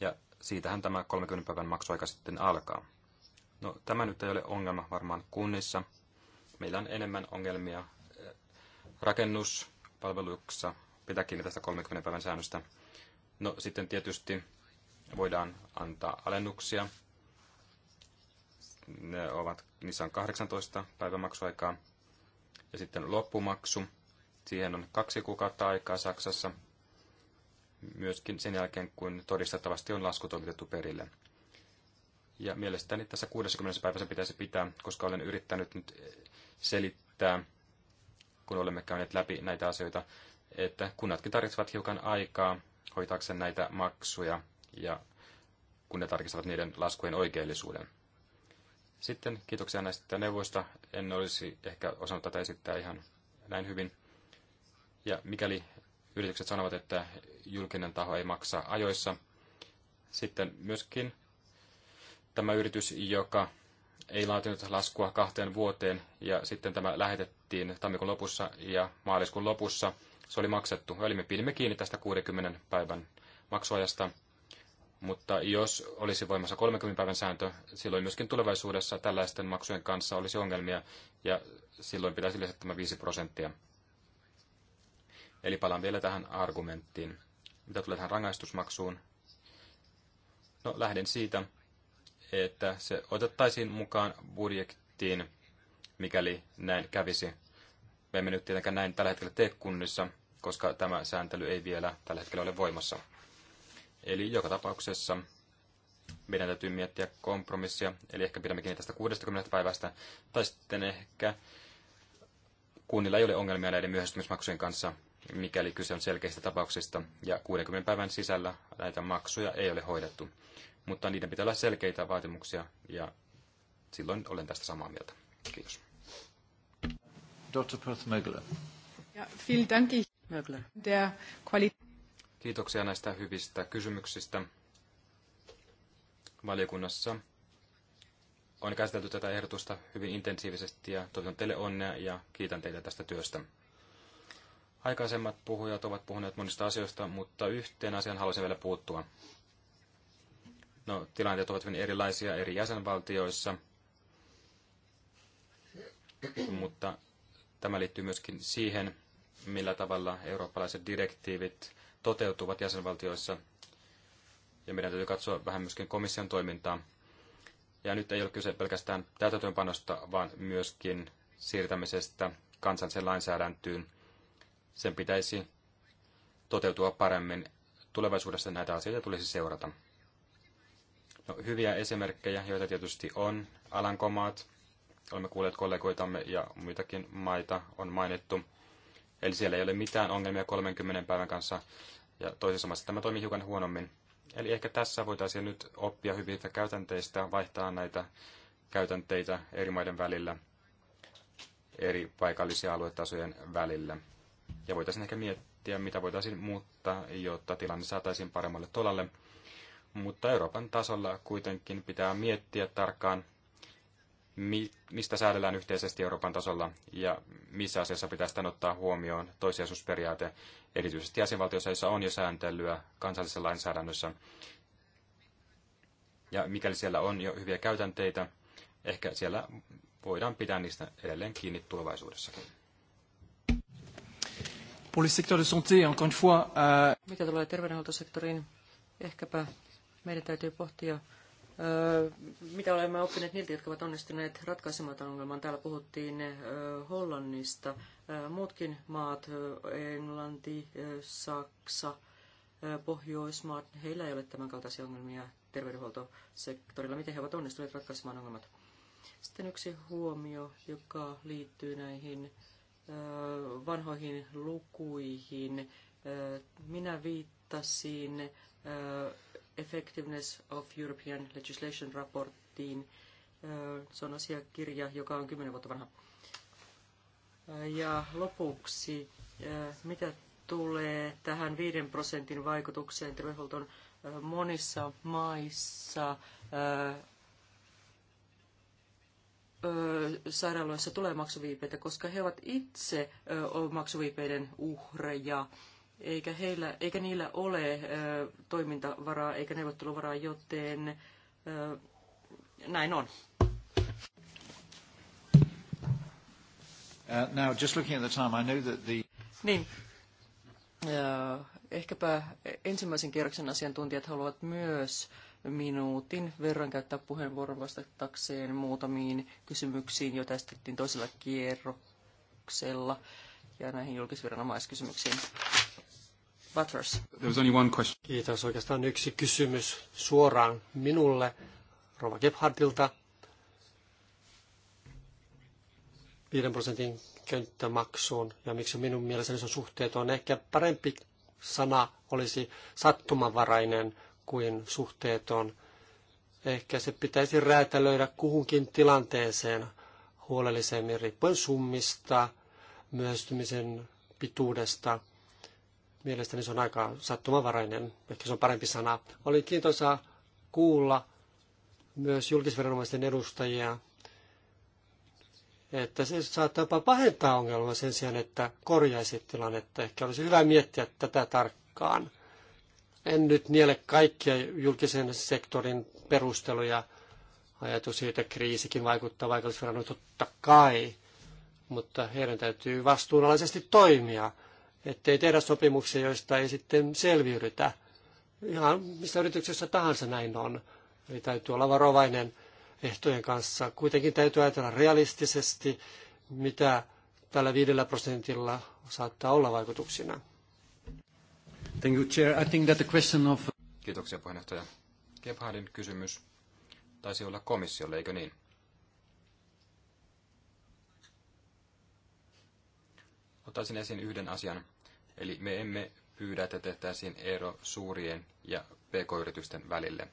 Ja siitähän tämä 30 päivän maksuaika sitten alkaa. No, tämä nyt ei ole ongelma varmaan kunnissa. Meillä on enemmän ongelmia eh, rakennuspalveluissa pitää kiinni tästä 30 päivän säännöstä. No sitten tietysti voidaan antaa alennuksia. Ne ovat, niissä on 18 päivämaksuaikaa. Ja sitten loppumaksu. Siihen on kaksi kuukautta aikaa Saksassa. Myöskin sen jälkeen, kun todistettavasti on lasku toimitettu perille. Ja mielestäni tässä 60 päivässä pitäisi pitää, koska olen yrittänyt nyt selittää, kun olemme käyneet läpi näitä asioita, että kunnatkin tarvitsevat hiukan aikaa hoitaakseen näitä maksuja ja kun ne tarkistavat niiden laskujen oikeellisuuden. Sitten kiitoksia näistä neuvoista. En olisi ehkä osannut tätä esittää ihan näin hyvin. Ja mikäli yritykset sanovat, että julkinen taho ei maksa ajoissa, sitten myöskin tämä yritys, joka ei laatinut laskua kahteen vuoteen ja sitten tämä lähetettiin tammikuun lopussa ja maaliskuun lopussa. Se oli maksettu. Eli me pidimme kiinni tästä 60 päivän maksuajasta. Mutta jos olisi voimassa 30 päivän sääntö, silloin myöskin tulevaisuudessa tällaisten maksujen kanssa olisi ongelmia ja silloin pitäisi lisätä tämä 5 prosenttia. Eli palaan vielä tähän argumenttiin. Mitä tulee tähän rangaistusmaksuun? No lähden siitä, että se otettaisiin mukaan budjettiin, mikäli näin kävisi. Me emme nyt tietenkään näin tällä hetkellä tee kunnissa, koska tämä sääntely ei vielä tällä hetkellä ole voimassa. Eli joka tapauksessa meidän täytyy miettiä kompromissia, eli ehkä pidämme kiinni tästä 60 päivästä, tai sitten ehkä kunnilla ei ole ongelmia näiden myöhästymismaksujen kanssa, mikäli kyse on selkeistä tapauksista, ja 60 päivän sisällä näitä maksuja ei ole hoidettu mutta niiden pitää olla selkeitä vaatimuksia ja silloin olen tästä samaa mieltä. Kiitos. Dr. Perth Mögler. Ja, vielen Dank. Mögler. Der Kiitoksia näistä hyvistä kysymyksistä. Valiokunnassa on käsitelty tätä ehdotusta hyvin intensiivisesti ja toivon teille onnea ja kiitän teitä tästä työstä. Aikaisemmat puhujat ovat puhuneet monista asioista, mutta yhteen asiaan haluaisin vielä puuttua. No, tilanteet ovat hyvin erilaisia eri jäsenvaltioissa, mutta tämä liittyy myöskin siihen, millä tavalla eurooppalaiset direktiivit toteutuvat jäsenvaltioissa. Ja meidän täytyy katsoa vähän myöskin komission toimintaa. Ja nyt ei ole kyse pelkästään täytäntöönpanosta, vaan myöskin siirtämisestä kansalliseen lainsäädäntöön. Sen pitäisi toteutua paremmin. Tulevaisuudessa näitä asioita tulisi seurata. No, hyviä esimerkkejä, joita tietysti on. Alankomaat, olemme kuulleet kollegoitamme ja muitakin maita on mainittu. Eli siellä ei ole mitään ongelmia 30 päivän kanssa ja toisessa maassa tämä toimii hiukan huonommin. Eli ehkä tässä voitaisiin nyt oppia hyvistä käytänteistä, vaihtaa näitä käytänteitä eri maiden välillä, eri paikallisia aluetasojen välillä. Ja voitaisiin ehkä miettiä, mitä voitaisiin muuttaa, jotta tilanne saataisiin paremmalle tolalle mutta Euroopan tasolla kuitenkin pitää miettiä tarkkaan, mistä säädellään yhteisesti Euroopan tasolla ja missä asiassa pitää sitten ottaa huomioon toisiasuusperiaate, erityisesti jäsenvaltioissa, joissa on jo sääntelyä kansallisessa lainsäädännössä. Ja mikäli siellä on jo hyviä käytänteitä, ehkä siellä voidaan pitää niistä edelleen kiinni tulevaisuudessakin. Pour de santé, encore une fois, euh... Mitä tulee terveydenhuoltosektoriin, ehkäpä meidän täytyy pohtia, mitä olemme oppineet niiltä, jotka ovat onnistuneet ratkaisemaan tämän ongelman. Täällä puhuttiin Hollannista, muutkin maat, Englanti, Saksa, Pohjoismaat, heillä ei ole tämänkaltaisia ongelmia terveydenhuoltosektorilla. Miten he ovat onnistuneet ratkaisemaan ongelmat? Sitten yksi huomio, joka liittyy näihin vanhoihin lukuihin. Minä viittasin Effectiveness of European Legislation raporttiin. Se on asiakirja, joka on 10 vuotta vanha. Ja lopuksi, mitä tulee tähän 5 prosentin vaikutukseen terveydenhuoltoon monissa maissa, sairaaloissa tulee maksuviipeitä, koska he ovat itse maksuviipeiden uhreja eikä, heillä, eikä niillä ole toimintavaraa eikä neuvotteluvaraa, joten näin on. Uh, now, just looking at the time, I know that the... Niin, ehkäpä ensimmäisen kierroksen asiantuntijat haluavat myös minuutin verran käyttää puheenvuoron vastatakseen muutamiin kysymyksiin, joita esitettiin toisella kierroksella ja näihin julkisviranomaiskysymyksiin. Butters. There was only one question. Kiitos. Oikeastaan yksi kysymys suoraan minulle, Rova Gebhardilta. 5 prosentin könttämaksuun ja miksi minun mielestäni se on suhteeton. Ehkä parempi sana olisi sattumanvarainen kuin suhteeton. Ehkä se pitäisi räätälöidä kuhunkin tilanteeseen huolellisemmin riippuen summista, myöstymisen pituudesta – Mielestäni se on aika sattumavarainen, ehkä se on parempi sana. Oli kiintoisaa kuulla myös julkisviranomaisten edustajia, että se saattaa jopa pahentaa ongelmaa sen sijaan, että korjaisi tilannetta. Ehkä olisi hyvä miettiä tätä tarkkaan. En nyt niele kaikkia julkisen sektorin perusteluja. Ajatus siitä kriisikin vaikuttaa paikallisviranomaisiin totta kai, mutta heidän täytyy vastuunalaisesti toimia – ettei tehdä sopimuksia, joista ei sitten selviydytä. Ihan missä yrityksessä tahansa näin on. Eli täytyy olla varovainen ehtojen kanssa. Kuitenkin täytyy ajatella realistisesti, mitä tällä viidellä prosentilla saattaa olla vaikutuksina. Thank you, Chair. I think that the question of... Kiitoksia puheenjohtaja. Gebhardin kysymys taisi olla komissiolle, eikö niin? Ottaisin esiin yhden asian. Eli me emme pyydä, että tehtäisiin ero suurien ja pk-yritysten välille.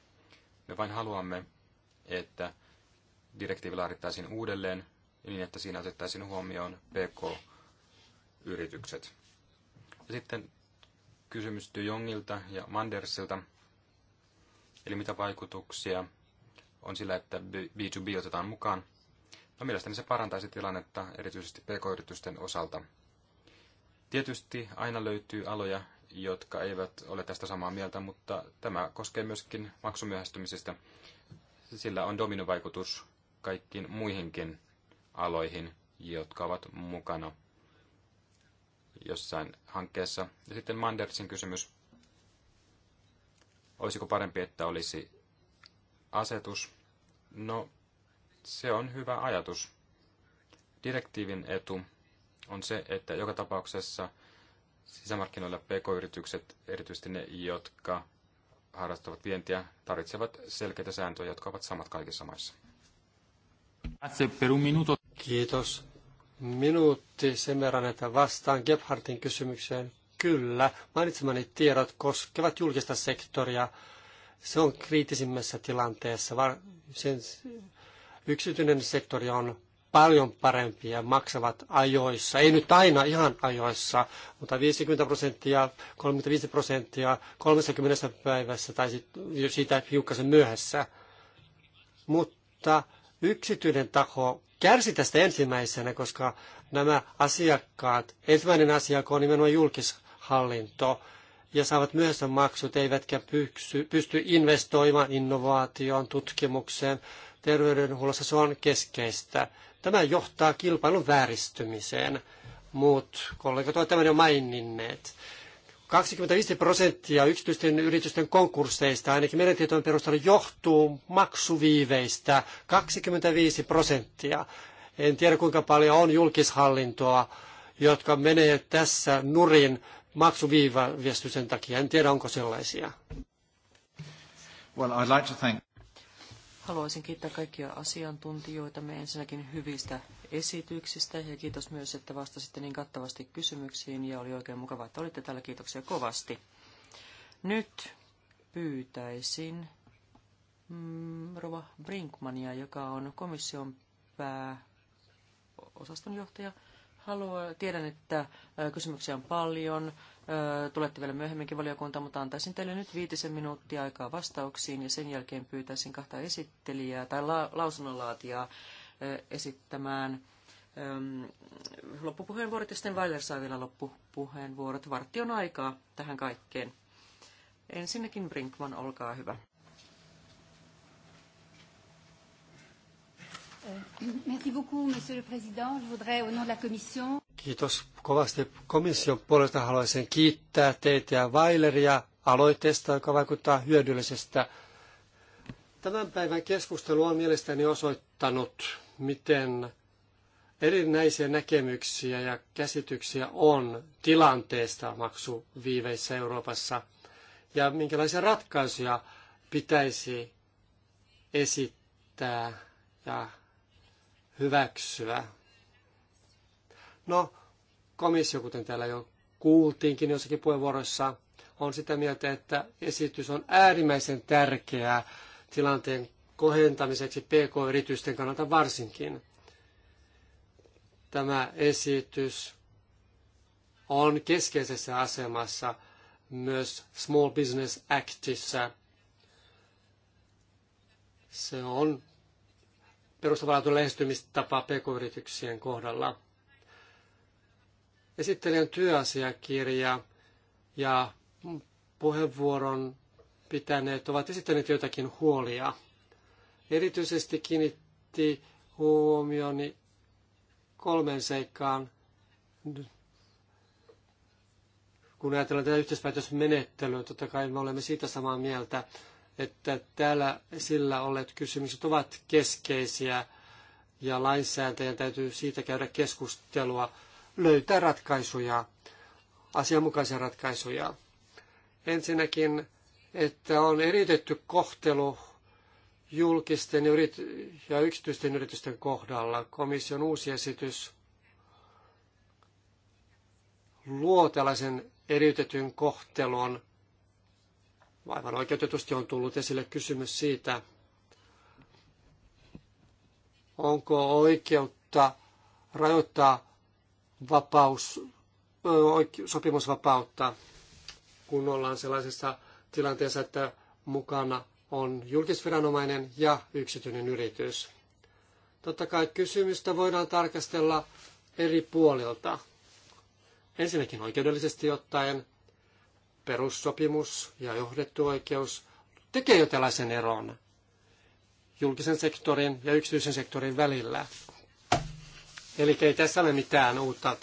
Me vain haluamme, että direktiivi laadittaisiin uudelleen niin, että siinä otettaisiin huomioon pk-yritykset. Ja sitten kysymys Jongilta ja Mandersilta, eli mitä vaikutuksia on sillä, että B2B otetaan mukaan. No mielestäni se parantaisi tilannetta erityisesti pk-yritysten osalta – Tietysti aina löytyy aloja, jotka eivät ole tästä samaa mieltä, mutta tämä koskee myöskin maksumyöhästymisestä. Sillä on dominovaikutus kaikkiin muihinkin aloihin, jotka ovat mukana jossain hankkeessa. Ja sitten Mandersin kysymys. Olisiko parempi, että olisi asetus? No, se on hyvä ajatus. Direktiivin etu on se, että joka tapauksessa sisämarkkinoilla pk-yritykset, erityisesti ne, jotka harrastavat vientiä, tarvitsevat selkeitä sääntöjä, jotka ovat samat kaikissa maissa. Kiitos. Minuutti sen verran, että vastaan Gebhardin kysymykseen. Kyllä, mainitsemani tiedot koskevat julkista sektoria. Se on kriittisimmässä tilanteessa. Sen yksityinen sektori on paljon ja maksavat ajoissa. Ei nyt aina ihan ajoissa, mutta 50 prosenttia, 35 prosenttia 30 päivässä tai siitä hiukkasen myöhässä. Mutta yksityinen taho kärsi tästä ensimmäisenä, koska nämä asiakkaat, ensimmäinen asiakko on nimenomaan julkishallinto, ja saavat myöhässä maksut, eivätkä pysty, pysty investoimaan innovaatioon, tutkimukseen, terveydenhuollossa se on keskeistä. Tämä johtaa kilpailun vääristymiseen. Muut kollegat ovat tämän jo maininneet. 25 prosenttia yksityisten yritysten konkursseista, ainakin meidän tietojen perusteella, johtuu maksuviiveistä. 25 prosenttia. En tiedä kuinka paljon on julkishallintoa, jotka menee tässä nurin maksuviivästysten takia. En tiedä, onko sellaisia. Well, I'd like to thank... Haluaisin kiittää kaikkia asiantuntijoita me ensinnäkin hyvistä esityksistä ja kiitos myös, että vastasitte niin kattavasti kysymyksiin ja oli oikein mukavaa, että olitte täällä. Kiitoksia kovasti. Nyt pyytäisin mm, Rova Brinkmania, joka on komission pääosaston johtaja. Haluan, tiedän, että kysymyksiä on paljon. Tulette vielä myöhemminkin valiokunta, mutta antaisin teille nyt viitisen minuuttia aikaa vastauksiin ja sen jälkeen pyytäisin kahta esittelijää tai la- lausunnonlaatijaa esittämään loppupuheenvuorot ja sitten Weiler saa vielä loppupuheenvuorot. Vartti on aikaa tähän kaikkeen. Ensinnäkin Brinkman, olkaa hyvä. Merci beaucoup, Monsieur le Président. Je voudrais, au nom de la Commission... Kiitos kovasti komission puolesta. Haluaisin kiittää teitä ja Vaileria aloitteesta, joka vaikuttaa hyödyllisestä. Tämän päivän keskustelu on mielestäni osoittanut, miten erinäisiä näkemyksiä ja käsityksiä on tilanteesta maksuviiveissä Euroopassa ja minkälaisia ratkaisuja pitäisi esittää ja hyväksyä. No, komissio, kuten täällä jo kuultiinkin jossakin puheenvuoroissa, on sitä mieltä, että esitys on äärimmäisen tärkeää tilanteen kohentamiseksi PK-yritysten kannalta varsinkin. Tämä esitys on keskeisessä asemassa myös Small Business Actissa. Se on perustavanlaatuinen lähestymistapa pk-yrityksien kohdalla esittelijän työasiakirja ja puheenvuoron pitäneet ovat esittäneet joitakin huolia. Erityisesti kiinnitti huomioni kolmen seikkaan, kun ajatellaan tätä yhteispäätösmenettelyä, totta kai me olemme siitä samaa mieltä, että täällä sillä olleet kysymykset ovat keskeisiä ja lainsäätäjän täytyy siitä käydä keskustelua löytää ratkaisuja, asianmukaisia ratkaisuja. Ensinnäkin, että on eriytetty kohtelu julkisten ja yksityisten yritysten kohdalla. Komission uusi esitys luo tällaisen eriytetyn kohtelun. Aivan oikeutetusti on tullut esille kysymys siitä, onko oikeutta rajoittaa vapaus, sopimusvapautta, kun ollaan sellaisessa tilanteessa, että mukana on julkisviranomainen ja yksityinen yritys. Totta kai kysymystä voidaan tarkastella eri puolilta. Ensinnäkin oikeudellisesti ottaen perussopimus ja johdettu oikeus tekee jo tällaisen eron julkisen sektorin ja yksityisen sektorin välillä. Eli ei tässä ole mitään uutta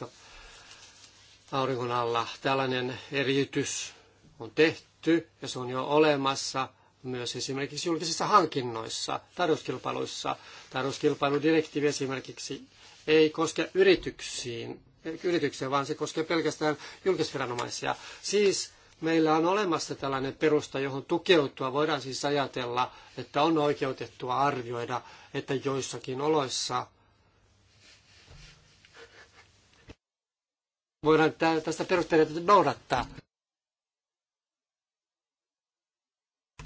auringon alla. Tällainen eriytys on tehty ja se on jo olemassa myös esimerkiksi julkisissa hankinnoissa, tarjouskilpailuissa. Tarjouskilpailudirektiivi esimerkiksi ei koske yrityksiin, yritykseen, vaan se koskee pelkästään julkisviranomaisia. Siis meillä on olemassa tällainen perusta, johon tukeutua. Voidaan siis ajatella, että on oikeutettua arvioida, että joissakin oloissa – voidaan tästä perusperiaatteesta noudattaa.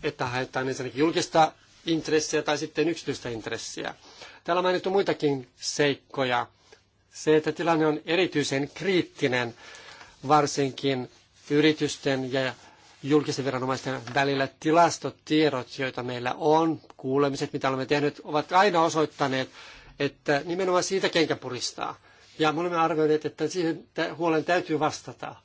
Että haetaan ensinnäkin julkista intressiä tai sitten yksityistä intressiä. Täällä on mainittu muitakin seikkoja. Se, että tilanne on erityisen kriittinen, varsinkin yritysten ja julkisen viranomaisten välillä tilastotiedot, joita meillä on, kuulemiset, mitä olemme tehneet, ovat aina osoittaneet, että nimenomaan siitä kenkä puristaa. Ja me olemme arvioineet, että siihen huolen täytyy vastata.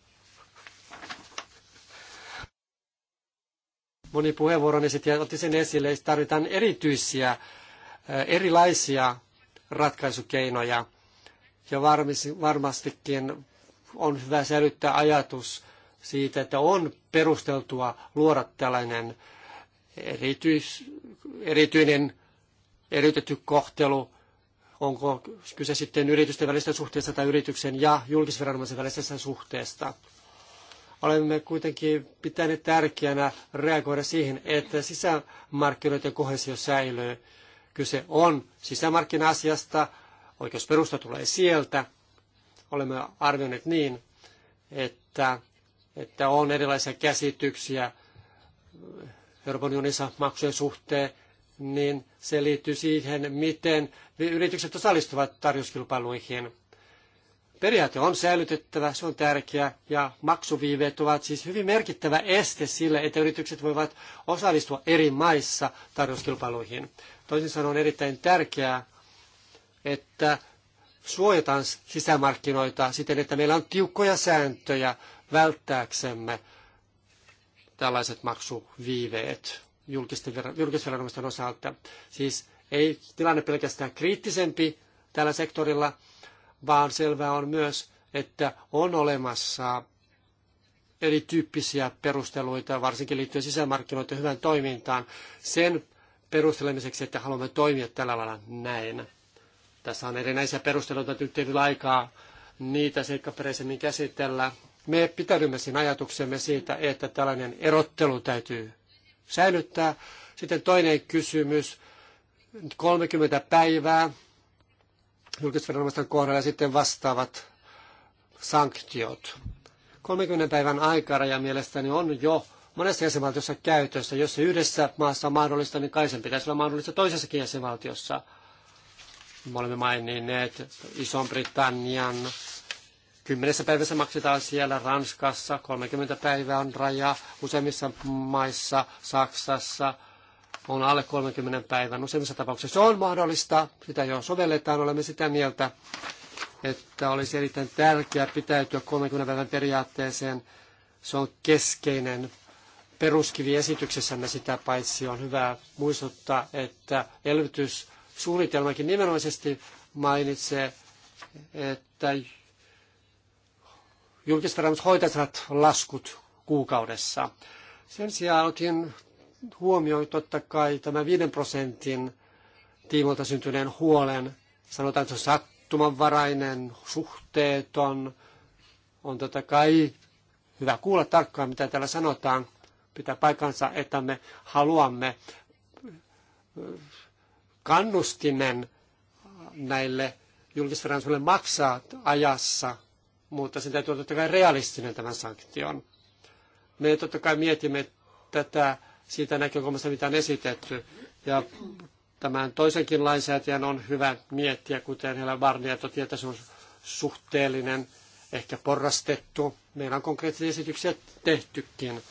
Moni puheenvuoron ja otti sen esille, että tarvitaan erityisiä, erilaisia ratkaisukeinoja. Ja varmastikin on hyvä säilyttää ajatus siitä, että on perusteltua luoda tällainen erityis, erityinen erityinen kohtelu onko kyse sitten yritysten välisestä suhteesta tai yrityksen ja julkisviranomaisen välisestä suhteesta. Olemme kuitenkin pitäneet tärkeänä reagoida siihen, että sisämarkkinoiden kohesio säilyy. Kyse on sisämarkkina-asiasta, oikeusperusta tulee sieltä. Olemme arvioineet niin, että, että on erilaisia käsityksiä Euroopan unionissa maksujen suhteen, niin se liittyy siihen, miten yritykset osallistuvat tarjouskilpailuihin. Periaate on säilytettävä, se on tärkeä, ja maksuviiveet ovat siis hyvin merkittävä este sille, että yritykset voivat osallistua eri maissa tarjouskilpailuihin. Toisin sanoen on erittäin tärkeää, että suojataan sisämarkkinoita siten, että meillä on tiukkoja sääntöjä välttääksemme tällaiset maksuviiveet julkisviranomaisten osalta. Siis ei tilanne pelkästään kriittisempi tällä sektorilla, vaan selvää on myös, että on olemassa erityyppisiä perusteluita, varsinkin liittyen sisämarkkinoiden hyvän toimintaan, sen perustelemiseksi, että haluamme toimia tällä lailla näin. Tässä on erinäisiä perusteluita, nyt ei ole aikaa niitä seikkaperäisemmin käsitellä. Me pitäydymme siinä ajatuksemme siitä, että tällainen erottelu täytyy säilyttää. Sitten toinen kysymys, 30 päivää julkisviranomaisten kohdalla ja sitten vastaavat sanktiot. 30 päivän aikaraja mielestäni on jo monessa jäsenvaltiossa käytössä. Jos se yhdessä maassa on mahdollista, niin kai sen pitäisi olla mahdollista toisessakin jäsenvaltiossa. Me olemme maininneet Ison-Britannian, Kymmenessä päivässä maksetaan siellä Ranskassa, 30 päivää on raja, useimmissa maissa, Saksassa on alle 30 päivän. Useimmissa tapauksissa se on mahdollista, sitä jo sovelletaan, olemme sitä mieltä, että olisi erittäin tärkeää pitäytyä 30 päivän periaatteeseen. Se on keskeinen peruskivi esityksessämme sitä paitsi on hyvä muistuttaa, että elvytyssuunnitelmakin nimenomaisesti mainitsee, että julkiset rahoitus hoitaisivat laskut kuukaudessa. Sen sijaan otin huomioon totta kai tämän 5 prosentin tiimolta syntyneen huolen. Sanotaan, että se on sattumanvarainen, suhteeton. On totta kai hyvä kuulla tarkkaan, mitä täällä sanotaan. Pitää paikansa, että me haluamme kannustimen näille julkisviranomaisille maksaa ajassa mutta sen täytyy olla totta kai realistinen tämän sanktion. Me totta kai mietimme tätä siitä näkökulmasta, mitä on esitetty, ja tämän toisenkin lainsäätäjän on hyvä miettiä, kuten heillä Barnia toti, että se on suhteellinen, ehkä porrastettu. Meillä on konkreettisia esityksiä tehtykin,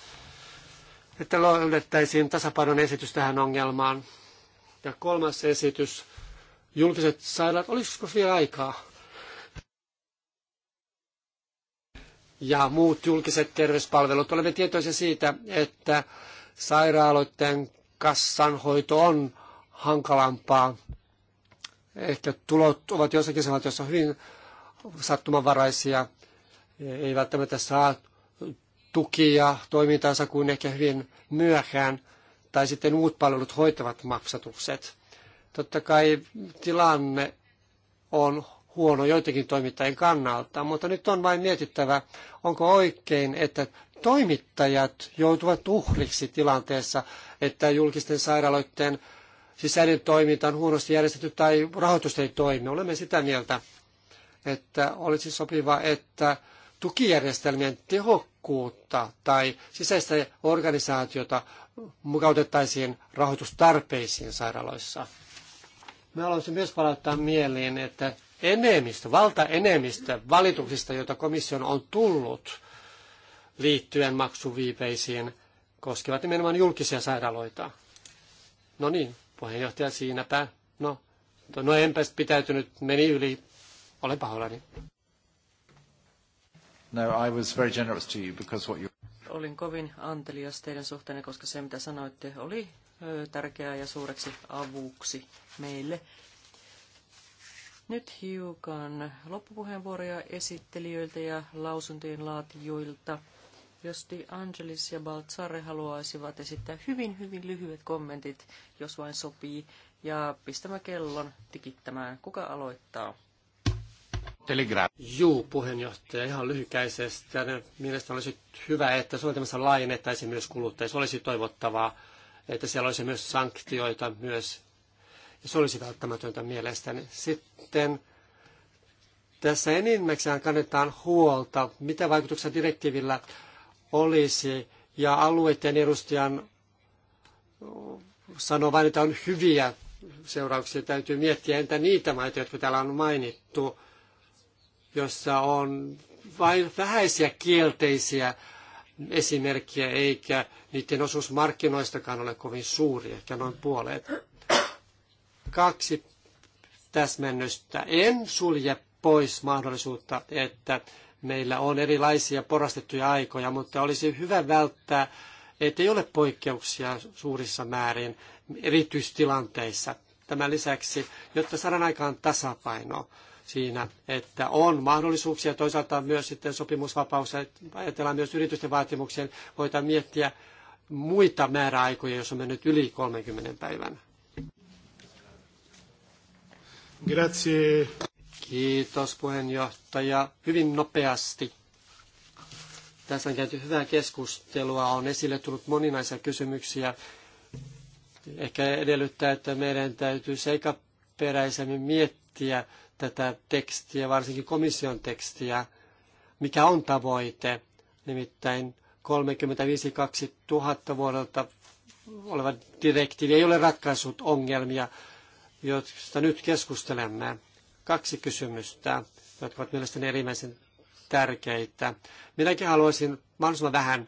että löydettäisiin tasapainon esitys tähän ongelmaan. Ja kolmas esitys, julkiset sairaalat, olisiko vielä aikaa? ja muut julkiset terveyspalvelut. Olemme tietoisia siitä, että sairaaloiden kassanhoito on hankalampaa. Ehkä tulot ovat jossakin samanlaisissa hyvin sattumanvaraisia, ei välttämättä saa tukia toimintaansa kuin ehkä hyvin myöhään, tai sitten muut palvelut hoitavat maksatukset. Totta kai tilanne on huono joitakin toimittajien kannalta, mutta nyt on vain mietittävä, onko oikein, että toimittajat joutuvat uhriksi tilanteessa, että julkisten sairaaloiden sisäinen toiminta on huonosti järjestetty tai rahoitus ei toimi. Olemme sitä mieltä, että olisi sopiva, että tukijärjestelmien tehokkuutta tai sisäistä organisaatiota mukautettaisiin rahoitustarpeisiin sairaaloissa. Mä haluaisin myös palauttaa mieliin, että enemmistö, valtaenemmistö valituksista, joita komission on tullut liittyen maksuviipeisiin, koskevat nimenomaan julkisia sairaaloita. No niin, puheenjohtaja siinäpä. No, no enpä pitäytynyt, meni yli. Olen pahoillani. No, I was very generous to you because what you... Olin kovin antelias teidän suhteenne, koska se mitä sanoitte oli tärkeää ja suureksi avuksi meille. Nyt hiukan loppupuheenvuoroja esittelijöiltä ja lausuntojen laatijoilta. Jos Di Angelis ja Baltzare haluaisivat esittää hyvin, hyvin lyhyet kommentit, jos vain sopii, ja pistämä kellon tikittämään. Kuka aloittaa? Telegram. Juu, puheenjohtaja, ihan lyhykäisesti. Mielestäni olisi hyvä, että suunnitelmassa laajennettaisiin myös kuluttajia. Se olisi toivottavaa, että siellä olisi myös sanktioita myös se olisi välttämätöntä mielestäni. Sitten tässä enimmäkseen kannetaan huolta, mitä vaikutuksia direktiivillä olisi, ja alueiden edustajan sanoo vain, että on hyviä seurauksia. Täytyy miettiä, entä niitä maita, jotka täällä on mainittu, jossa on vain vähäisiä kielteisiä esimerkkejä, eikä niiden osuus markkinoistakaan ole kovin suuri, ehkä noin puolet kaksi täsmennystä. En sulje pois mahdollisuutta, että meillä on erilaisia porastettuja aikoja, mutta olisi hyvä välttää, ettei ole poikkeuksia suurissa määrin erityistilanteissa. Tämän lisäksi, jotta saadaan aikaan tasapaino siinä, että on mahdollisuuksia, toisaalta myös sitten sopimusvapaus, ajatellaan myös yritysten vaatimuksia, voidaan miettiä muita määräaikoja, jos on mennyt yli 30 päivänä. Grazie. Kiitos puheenjohtaja. Hyvin nopeasti. Tässä on käyty hyvää keskustelua, on esille tullut moninaisia kysymyksiä. Ehkä edellyttää, että meidän täytyy seikaperäisemmin miettiä tätä tekstiä, varsinkin komission tekstiä, mikä on tavoite, nimittäin 35 2000 vuodelta oleva direktiivi ei ole ratkaissut ongelmia josta nyt keskustelemme, kaksi kysymystä, jotka ovat mielestäni erimmäisen tärkeitä. Minäkin haluaisin mahdollisimman vähän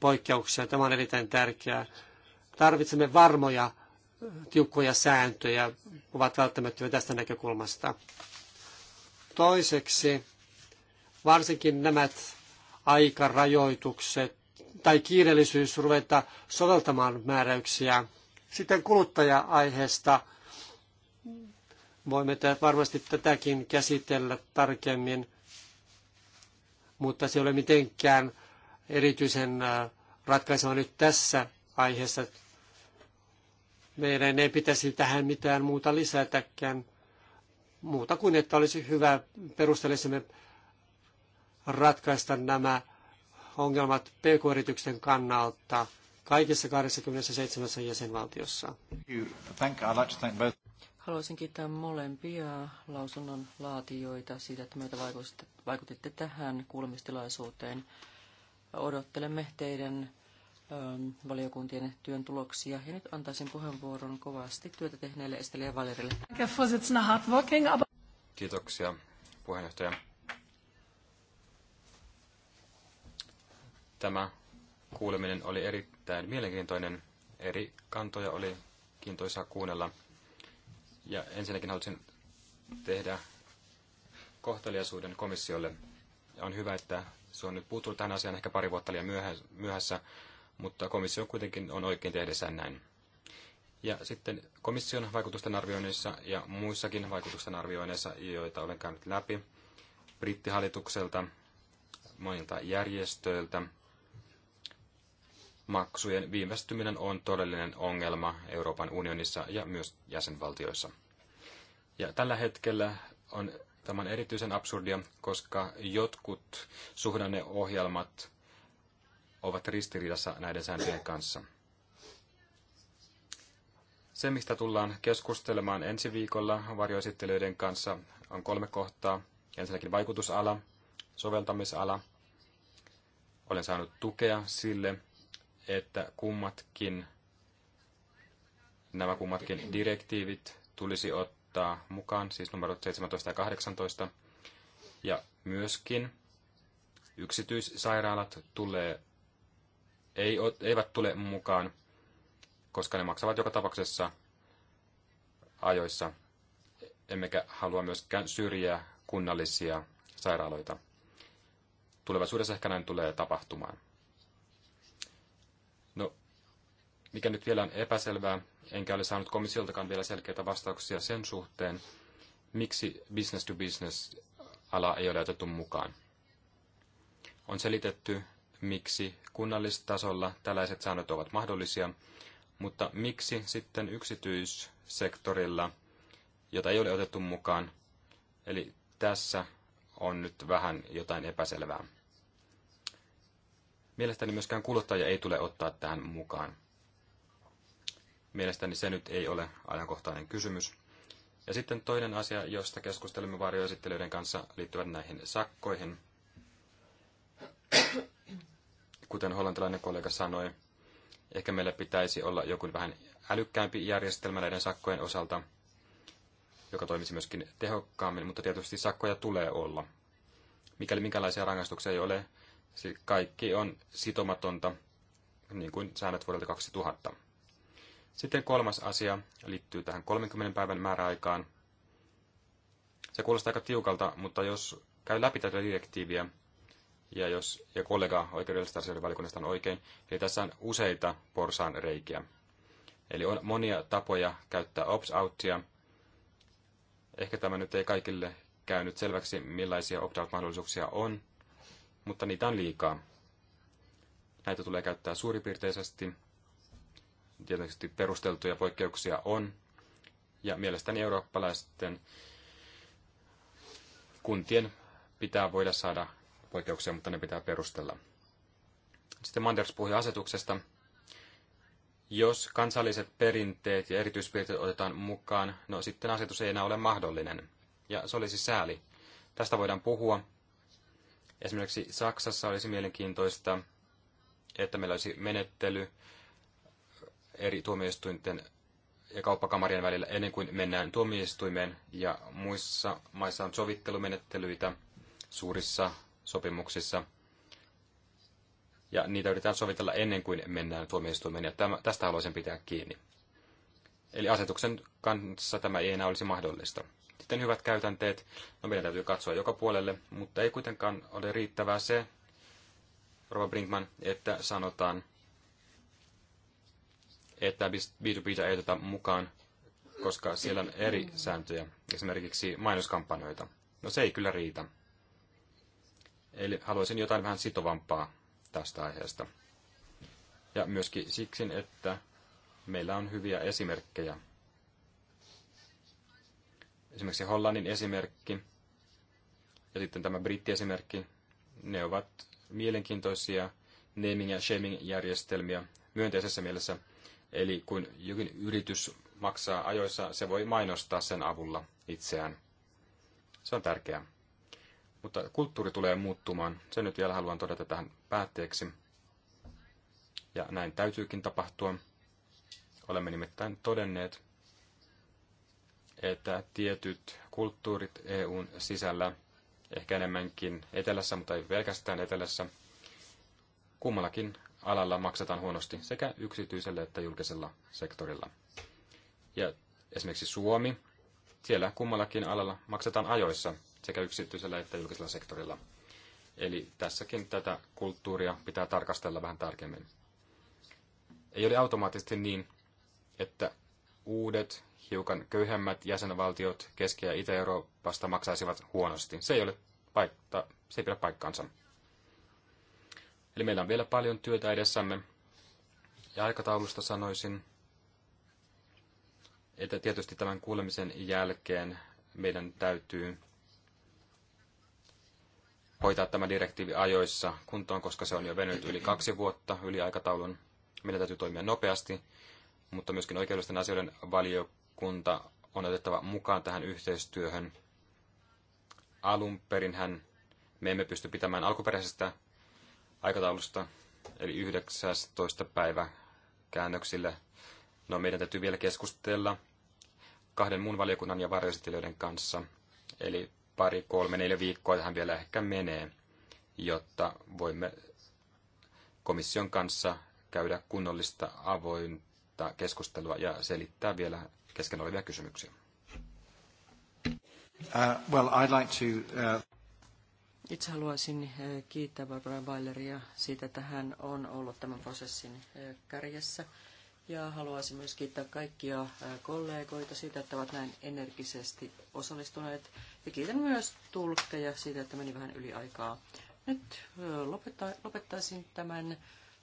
poikkeuksia. Tämä on erittäin tärkeää. Tarvitsemme varmoja, tiukkoja sääntöjä, ovat välttämättömiä tästä näkökulmasta. Toiseksi, varsinkin nämä aikarajoitukset tai kiireellisyys ruveta soveltamaan määräyksiä. Sitten kuluttaja-aiheesta Voimme varmasti tätäkin käsitellä tarkemmin, mutta se ei ole mitenkään erityisen ratkaiseva nyt tässä aiheessa. Meidän ei pitäisi tähän mitään muuta lisätäkään, muuta kuin että olisi hyvä perustelisimme ratkaista nämä ongelmat pk-yritysten kannalta kaikissa 27 jäsenvaltiossa. Haluaisin kiittää molempia lausunnon laatijoita siitä, että meitä vaikutitte tähän kuulemistilaisuuteen. Odottelemme teidän ähm, valiokuntien työn tuloksia. Ja nyt antaisin puheenvuoron kovasti työtä tehneelle Estelle Valerille. Kiitoksia puheenjohtaja. Tämä kuuleminen oli erittäin mielenkiintoinen. Eri kantoja oli kiintoisaa kuunnella. Ja ensinnäkin haluaisin tehdä kohteliaisuuden komissiolle. Ja on hyvä, että se on nyt puuttunut tähän asiaan ehkä pari vuotta liian myöhässä, mutta komissio kuitenkin on oikein tehdessään näin. Ja sitten komission vaikutusten arvioinnissa ja muissakin vaikutusten arvioinneissa, joita olen käynyt läpi, brittihallitukselta, monilta järjestöiltä, maksujen viivästyminen on todellinen ongelma Euroopan unionissa ja myös jäsenvaltioissa. Ja tällä hetkellä on tämän erityisen absurdia, koska jotkut suhdanneohjelmat ovat ristiriidassa näiden sääntöjen kanssa. Se, mistä tullaan keskustelemaan ensi viikolla varjoesittelyiden kanssa, on kolme kohtaa. Ensinnäkin vaikutusala, soveltamisala. Olen saanut tukea sille, että kummatkin, nämä kummatkin direktiivit tulisi ottaa mukaan, siis numerot 17 ja 18, ja myöskin yksityissairaalat tulee, ei, eivät tule mukaan, koska ne maksavat joka tapauksessa ajoissa, emmekä halua myöskään syrjää kunnallisia sairaaloita. Tulevaisuudessa ehkä näin tulee tapahtumaan. mikä nyt vielä on epäselvää, enkä ole saanut komissioltakaan vielä selkeitä vastauksia sen suhteen, miksi business to business ala ei ole otettu mukaan. On selitetty, miksi kunnallistasolla tällaiset säännöt ovat mahdollisia, mutta miksi sitten yksityissektorilla, jota ei ole otettu mukaan, eli tässä on nyt vähän jotain epäselvää. Mielestäni myöskään kuluttaja ei tule ottaa tähän mukaan. Mielestäni se nyt ei ole ajankohtainen kysymys. Ja sitten toinen asia, josta keskustelimme varjoesittelijöiden kanssa, liittyvät näihin sakkoihin. Kuten hollantilainen kollega sanoi, ehkä meillä pitäisi olla joku vähän älykkäämpi järjestelmä näiden sakkojen osalta, joka toimisi myöskin tehokkaammin, mutta tietysti sakkoja tulee olla. Mikäli minkälaisia rangaistuksia ei ole, siis kaikki on sitomatonta, niin kuin säännöt vuodelta 2000. Sitten kolmas asia liittyy tähän 30 päivän määräaikaan. Se kuulostaa aika tiukalta, mutta jos käy läpi tätä direktiiviä, ja jos ja kollega oikeudellisesta asioiden on oikein, eli niin tässä on useita porsaan reikiä. Eli on monia tapoja käyttää opt-outia. Ehkä tämä nyt ei kaikille käynyt selväksi, millaisia opt-out-mahdollisuuksia on, mutta niitä on liikaa. Näitä tulee käyttää suuripiirteisesti, Tietysti perusteltuja poikkeuksia on, ja mielestäni eurooppalaisten kuntien pitää voida saada poikkeuksia, mutta ne pitää perustella. Sitten Manders puhui asetuksesta. Jos kansalliset perinteet ja erityispiirteet otetaan mukaan, no sitten asetus ei enää ole mahdollinen. Ja se olisi siis sääli. Tästä voidaan puhua. Esimerkiksi Saksassa olisi mielenkiintoista, että meillä olisi menettely, eri tuomioistuinten ja kauppakamarien välillä ennen kuin mennään tuomioistuimeen. Ja muissa maissa on sovittelumenettelyitä suurissa sopimuksissa. Ja niitä yritetään sovitella ennen kuin mennään tuomioistuimeen. Ja tästä haluaisin pitää kiinni. Eli asetuksen kanssa tämä ei enää olisi mahdollista. Sitten hyvät käytänteet. No meidän täytyy katsoa joka puolelle, mutta ei kuitenkaan ole riittävää se, Rova Brinkman, että sanotaan, että B2Btä ei oteta mukaan, koska siellä on eri sääntöjä, esimerkiksi mainoskampanjoita. No se ei kyllä riitä. Eli haluaisin jotain vähän sitovampaa tästä aiheesta. Ja myöskin siksi, että meillä on hyviä esimerkkejä. Esimerkiksi Hollannin esimerkki ja sitten tämä brittiesimerkki, ne ovat mielenkiintoisia naming ja shaming järjestelmiä myönteisessä mielessä – Eli kun jokin yritys maksaa ajoissa, se voi mainostaa sen avulla itseään. Se on tärkeää. Mutta kulttuuri tulee muuttumaan. Sen nyt vielä haluan todeta tähän päätteeksi. Ja näin täytyykin tapahtua. Olemme nimittäin todenneet, että tietyt kulttuurit EUn sisällä, ehkä enemmänkin etelässä, mutta ei pelkästään etelässä, kummallakin alalla maksetaan huonosti sekä yksityisellä että julkisella sektorilla. Ja esimerkiksi Suomi, siellä kummallakin alalla maksetaan ajoissa sekä yksityisellä että julkisella sektorilla. Eli tässäkin tätä kulttuuria pitää tarkastella vähän tarkemmin. Ei ole automaattisesti niin, että uudet, hiukan köyhemmät jäsenvaltiot Keski- ja Itä-Euroopasta maksaisivat huonosti. Se ei, ole paikka, se ei pidä paikkaansa. Eli meillä on vielä paljon työtä edessämme. Ja aikataulusta sanoisin, että tietysti tämän kuulemisen jälkeen meidän täytyy hoitaa tämä direktiivi ajoissa kuntoon, koska se on jo venynyt yli kaksi vuotta yli aikataulun. Meidän täytyy toimia nopeasti, mutta myöskin oikeudellisten asioiden valiokunta on otettava mukaan tähän yhteistyöhön. Alun perinhän me emme pysty pitämään alkuperäisestä aikataulusta, eli 19. päivä käännöksille. No, meidän täytyy vielä keskustella kahden muun valiokunnan ja varjoesittelijöiden kanssa. Eli pari, kolme, neljä viikkoa tähän vielä ehkä menee, jotta voimme komission kanssa käydä kunnollista avointa keskustelua ja selittää vielä kesken olevia kysymyksiä. Uh, well, I'd like to, uh... Itse haluaisin eh, kiittää Barbara Weileria siitä, että hän on ollut tämän prosessin eh, kärjessä. Ja haluaisin myös kiittää kaikkia eh, kollegoita siitä, että ovat näin energisesti osallistuneet. Ja kiitän myös tulkkeja siitä, että meni vähän yli aikaa. Nyt lopetta- lopettaisin tämän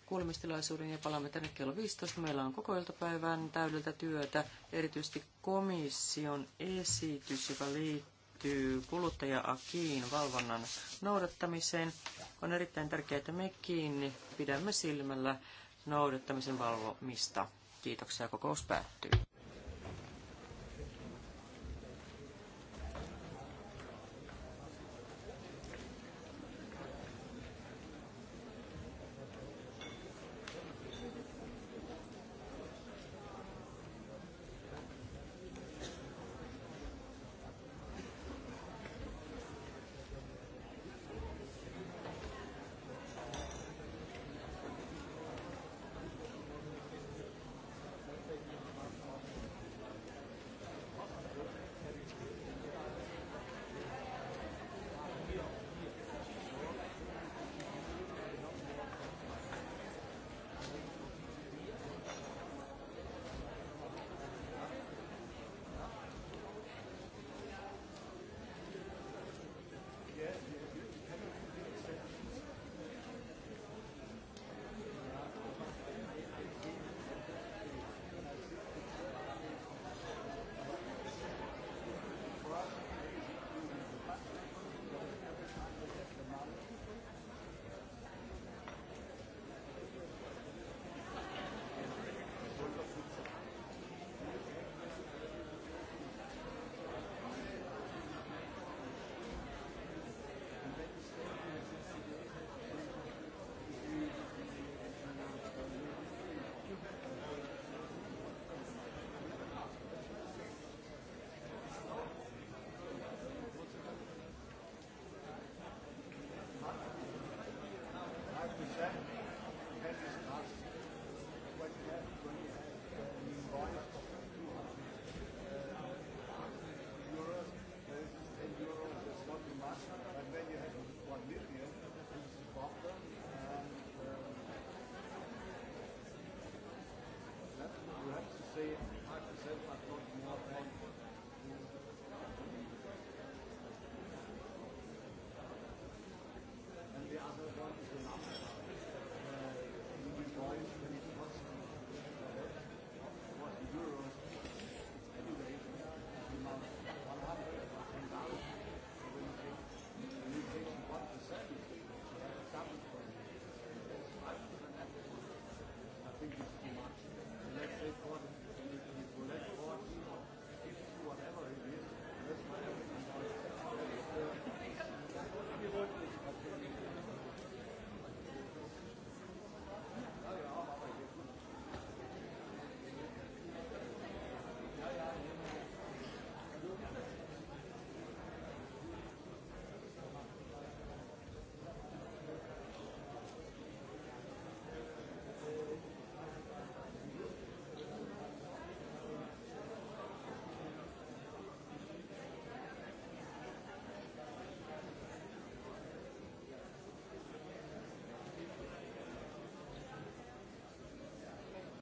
kuulemistilaisuuden ja palaamme tänne kello 15. Meillä on koko iltapäivän täydeltä työtä, erityisesti komission esitys, joka liittyy liittyy kuluttaja-akiin valvonnan noudattamiseen. On erittäin tärkeää, että me kiinni pidämme silmällä noudattamisen valvomista. Kiitoksia, kokous päättyy.